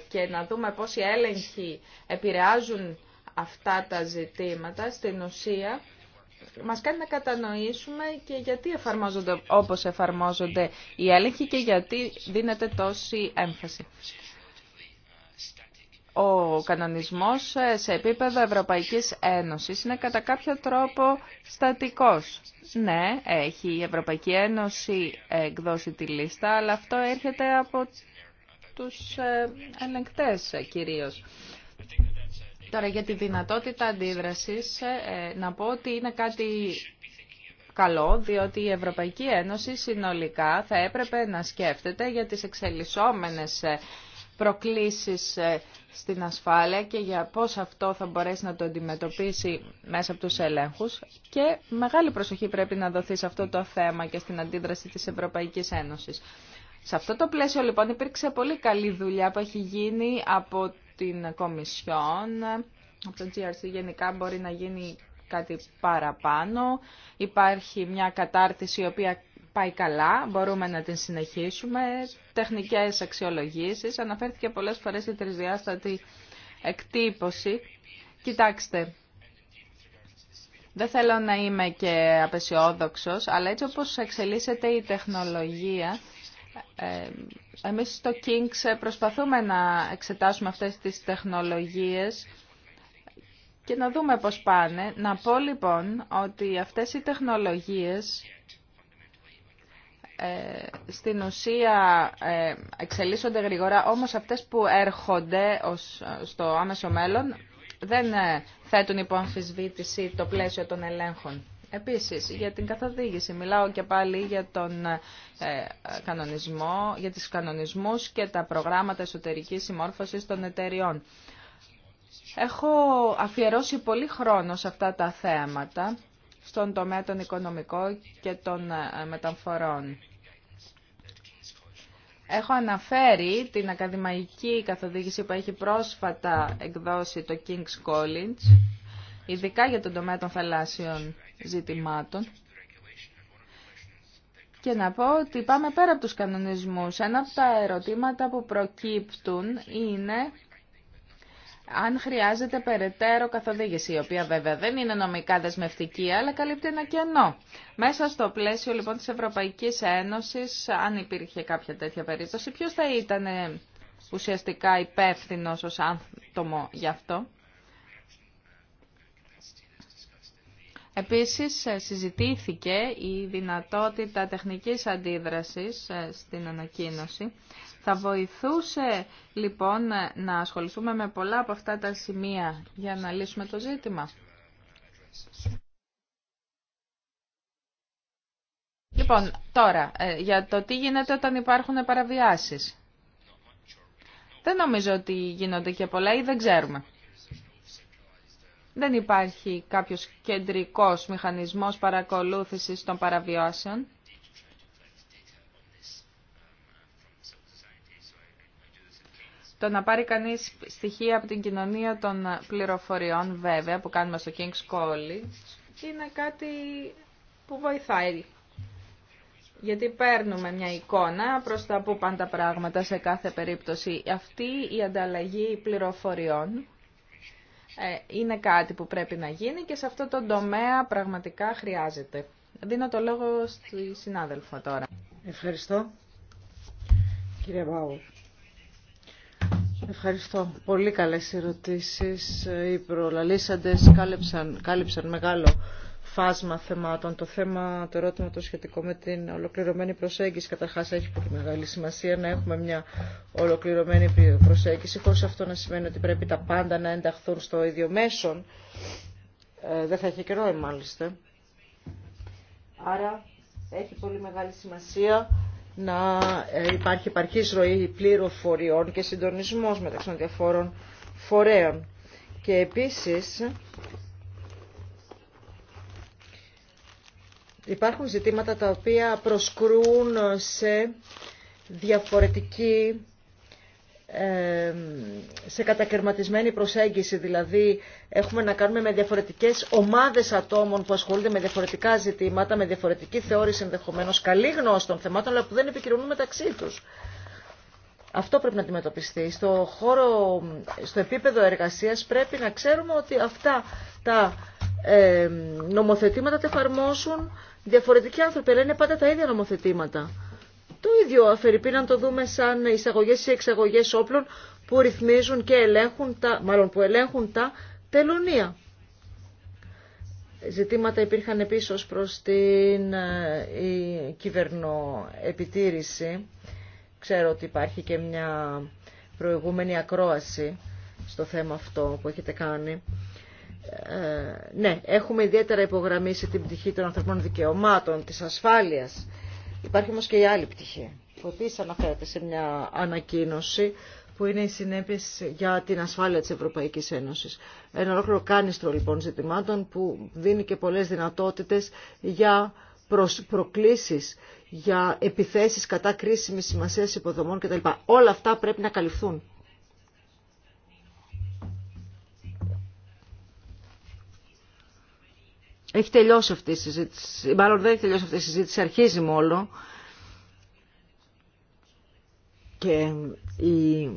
και να δούμε πώς οι έλεγχοι επηρεάζουν αυτά τα ζητήματα στην ουσία μας κάνει να κατανοήσουμε και γιατί εφαρμόζονται όπως εφαρμόζονται οι έλεγχοι και γιατί δίνεται τόση έμφαση. Ο κανονισμός σε επίπεδο Ευρωπαϊκής Ένωσης είναι κατά κάποιο τρόπο στατικός. Ναι, έχει η Ευρωπαϊκή Ένωση εκδώσει τη λίστα, αλλά αυτό έρχεται από τους ε, ελεγκτές κυρίως. Τώρα για τη δυνατότητα αντίδρασης, ε, ε, να πω ότι είναι κάτι καλό, διότι η Ευρωπαϊκή Ένωση συνολικά θα έπρεπε να σκέφτεται για τις εξελισσόμενες ε, προκλήσεις στην ασφάλεια και για πώς αυτό θα μπορέσει να το αντιμετωπίσει μέσα από τους ελέγχους και μεγάλη προσοχή πρέπει να δοθεί σε αυτό το θέμα και στην αντίδραση της Ευρωπαϊκής Ένωσης. Σε αυτό το πλαίσιο λοιπόν υπήρξε πολύ καλή δουλειά που έχει γίνει από την Κομισιόν, από το GRC γενικά μπορεί να γίνει κάτι παραπάνω. Υπάρχει μια κατάρτιση η οποία πάει καλά, μπορούμε να την συνεχίσουμε. Τεχνικές αξιολογήσεις, αναφέρθηκε πολλές φορές η τρισδιάστατη εκτύπωση. Κοιτάξτε, δεν θέλω να είμαι και απεσιόδοξος, αλλά έτσι όπως εξελίσσεται η τεχνολογία, ε, εμείς στο Kings ε, προσπαθούμε να εξετάσουμε αυτές τις τεχνολογίες και να δούμε πώς πάνε. Να πω λοιπόν ότι αυτές οι τεχνολογίες ε, στην ουσία εξελίσσονται γρήγορα, όμως αυτές που έρχονται ως, στο άμεσο μέλλον δεν θέτουν υπό αμφισβήτηση το πλαίσιο των ελέγχων. Επίσης, για την καθοδήγηση. Μιλάω και πάλι για τον ε, κανονισμό, για τις κανονισμούς και τα προγράμματα εσωτερικής συμμόρφωσης των εταιριών. Έχω αφιερώσει πολύ χρόνο σε αυτά τα θέματα, στον τομέα των οικονομικών και των ε, μεταφορών. Έχω αναφέρει την ακαδημαϊκή καθοδήγηση που έχει πρόσφατα εκδώσει το King's College ειδικά για τον τομέα των θαλάσσιων ζητημάτων. Και να πω ότι πάμε πέρα από τους κανονισμούς. Ένα από τα ερωτήματα που προκύπτουν είναι αν χρειάζεται περαιτέρω καθοδήγηση, η οποία βέβαια δεν είναι νομικά δεσμευτική, αλλά καλύπτει ένα κενό. Μέσα στο πλαίσιο λοιπόν της Ευρωπαϊκής Ένωσης, αν υπήρχε κάποια τέτοια περίπτωση, ποιος θα ήταν ουσιαστικά υπεύθυνο ως άνθρωπο γι' αυτό. Επίσης ε, συζητήθηκε η δυνατότητα τεχνικής αντίδρασης ε, στην ανακοίνωση. Θα βοηθούσε λοιπόν ε, να ασχοληθούμε με πολλά από αυτά τα σημεία για να λύσουμε το ζήτημα. Λοιπόν, τώρα, για το τι γίνεται όταν υπάρχουν παραβιάσεις. Δεν νομίζω ότι γίνονται και πολλά ή δεν ξέρουμε. Δεν υπάρχει κάποιος κεντρικός μηχανισμός παρακολούθησης των παραβιώσεων. Το να πάρει κανείς στοιχεία από την κοινωνία των πληροφοριών, βέβαια, που κάνουμε στο King's College, είναι κάτι που βοηθάει. Γιατί παίρνουμε μια εικόνα προς τα που πάντα πράγματα σε κάθε περίπτωση. Αυτή η ανταλλαγή πληροφοριών ε, είναι κάτι που πρέπει να γίνει και σε αυτό το τομέα πραγματικά χρειάζεται. Δίνω το λόγο στη συνάδελφο τώρα. Ευχαριστώ. Κύριε Μπάουρ. Ευχαριστώ. Πολύ καλές ερωτήσεις. Οι προλαλήσαντες κάλυψαν, κάλυψαν μεγάλο φάσμα θεμάτων. Το θέμα, το ερώτημα το σχετικό με την ολοκληρωμένη προσέγγιση καταρχάς έχει πολύ μεγάλη σημασία να έχουμε μια ολοκληρωμένη προσέγγιση χωρίς αυτό να σημαίνει ότι πρέπει τα πάντα να ενταχθούν στο ίδιο μέσον. Ε, δεν θα έχει καιρό, ε, μάλιστα. Άρα έχει πολύ μεγάλη σημασία να ε, υπάρχει επαρκής ροή πληροφοριών και συντονισμός μεταξύ των διαφόρων φορέων. Και επίσης Υπάρχουν ζητήματα τα οποία προσκρούν σε διαφορετική ε, σε κατακαιρματισμένη προσέγγιση, δηλαδή έχουμε να κάνουμε με διαφορετικές ομάδες ατόμων που ασχολούνται με διαφορετικά ζητήματα, με διαφορετική θεώρηση ενδεχομένως, καλή γνώση των θεμάτων, αλλά που δεν επικοινωνούν μεταξύ τους. Αυτό πρέπει να αντιμετωπιστεί. Στο, χώρο, στο επίπεδο εργασίας πρέπει να ξέρουμε ότι αυτά τα ε, νομοθετήματα τα εφαρμόσουν διαφορετικοί άνθρωποι, λένε πάντα τα ίδια νομοθετήματα. Το ίδιο αφαιρεπεί να το δούμε σαν εισαγωγές ή εξαγωγές όπλων που ρυθμίζουν και ελέγχουν τα, μάλλον που ελέγχουν τα τελωνία. Ζητήματα υπήρχαν επίσης προς την ε, κυβερνοεπιτήρηση. Ξέρω ότι υπάρχει και μια προηγούμενη ακρόαση στο θέμα αυτό που έχετε κάνει. Ε, ναι, έχουμε ιδιαίτερα υπογραμμίσει την πτυχή των ανθρωπών δικαιωμάτων, της ασφάλειας. Υπάρχει όμως και η άλλη πτυχή, που επίσης αναφέρεται σε μια ανακοίνωση που είναι οι συνέπειε για την ασφάλεια της Ευρωπαϊκής Ένωσης. Ένα ολόκληρο κάνιστρο λοιπόν ζητημάτων που δίνει και πολλές δυνατότητες για προκλήσεις, για επιθέσεις κατά κρίσιμης σημασίας υποδομών κτλ. Όλα αυτά πρέπει να καλυφθούν. Έχει τελειώσει αυτή η συζήτηση, μάλλον δεν έχει τελειώσει αυτή η συζήτηση, αρχίζει μόνο. Και οι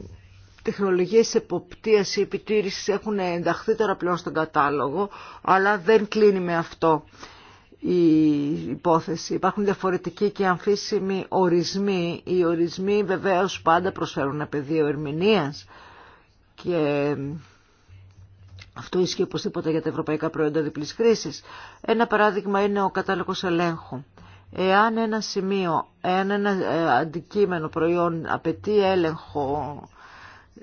τεχνολογίες εποπτείας ή επιτήρησης έχουν ενταχθεί τώρα πλέον στον κατάλογο, αλλά δεν κλείνει με αυτό η υπόθεση. Υπάρχουν διαφορετικοί και αμφίσιμοι ορισμοί. Οι ορισμοί βεβαίως πάντα προσφέρουν ένα πεδίο ερμηνείας και αυτό ισχύει οπωσδήποτε για τα ευρωπαϊκά προϊόντα διπλής χρήσης. Ένα παράδειγμα είναι ο κατάλογος ελέγχου. Εάν ένα σημείο, εάν ένα ε, αντικείμενο προϊόν απαιτεί έλεγχο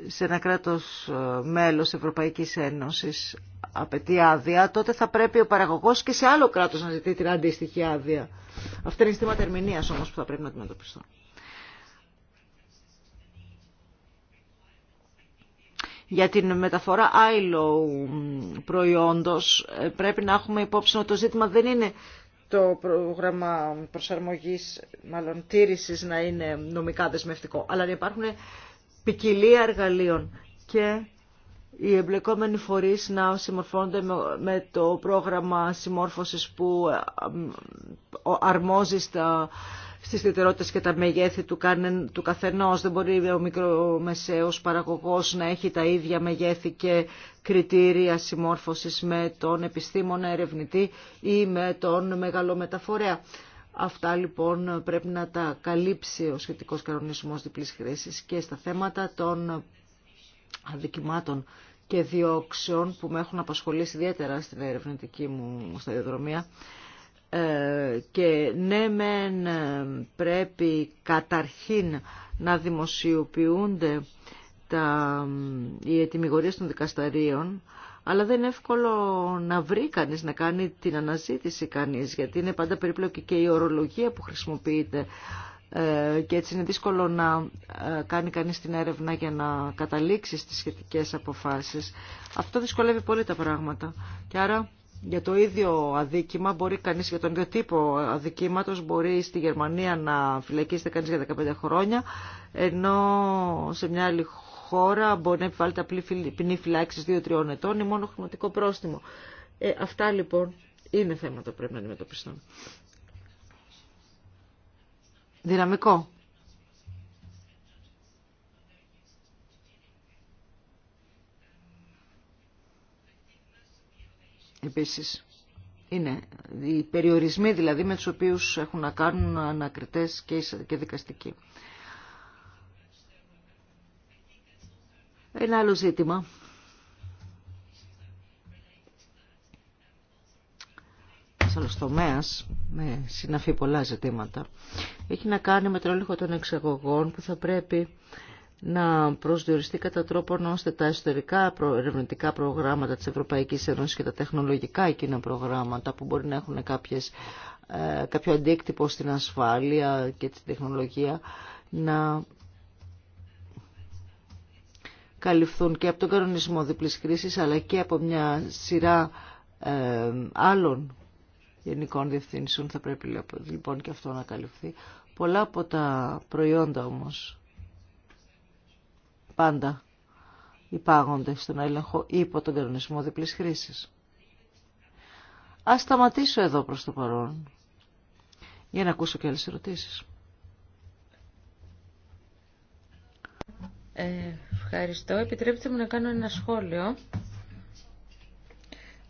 σε ένα κράτος ε, μέλος Ευρωπαϊκής Ένωσης, απαιτεί άδεια, τότε θα πρέπει ο παραγωγός και σε άλλο κράτος να ζητεί την αντίστοιχη άδεια. Αυτό είναι η τερμηνίας όμως που θα πρέπει να αντιμετωπιστώ. για την μεταφορά ILO προϊόντος ε, πρέπει να έχουμε υπόψη ότι το ζήτημα δεν είναι το πρόγραμμα προσαρμογής, μάλλον τήρησης να είναι νομικά δεσμευτικό, αλλά να υπάρχουν ποικιλία εργαλείων και οι εμπλεκόμενοι φορείς να συμμορφώνονται με το πρόγραμμα συμμόρφωσης που ε, αρμόζει στα στις ιδιαιτερότητε και τα μεγέθη του, του καθενός. Δεν μπορεί ο μικρομεσαίο παραγωγός να έχει τα ίδια μεγέθη και κριτήρια συμμόρφωσης με τον επιστήμονα ερευνητή ή με τον μεγαλομεταφορέα. Αυτά λοιπόν πρέπει να τα καλύψει ο σχετικό κανονισμό διπλή χρήσης και στα θέματα των αδικημάτων και διώξεων που με έχουν απασχολήσει ιδιαίτερα στην ερευνητική μου σταδιοδρομία. Ε, και ναι μεν ε, πρέπει καταρχήν να δημοσιοποιούνται τα, οι ετοιμιγορίες των δικασταρίων αλλά δεν είναι εύκολο να βρει κανείς, να κάνει την αναζήτηση κανείς γιατί είναι πάντα περίπλοκη και η ορολογία που χρησιμοποιείται ε, και έτσι είναι δύσκολο να κάνει κανείς την έρευνα για να καταλήξει στις σχετικές αποφάσεις. Αυτό δυσκολεύει πολύ τα πράγματα και άρα για το ίδιο αδίκημα μπορεί κανείς, για τον ίδιο τύπο αδικήματος μπορεί στη Γερμανία να φυλακίσετε κανείς για 15 χρόνια, ενώ σε μια άλλη χώρα μπορεί να επιβάλλεται απλή ποινή φυλάξης 2-3 ετών ή μόνο χρηματικό πρόστιμο. Ε, αυτά λοιπόν είναι θέματα που πρέπει να αντιμετωπιστούν. Δυναμικό Επίσης, είναι οι περιορισμοί δηλαδή με τους οποίους έχουν να κάνουν ανακριτές και δικαστικοί. Ένα άλλο ζήτημα Σαλωστομέας με συναφή πολλά ζητήματα, έχει να κάνει με το έλεγχο των εξαγωγών που θα πρέπει να προσδιοριστεί κατά τρόπον ώστε τα εσωτερικά ερευνητικά προγράμματα της Ευρωπαϊκής Ένωσης και τα τεχνολογικά εκείνα προγράμματα που μπορεί να έχουν κάποιες, ε, κάποιο αντίκτυπο στην ασφάλεια και την τεχνολογία να καλυφθούν και από τον κανονισμό διπλής κρίσης αλλά και από μια σειρά ε, άλλων γενικών διευθύνσεων θα πρέπει λοιπόν και αυτό να καλυφθεί. Πολλά από τα προϊόντα όμως πάντα υπάγονται στον έλεγχο υπό τον κανονισμό διπλής χρήσης. Ας σταματήσω εδώ προς το παρόν για να ακούσω και άλλες ερωτήσεις. Ε, ευχαριστώ. Επιτρέψτε μου να κάνω ένα σχόλιο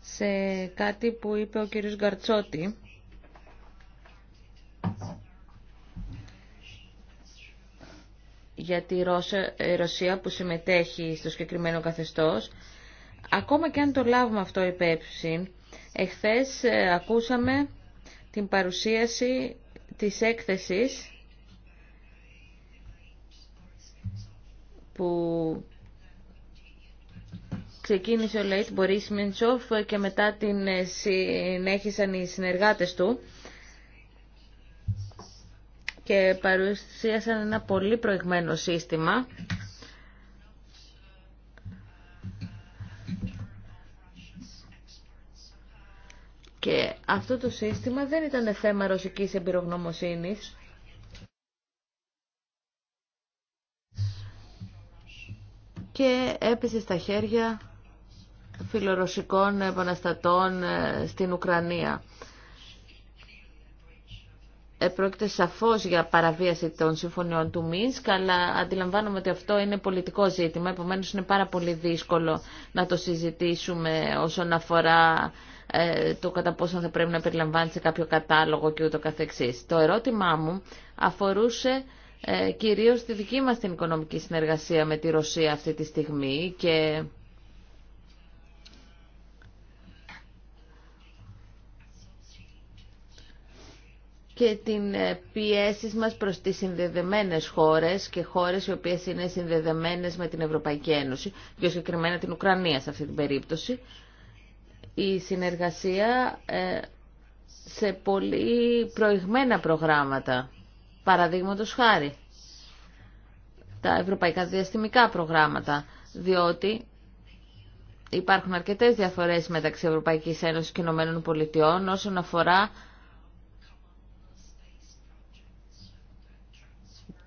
σε κάτι που είπε ο κύριος Γκαρτσότη για η ε, Ρωσία που συμμετέχει στο συγκεκριμένο καθεστώς, ακόμα και αν το λάβουμε αυτό υπέψη, εχθές ε, ακούσαμε την παρουσίαση της έκθεσης που ξεκίνησε ο Λέιτ Μπορίς Μιντσόφ και μετά την ε, συνέχισαν οι συνεργάτες του και παρουσίασαν ένα πολύ προηγμένο σύστημα και αυτό το σύστημα δεν ήταν θέμα ρωσικής εμπειρογνωμοσύνης και έπεσε στα χέρια φιλορωσικών επαναστατών ε, στην Ουκρανία πρόκειται σαφώς για παραβίαση των συμφωνιών του Μίνσκ, αλλά αντιλαμβάνομαι ότι αυτό είναι πολιτικό ζήτημα, επομένως είναι πάρα πολύ δύσκολο να το συζητήσουμε όσον αφορά ε, το κατά πόσο θα πρέπει να περιλαμβάνει σε κάποιο κατάλογο και ούτω καθεξής. Το ερώτημά μου αφορούσε ε, κυρίως τη δική μας την οικονομική συνεργασία με τη Ρωσία αυτή τη στιγμή και και την ε, πιέση μας προς τις συνδεδεμένες χώρες και χώρες οι οποίες είναι συνδεδεμένες με την Ευρωπαϊκή Ένωση, πιο συγκεκριμένα την Ουκρανία σε αυτή την περίπτωση. Η συνεργασία ε, σε πολύ προηγμένα προγράμματα, παραδείγματος χάρη, τα ευρωπαϊκά διαστημικά προγράμματα, διότι υπάρχουν αρκετές διαφορές μεταξύ Ευρωπαϊκής Ένωσης και Ηνωμένων Πολιτειών όσον αφορά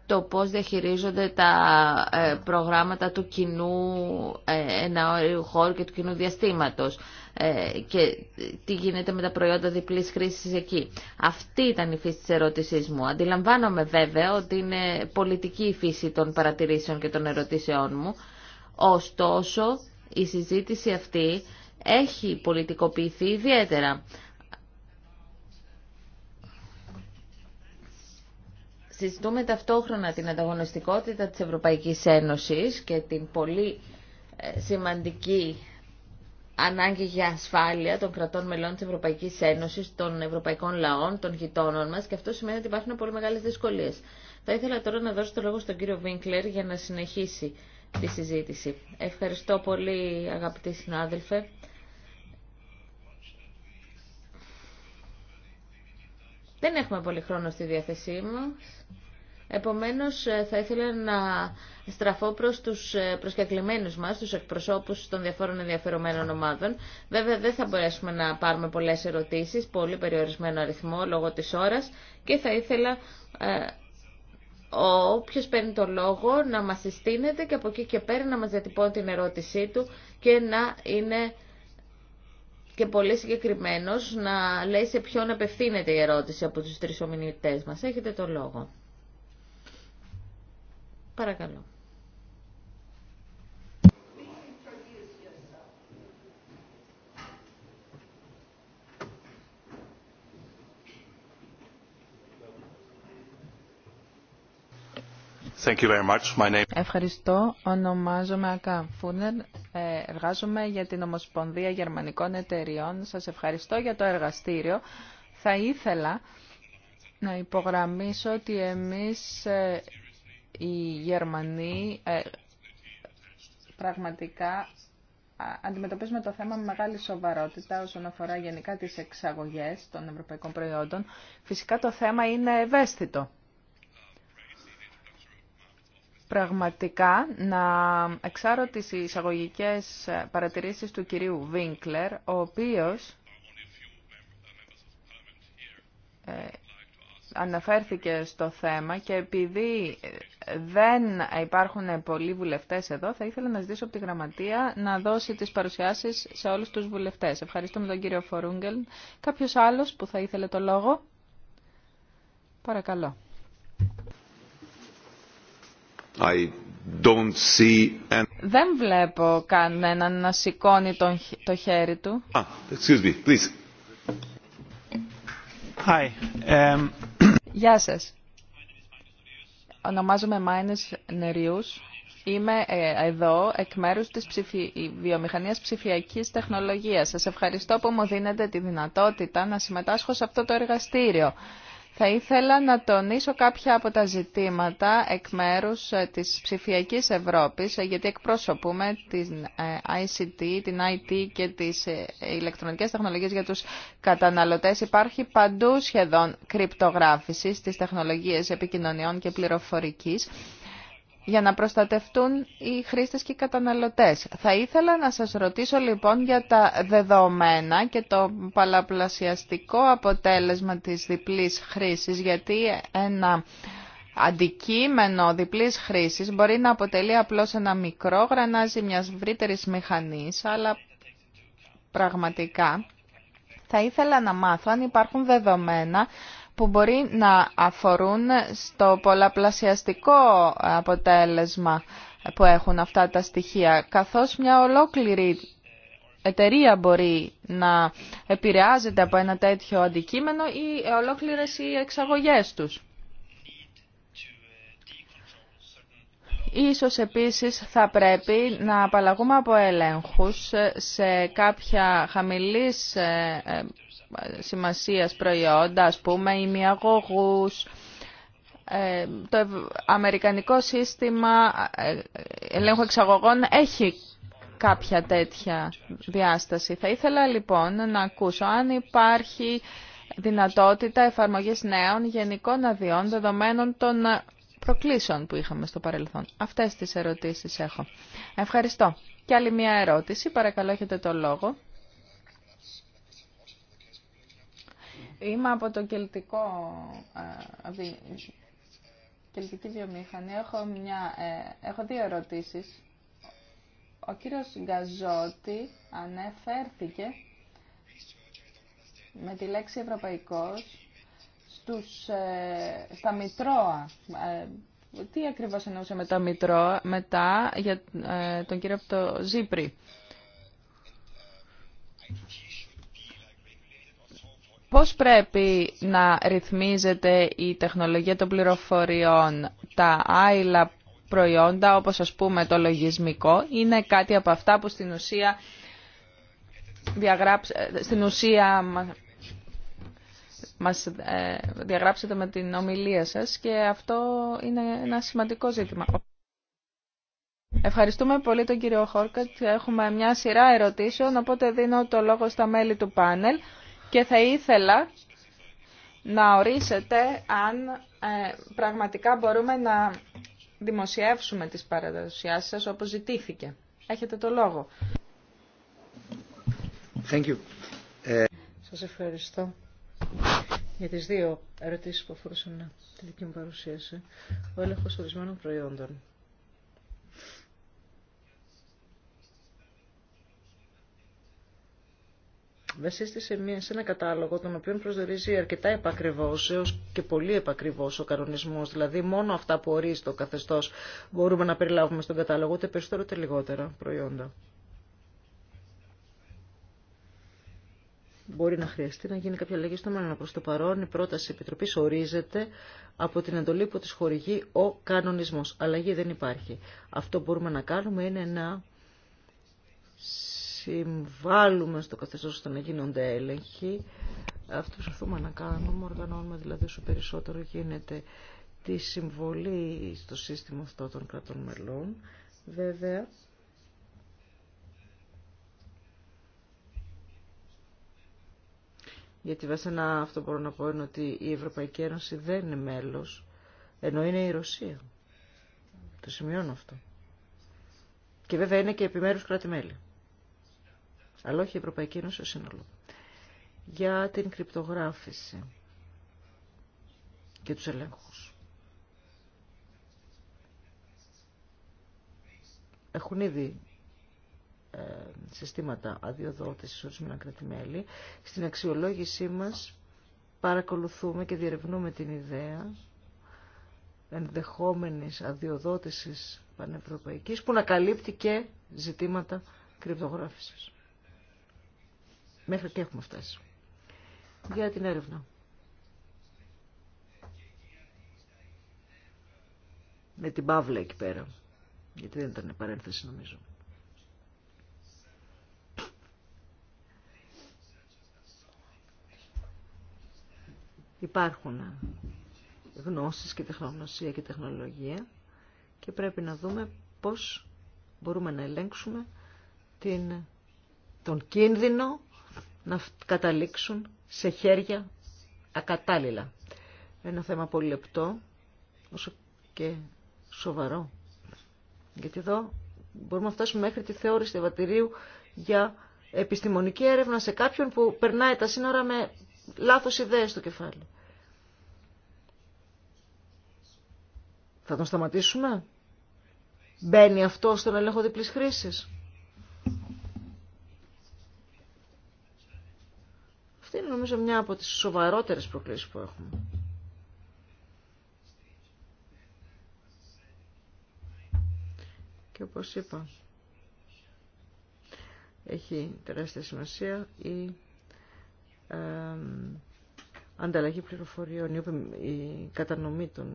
το πώς διαχειρίζονται τα ε, προγράμματα του κοινού εναόριου χώρου και του κοινού διαστήματος ε, και τι γίνεται με τα προϊόντα διπλής χρήσης εκεί. Αυτή ήταν η φύση της ερώτησής μου. Αντιλαμβάνομαι βέβαια ότι είναι πολιτική η φύση των παρατηρήσεων και των ερωτήσεών μου. Ωστόσο, η συζήτηση αυτή έχει πολιτικοποιηθεί ιδιαίτερα. συζητούμε ταυτόχρονα την ανταγωνιστικότητα της Ευρωπαϊκής Ένωσης και την πολύ ε, σημαντική ανάγκη για ασφάλεια των κρατών μελών της Ευρωπαϊκής Ένωσης, των ευρωπαϊκών λαών, των γειτόνων μας και αυτό σημαίνει ότι υπάρχουν πολύ μεγάλες δυσκολίες. Θα ήθελα τώρα να δώσω το λόγο στον κύριο Βίνκλερ για να συνεχίσει τη συζήτηση. Ευχαριστώ πολύ αγαπητοί συνάδελφε. Δεν έχουμε πολύ χρόνο στη διάθεσή μου. Επομένως, ε, θα ήθελα να στραφώ προς τους ε, προσκεκλημένους μας, τους εκπροσώπους των διαφόρων ενδιαφερομένων ομάδων. Βέβαια, δεν θα μπορέσουμε να πάρουμε πολλές ερωτήσεις, πολύ περιορισμένο αριθμό λόγω της ώρας και θα ήθελα ε, όποιο παίρνει το λόγο να μας συστήνεται και από εκεί και πέρα να μας διατυπώνει την ερώτησή του και να είναι και πολύ συγκεκριμένο να λέει σε ποιον απευθύνεται η ερώτηση από τους τρει ομιλητέ μας. Έχετε το λόγο. Παρακαλώ. Ευχαριστώ. Ονομάζομαι Ακά Φούνερ. Ε, εργάζομαι για την Ομοσπονδία Γερμανικών Εταιριών. Σας ευχαριστώ για το εργαστήριο. Θα ήθελα να υπογραμμίσω ότι εμείς ε, οι Γερμανοί ε, πραγματικά αντιμετωπίζουμε το θέμα με μεγάλη σοβαρότητα όσον αφορά γενικά τις εξαγωγές των ευρωπαϊκών προϊόντων. Φυσικά το θέμα είναι ευαίσθητο πραγματικά να εξάρω τις εισαγωγικές παρατηρήσεις του κυρίου Βίνκλερ, ο οποίος ε, αναφέρθηκε στο θέμα και επειδή δεν υπάρχουν πολλοί βουλευτές εδώ, θα ήθελα να ζητήσω από τη Γραμματεία να δώσει τις παρουσιάσεις σε όλους τους βουλευτές. Ευχαριστούμε τον κύριο Φορούγκελν. Κάποιος άλλος που θα ήθελε το λόγο. Παρακαλώ. Δεν βλέπω κανέναν να σηκώνει το χέρι του. Ah, excuse me, please. Hi. Um... Γεια σας. Ονομάζομαι Μάινες Νεριούς. Είμαι ε, εδώ εκ μέρους της ψηφι... βιομηχανίας ψηφιακής τεχνολογίας. Σας ευχαριστώ που μου δίνετε τη δυνατότητα να συμμετάσχω σε αυτό το εργαστήριο. Θα ήθελα να τονίσω κάποια από τα ζητήματα εκ μέρους ε, της ψηφιακής Ευρώπης, ε, γιατί εκπρόσωπούμε την ε, ICT, την IT και τις ηλεκτρονικές τεχνολογίες για τους καταναλωτές. Υπάρχει παντού σχεδόν κρυπτογράφηση στις τεχνολογίες επικοινωνιών και πληροφορικής για να προστατευτούν οι χρήστες και οι καταναλωτές. Θα ήθελα να σας ρωτήσω λοιπόν για τα δεδομένα και το παλαπλασιαστικό αποτέλεσμα της διπλής χρήσης, γιατί ένα αντικείμενο διπλής χρήσης μπορεί να αποτελεί απλώς ένα μικρό γρανάζι μιας βρύτερης μηχανής, αλλά πραγματικά θα ήθελα να μάθω αν υπάρχουν δεδομένα που μπορεί να αφορούν στο πολλαπλασιαστικό αποτέλεσμα που έχουν αυτά τα στοιχεία, καθώς μια ολόκληρη εταιρεία μπορεί να επηρεάζεται από ένα τέτοιο αντικείμενο ή ολόκληρες οι εξαγωγές τους. Ίσως επίσης θα πρέπει να απαλλαγούμε από ελέγχους σε κάποια χαμηλής ε, ε, σημασίας προϊόντα, ας πούμε, ημιαγωγούς. Ε, το αμερικανικό σύστημα ε, ελέγχου εξαγωγών έχει κάποια τέτοια διάσταση. Θα ήθελα λοιπόν να ακούσω αν υπάρχει δυνατότητα εφαρμογής νέων γενικών αδειών δεδομένων των προκλήσεων που είχαμε στο παρελθόν. Αυτές τις ερωτήσεις έχω. Ευχαριστώ. Και άλλη μια ερώτηση, παρακαλώ έχετε το λόγο. Είμαι από το κελτικό, α, κελτική βιομηχανία. Έχω, μια, ε, έχω δύο ερωτήσεις. Ο κύριος Γκαζότη ανέφερθηκε με τη λέξη ευρωπαϊκός στους, ε, στα Μητρώα. Ε, τι ακριβώς εννοούσε με τα Μητρώα μετά για ε, τον κύριο από το Ζήπρη. Πώς πρέπει να ρυθμίζεται η τεχνολογία των πληροφοριών, τα άειλα προϊόντα, όπως ας πούμε το λογισμικό, είναι κάτι από αυτά που στην ουσία, διαγράψ... Ε, στην ουσία μας ε, διαγράψετε με την ομιλία σας και αυτό είναι ένα σημαντικό ζήτημα. Ευχαριστούμε πολύ τον κύριο Χόρκατ. Έχουμε μια σειρά ερωτήσεων, οπότε δίνω το λόγο στα μέλη του πάνελ και θα ήθελα να ορίσετε αν ε, πραγματικά μπορούμε να δημοσιεύσουμε τις παραδοσιάσεις σας όπως ζητήθηκε. Έχετε το λόγο. Thank you. Ε, σας ευχαριστώ για τις δύο ερωτήσεις που αφορούσαν τη δική μου παρουσίαση. Ο έλεγχος ορισμένων προϊόντων. βασίστησε σε ένα κατάλογο τον οποίο προσδιορίζει αρκετά επακριβώς έως και πολύ επακριβώς ο κανονισμός. Δηλαδή μόνο αυτά που ορίζει το καθεστώς μπορούμε να περιλάβουμε στον κατάλογο ούτε περισσότερο ούτε λιγότερα προϊόντα. Μπορεί να χρειαστεί να γίνει κάποια αλλαγή στο μέλλον. Προ το παρόν η πρόταση επιτροπή ορίζεται από την εντολή που τη χορηγεί ο κανονισμό. Αλλαγή δεν υπάρχει. Αυτό που μπορούμε να κάνουμε είναι να συμβάλλουμε στο καθεστώς στο να γίνονται έλεγχοι. Αυτό προσπαθούμε να κάνουμε, οργανώνουμε δηλαδή όσο περισσότερο γίνεται τη συμβολή στο σύστημα αυτό των κρατών μελών. Βέβαια, γιατί βασικά αυτό μπορώ να πω είναι ότι η Ευρωπαϊκή Ένωση δεν είναι μέλος, ενώ είναι η Ρωσία. Το σημειώνω αυτό. Και βέβαια είναι και επιμέρους κράτη-μέλη αλλά όχι η Ευρωπαϊκή Ένωση ως σύνολο. Για την κρυπτογράφηση και τους ελέγχους. Έχουν ήδη ε, συστήματα αδειοδότησης ορισμένα κρατημέλη. Στην αξιολόγησή μας παρακολουθούμε και διερευνούμε την ιδέα ενδεχόμενης αδειοδότησης πανευρωπαϊκής που να καλύπτει και ζητήματα κρυπτογράφησης. Μέχρι και έχουμε φτάσει. Για την έρευνα. Με την Παύλα εκεί πέρα. Γιατί δεν ήταν παρένθεση νομίζω. Υπάρχουν γνώσεις και τεχνογνωσία και τεχνολογία και πρέπει να δούμε πώς μπορούμε να ελέγξουμε την, τον κίνδυνο να καταλήξουν σε χέρια ακατάλληλα. Ένα θέμα πολύ λεπτό, όσο και σοβαρό. Γιατί εδώ μπορούμε να φτάσουμε μέχρι τη θεώρηση ευατηρίου για επιστημονική έρευνα σε κάποιον που περνάει τα σύνορα με λάθος ιδέες στο κεφάλι. Θα τον σταματήσουμε. Μπαίνει αυτό στον ελέγχο διπλής χρήσης. Αυτή είναι νομίζω μια από τις σοβαρότερες προκλήσεις που έχουμε. Και όπως είπα, έχει τεράστια σημασία η ε, ανταλλαγή πληροφοριών, η κατανομή των,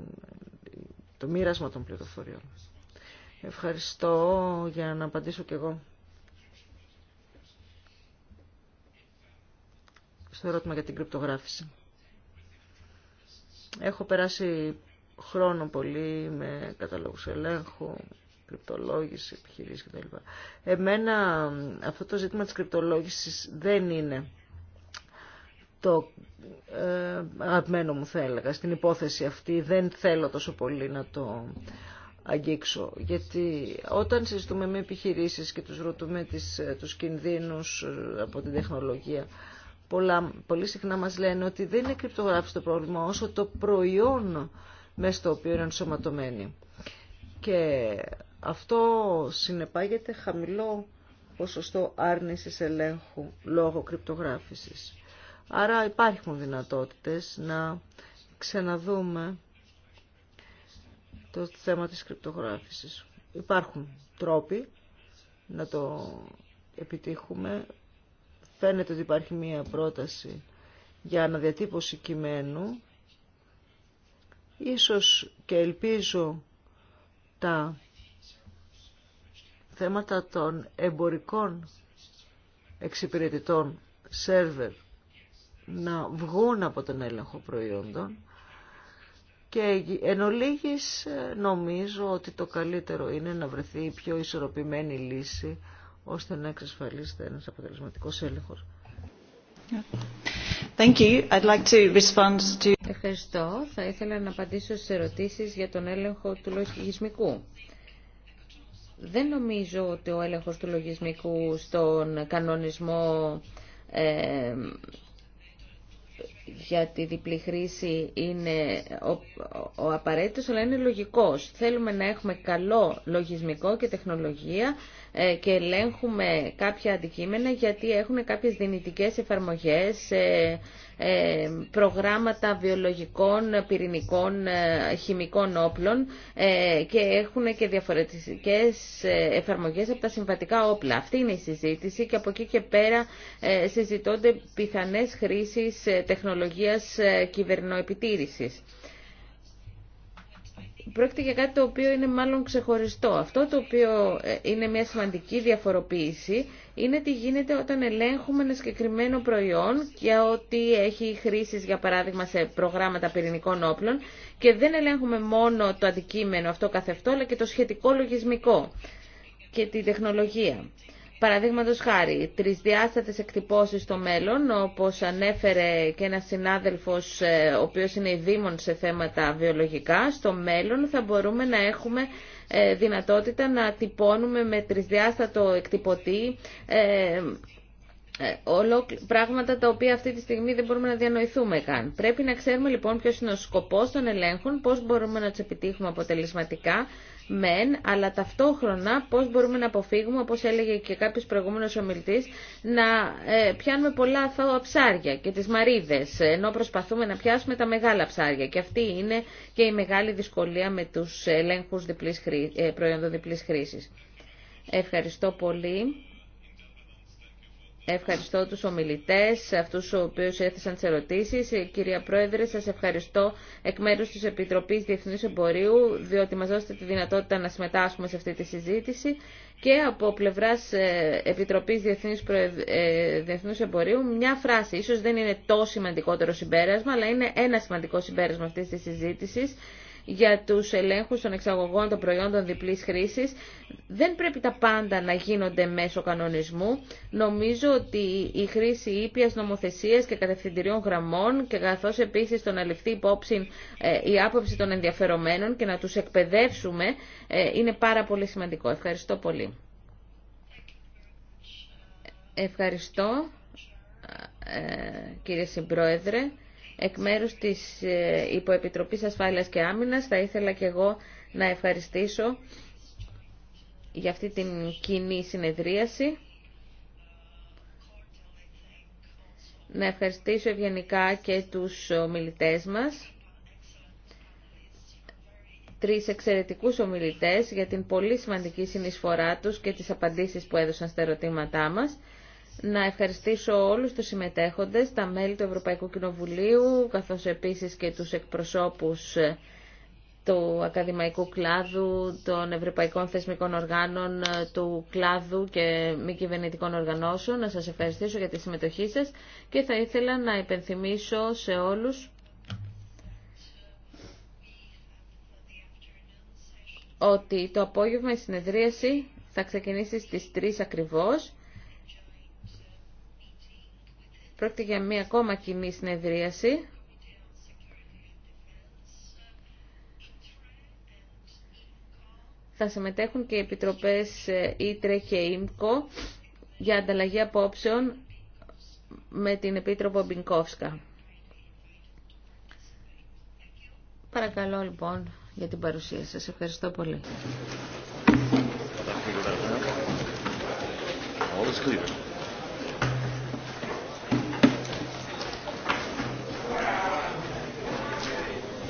το μοίρασμα των πληροφοριών. Ευχαριστώ για να απαντήσω κι εγώ. στο ερώτημα για την κρυπτογράφηση. Έχω περάσει χρόνο πολύ με καταλόγους ελέγχου, κρυπτολόγηση, επιχειρήσεις κτλ. Εμένα αυτό το ζήτημα της κρυπτολόγησης δεν είναι το ε, αγαπημένο μου θα έλεγα. Στην υπόθεση αυτή δεν θέλω τόσο πολύ να το αγγίξω. Γιατί όταν συζητούμε με επιχειρήσεις και τους ρωτούμε τις, ε, τους κινδύνους ε, από την τεχνολογία, Πολλά, πολύ συχνά μας λένε ότι δεν είναι κρυπτογράφηση το πρόβλημα όσο το προϊόν μέσα στο οποίο είναι ενσωματωμένοι. Και αυτό συνεπάγεται χαμηλό ποσοστό άρνησης ελέγχου λόγω κρυπτογράφησης. Άρα υπάρχουν δυνατότητες να ξαναδούμε το θέμα της κρυπτογράφησης. Υπάρχουν τρόποι να το επιτύχουμε φαίνεται ότι υπάρχει μία πρόταση για αναδιατύπωση κειμένου. Ίσως και ελπίζω τα θέματα των εμπορικών εξυπηρετητών σερβερ να βγουν από τον έλεγχο προϊόντων και εν ολίγης νομίζω ότι το καλύτερο είναι να βρεθεί η πιο ισορροπημένη λύση ώστε να εξασφαλίσετε ένας αποτελεσματικός έλεγχος. Thank you. I'd like Ευχαριστώ. Θα ήθελα να απαντήσω στις ερωτήσεις για τον έλεγχο του λογισμικού. Δεν νομίζω ότι ο έλεγχος του λογισμικού στον κανονισμό ε, για τη διπλή χρήση είναι ο, ο απαραίτητος, αλλά είναι λογικός. Θέλουμε να έχουμε καλό λογισμικό και τεχνολογία ε, και ελέγχουμε κάποια αντικείμενα γιατί έχουν κάποιες δυνητικές εφαρμογές, ε, ε, προγράμματα βιολογικών, πυρηνικών, χημικών όπλων και έχουν και διαφορετικές εφαρμογές από τα συμβατικά όπλα. Αυτή είναι η συζήτηση και από εκεί και πέρα συζητώνται πιθανές χρήσεις τεχνολογίας κυβερνοεπιτήρησης. Πρόκειται για κάτι το οποίο είναι μάλλον ξεχωριστό. Αυτό το οποίο ε, είναι μια σημαντική διαφοροποίηση είναι τι γίνεται όταν ελέγχουμε ένα συγκεκριμένο προϊόν και ότι έχει χρήσεις για παράδειγμα σε προγράμματα πυρηνικών όπλων και δεν ελέγχουμε μόνο το αντικείμενο αυτό καθευτό αλλά και το σχετικό λογισμικό και τη τεχνολογία. Παραδείγματο χάρη, τρισδιάστατες εκτυπώσει στο μέλλον, όπως ανέφερε και ένα συνάδελφο, ε, ο οποίος είναι ειδήμων σε θέματα βιολογικά, στο μέλλον θα μπορούμε να έχουμε ε, δυνατότητα να τυπώνουμε με τρισδιάστατο εκτυπωτή ε, πράγματα τα οποία αυτή τη στιγμή δεν μπορούμε να διανοηθούμε καν. Πρέπει να ξέρουμε λοιπόν ποιο είναι ο σκοπός των ελέγχων, πώ μπορούμε να του επιτύχουμε αποτελεσματικά μεν, αλλά ταυτόχρονα πώς μπορούμε να αποφύγουμε, όπως έλεγε και κάποιος προηγούμενος ομιλητής, να ε, πιάνουμε πολλά αθώα ψάρια και τις μαρίδες, ενώ προσπαθούμε να πιάσουμε τα μεγάλα ψάρια. Και αυτή είναι και η μεγάλη δυσκολία με τους ελέγχους ε, προϊόντων διπλής χρήσης. Ευχαριστώ πολύ. Ευχαριστώ τους ομιλητές, αυτούς τους οποίους έθεσαν τις ερωτήσεις. Ε, κυρία Πρόεδρε, σας ευχαριστώ εκ μέρους της Επιτροπής Διεθνούς Εμπορίου, διότι μας δώσετε τη δυνατότητα να συμμετάσχουμε σε αυτή τη συζήτηση και από πλευράς ε, Επιτροπής ε, Διεθνούς, Εμπορίου μια φράση. Ίσως δεν είναι το σημαντικότερο συμπέρασμα, αλλά είναι ένα σημαντικό συμπέρασμα αυτής της συζήτησης για τους ελέγχους των εξαγωγών των προϊόντων διπλής χρήσης. Δεν πρέπει τα πάντα να γίνονται μέσω κανονισμού. Νομίζω ότι η χρήση ήπιας νομοθεσίας και κατευθυντηριών γραμμών και καθώς επίσης το να ληφθεί υπόψη ε, η άποψη των ενδιαφερομένων και να τους εκπαιδεύσουμε ε, είναι πάρα πολύ σημαντικό. Ευχαριστώ πολύ. Ευχαριστώ ε, κύριε Συμπρόεδρε. Εκ μέρους της ε, Υποεπιτροπής Ασφάλειας και Άμυνας θα ήθελα και εγώ να ευχαριστήσω για αυτή την κοινή συνεδρίαση. Να ευχαριστήσω ευγενικά και τους ομιλητές μας τρεις εξαιρετικούς ομιλητές για την πολύ σημαντική συνεισφορά τους και τις απαντήσεις που έδωσαν στα ερωτήματά μας να ευχαριστήσω όλους τους συμμετέχοντες, τα μέλη του Ευρωπαϊκού Κοινοβουλίου, καθώς επίσης και τους εκπροσώπους του ακαδημαϊκού κλάδου, των ευρωπαϊκών θεσμικών οργάνων, του κλάδου και μη κυβερνητικών οργανώσεων. Να σας ευχαριστήσω για τη συμμετοχή σας και θα ήθελα να υπενθυμίσω σε όλους ότι το απόγευμα η συνεδρίαση θα ξεκινήσει στις 3 ακριβώς Πρόκειται για μία ακόμα κοινή συνεδρίαση. Θα συμμετέχουν και οι επιτροπές ε, Ήτρε και Ίμκο για ανταλλαγή απόψεων με την Επίτροπο Μπινκόφσκα. Παρακαλώ λοιπόν για την παρουσία σας. Ευχαριστώ πολύ.